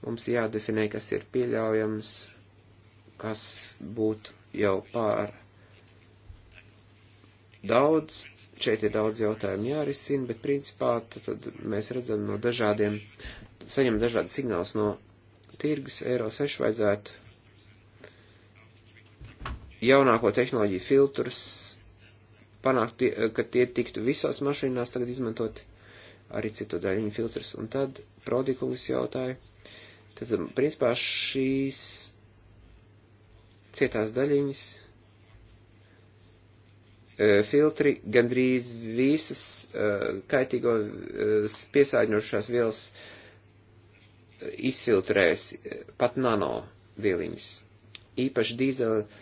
mums jādefinē, kas ir pieļaujams, kas būtu jau pār daudz. Šeit ir daudz jautājumu jārisina, bet principā tad, tad mēs redzam no dažādiem, saņem dažādi signāls no tirgus, Eiro 6 vajadzētu jaunāko tehnoloģiju filtrus, panākt, tie, ka tie tiktu visās mašīnās tagad izmantot arī citu daļiņu filtrus. Un tad Prodikums jautāja, tad, um, principā, šīs cietās daļiņas e, filtri gandrīz visas e, kaitīgo e, piesāņošās vielas izfiltrēs, pat nano vieliņas. Īpaši dīzeļa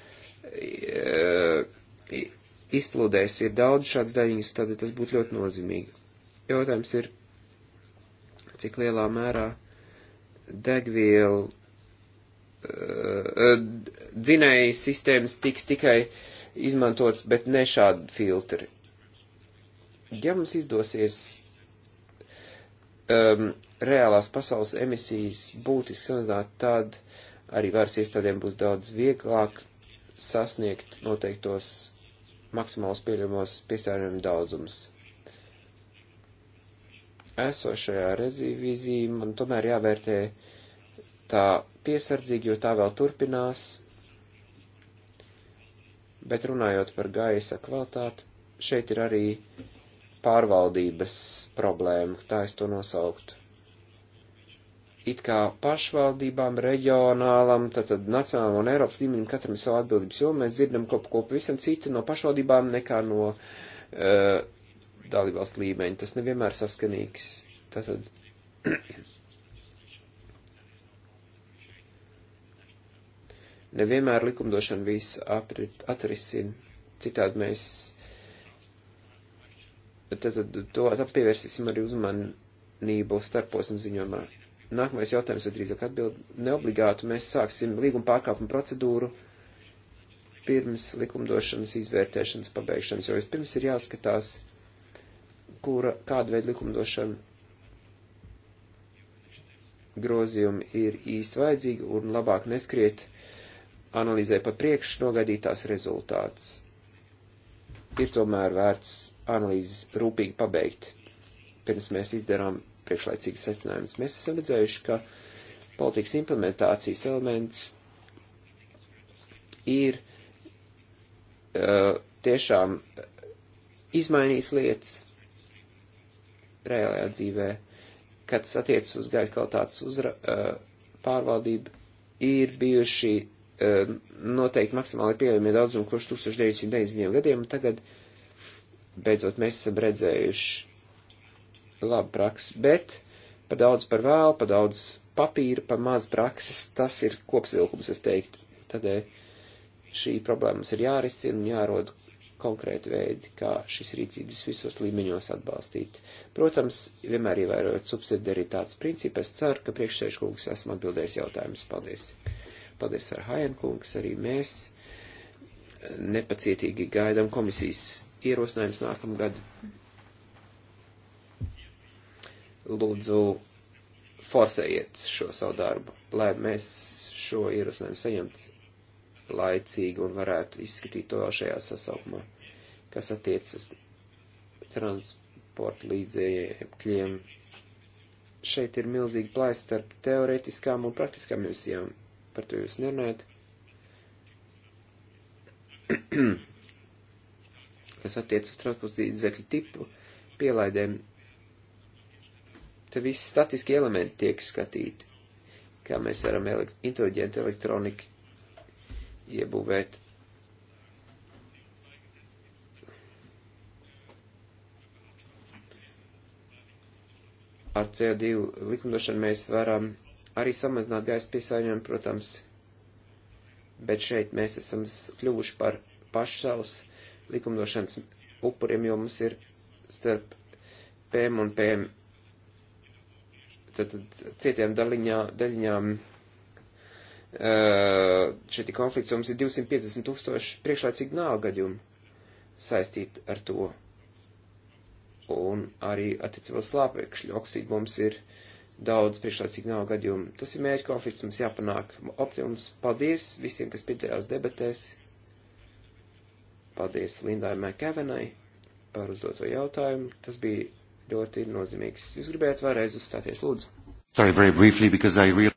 izplūdēs ir daudz šādas daļiņas, tad tas būtu ļoti nozīmīgi. Jautājums ir, cik lielā mērā degvielu uh, dzinēja sistēmas tiks tikai izmantots, bet ne šādi filtri. Ja mums izdosies um, reālās pasaules emisijas būtiski samazināt, tad arī varas iestādēm būs daudz vieglāk sasniegt noteiktos maksimālus pieļaumos piesārņojumu daudzums. Esošajā revīzijā man tomēr jāvērtē tā piesardzīgi, jo tā vēl turpinās, bet runājot par gaisa kvalitāti, šeit ir arī pārvaldības problēma, tā es to nosauktu it kā pašvaldībām, reģionālam, tātad nacionālam un Eiropas līmenim katram ir sava atbildības joma, mēs dzirdam kaut ko pavisam citu no pašvaldībām nekā no uh, eh, dalībās līmeņa. Tas nevienmēr saskanīgs. Tātad. nevienmēr likumdošana viss atrisina. Citādi mēs. Tātad to pievērsīsim arī uzmanību starposmu ziņojumā. Nākamais jautājums, vai drīzāk atbild, neobligātu mēs sāksim līguma pārkāpuma procedūru pirms likumdošanas izvērtēšanas pabeigšanas, jo vispirms ir jāskatās, kura, kāda veida likumdošana grozījumi ir īsti vajadzīgi un labāk neskriet analīzē pa priekšu nogaidītās rezultāts. Ir tomēr vērts analīzes rūpīgi pabeigt, pirms mēs izdarām priekšlaicīgas secinājumus. Mēs esam redzējuši, ka politikas implementācijas elements ir uh, tiešām izmainījis lietas reālajā dzīvē, kad tas attiecas uz gaisa kvalitātes uzra, uh, pārvaldību, ir bijuši uh, noteikti maksimāli pieejami daudzumi kurš 1990. gadiem, un tagad beidzot mēs esam redzējuši laba praksa, bet par daudz par vēlu, par daudz papīra, par maz prakses, tas ir kopsvilkums, es teiktu. Tādēļ šī problēma mums ir jārisina un jārod konkrēti veidi, kā šis rīcības visos līmeņos atbalstīt. Protams, vienmēr ievērojot subsidiaritātes principu, es ceru, ka priekšsēžkungs esmu atbildējis jautājumus. Paldies! Paldies, Ferhaien kungs, arī mēs nepacietīgi gaidām komisijas ierosinājums nākamgad lūdzu forsējiet šo savu darbu, lai mēs šo ierosinājumu saņemtu laicīgi un varētu izskatīt to vēl šajā sasaukumā, kas attiec uz transporta līdzējiem. Šeit ir milzīgi plājas starp teoretiskām un praktiskām misijām. Par to jūs nerunājat. kas attiec uz transporta līdzekļu tipu pielaidēm te visi statiski elementi tiek skatīti, kā mēs varam elekt inteliģentu elektroniku iebūvēt. Ar CO2 likumdošanu mēs varam arī samazināt gaisa piesārņojumu, protams, bet šeit mēs esam kļuvuši par pašu savus likumdošanas upuriem, jo mums ir starp PM un PM tad cietiem daļiņā, daļiņām šeit ir konflikts, un mums ir 250 tūkstoši priekšlaicīgi nāgaģumi saistīti ar to. Un arī attiecībā slāpekšļu oksīdu mums ir daudz priekšlaicīgi nāgaģumi. Tas ir mērķi konflikts, mums jāpanāk optimums. Paldies visiem, kas piedalījās debatēs. Paldies Lindai Mēkevenai par uzdoto jautājumu. Tas bija ļoti nozīmīgs. Jūs gribējāt vēlreiz uzstāties, lūdzu. Sorry, very briefly, because I real...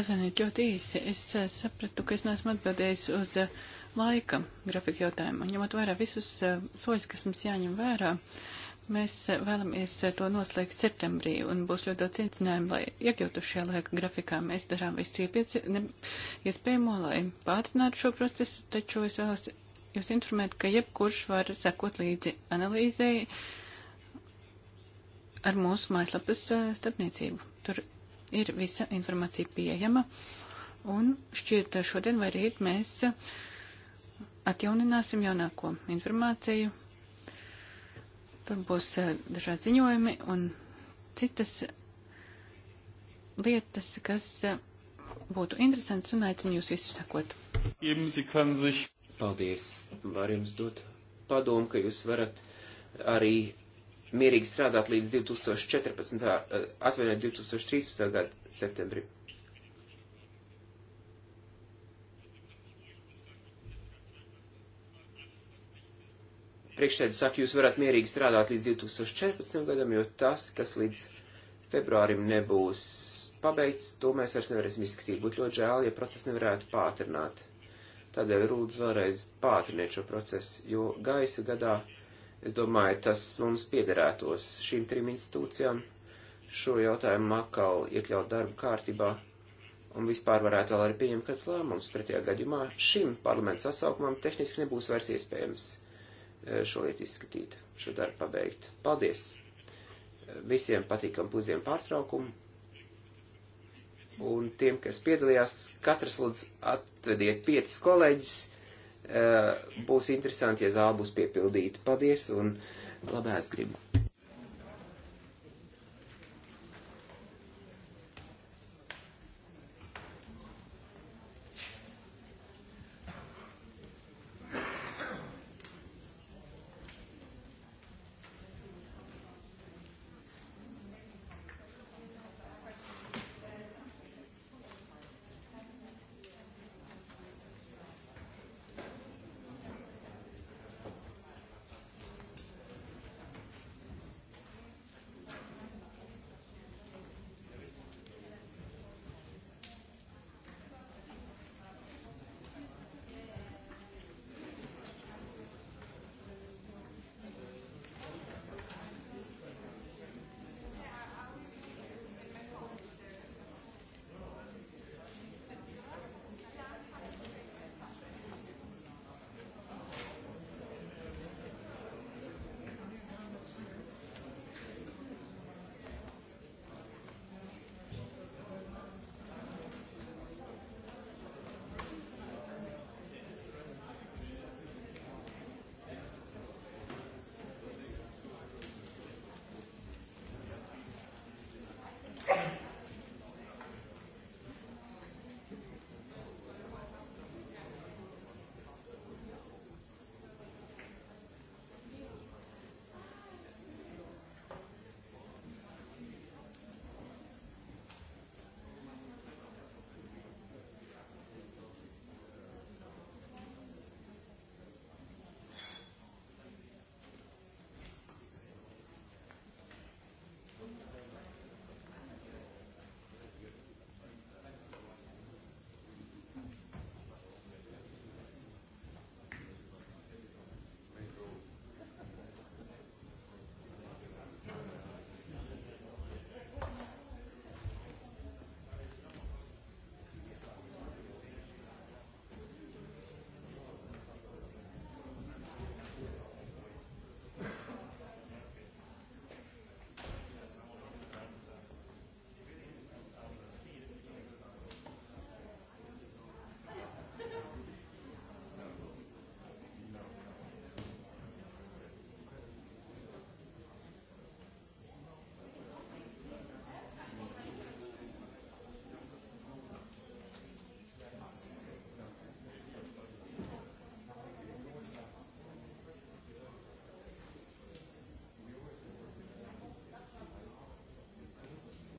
Atvainojiet, ļoti īsi. Es eh, sapratu, ka es neesmu atbildējis uz eh, laika grafika jautājumu. Ņemot vērā visus eh, soļus, kas mums jāņem vērā, mēs vēlamies to noslēgt septembrī un būs ļoti daudz cienījumu, lai iekļautu šajā laika grafikā. Mēs darām visu iespējamo, lai pātrinātu šo procesu, taču es vēlos jūs informēt, ka jebkurš var sekot līdzi analīzēji ar mūsu mājaslapas eh, starpniecību. Tur ir visa informācija pieejama. Un šķiet, šodien vai rīt mēs eh, atjaunināsim jaunāko informāciju. Tur būs eh, dažādi ziņojumi un citas lietas, kas būtu interesants un aicinu jūs visus sakot. Paldies! Var jums dot padomu, ka jūs varat arī mierīgi strādāt līdz 2014. atvainojiet 2013. gada septembrim. Priekšsēdētājs saka, jūs varat mierīgi strādāt līdz 2014. gadam, jo tas, kas līdz februārim nebūs pabeigts, to mēs vairs nevarēsim izskatīt. Būtu ļoti žēl, ja process nevarētu pātrināt. Tādēļ rūdz vēlreiz pātrinēt šo procesu, jo gaisa gadā Es domāju, tas mums piederētos šīm trim institūcijām šo jautājumu atkal iekļaut darba kārtībā un vispār varētu vēl arī pieņemt kāds lēmums. Pretējā gadījumā šim parlamentu sasaukumam tehniski nebūs vairs iespējams eh, šo lietu izskatīt, šo darbu pabeigt. Paldies! Visiem patīkam pusdienu pārtraukumu. Un tiem, kas piedalījās, katrs lūdzu atvediet piecas kolēģis. Eh, būs interesanti, ja zāle būs piepildīta. Paldies un labēs gribu!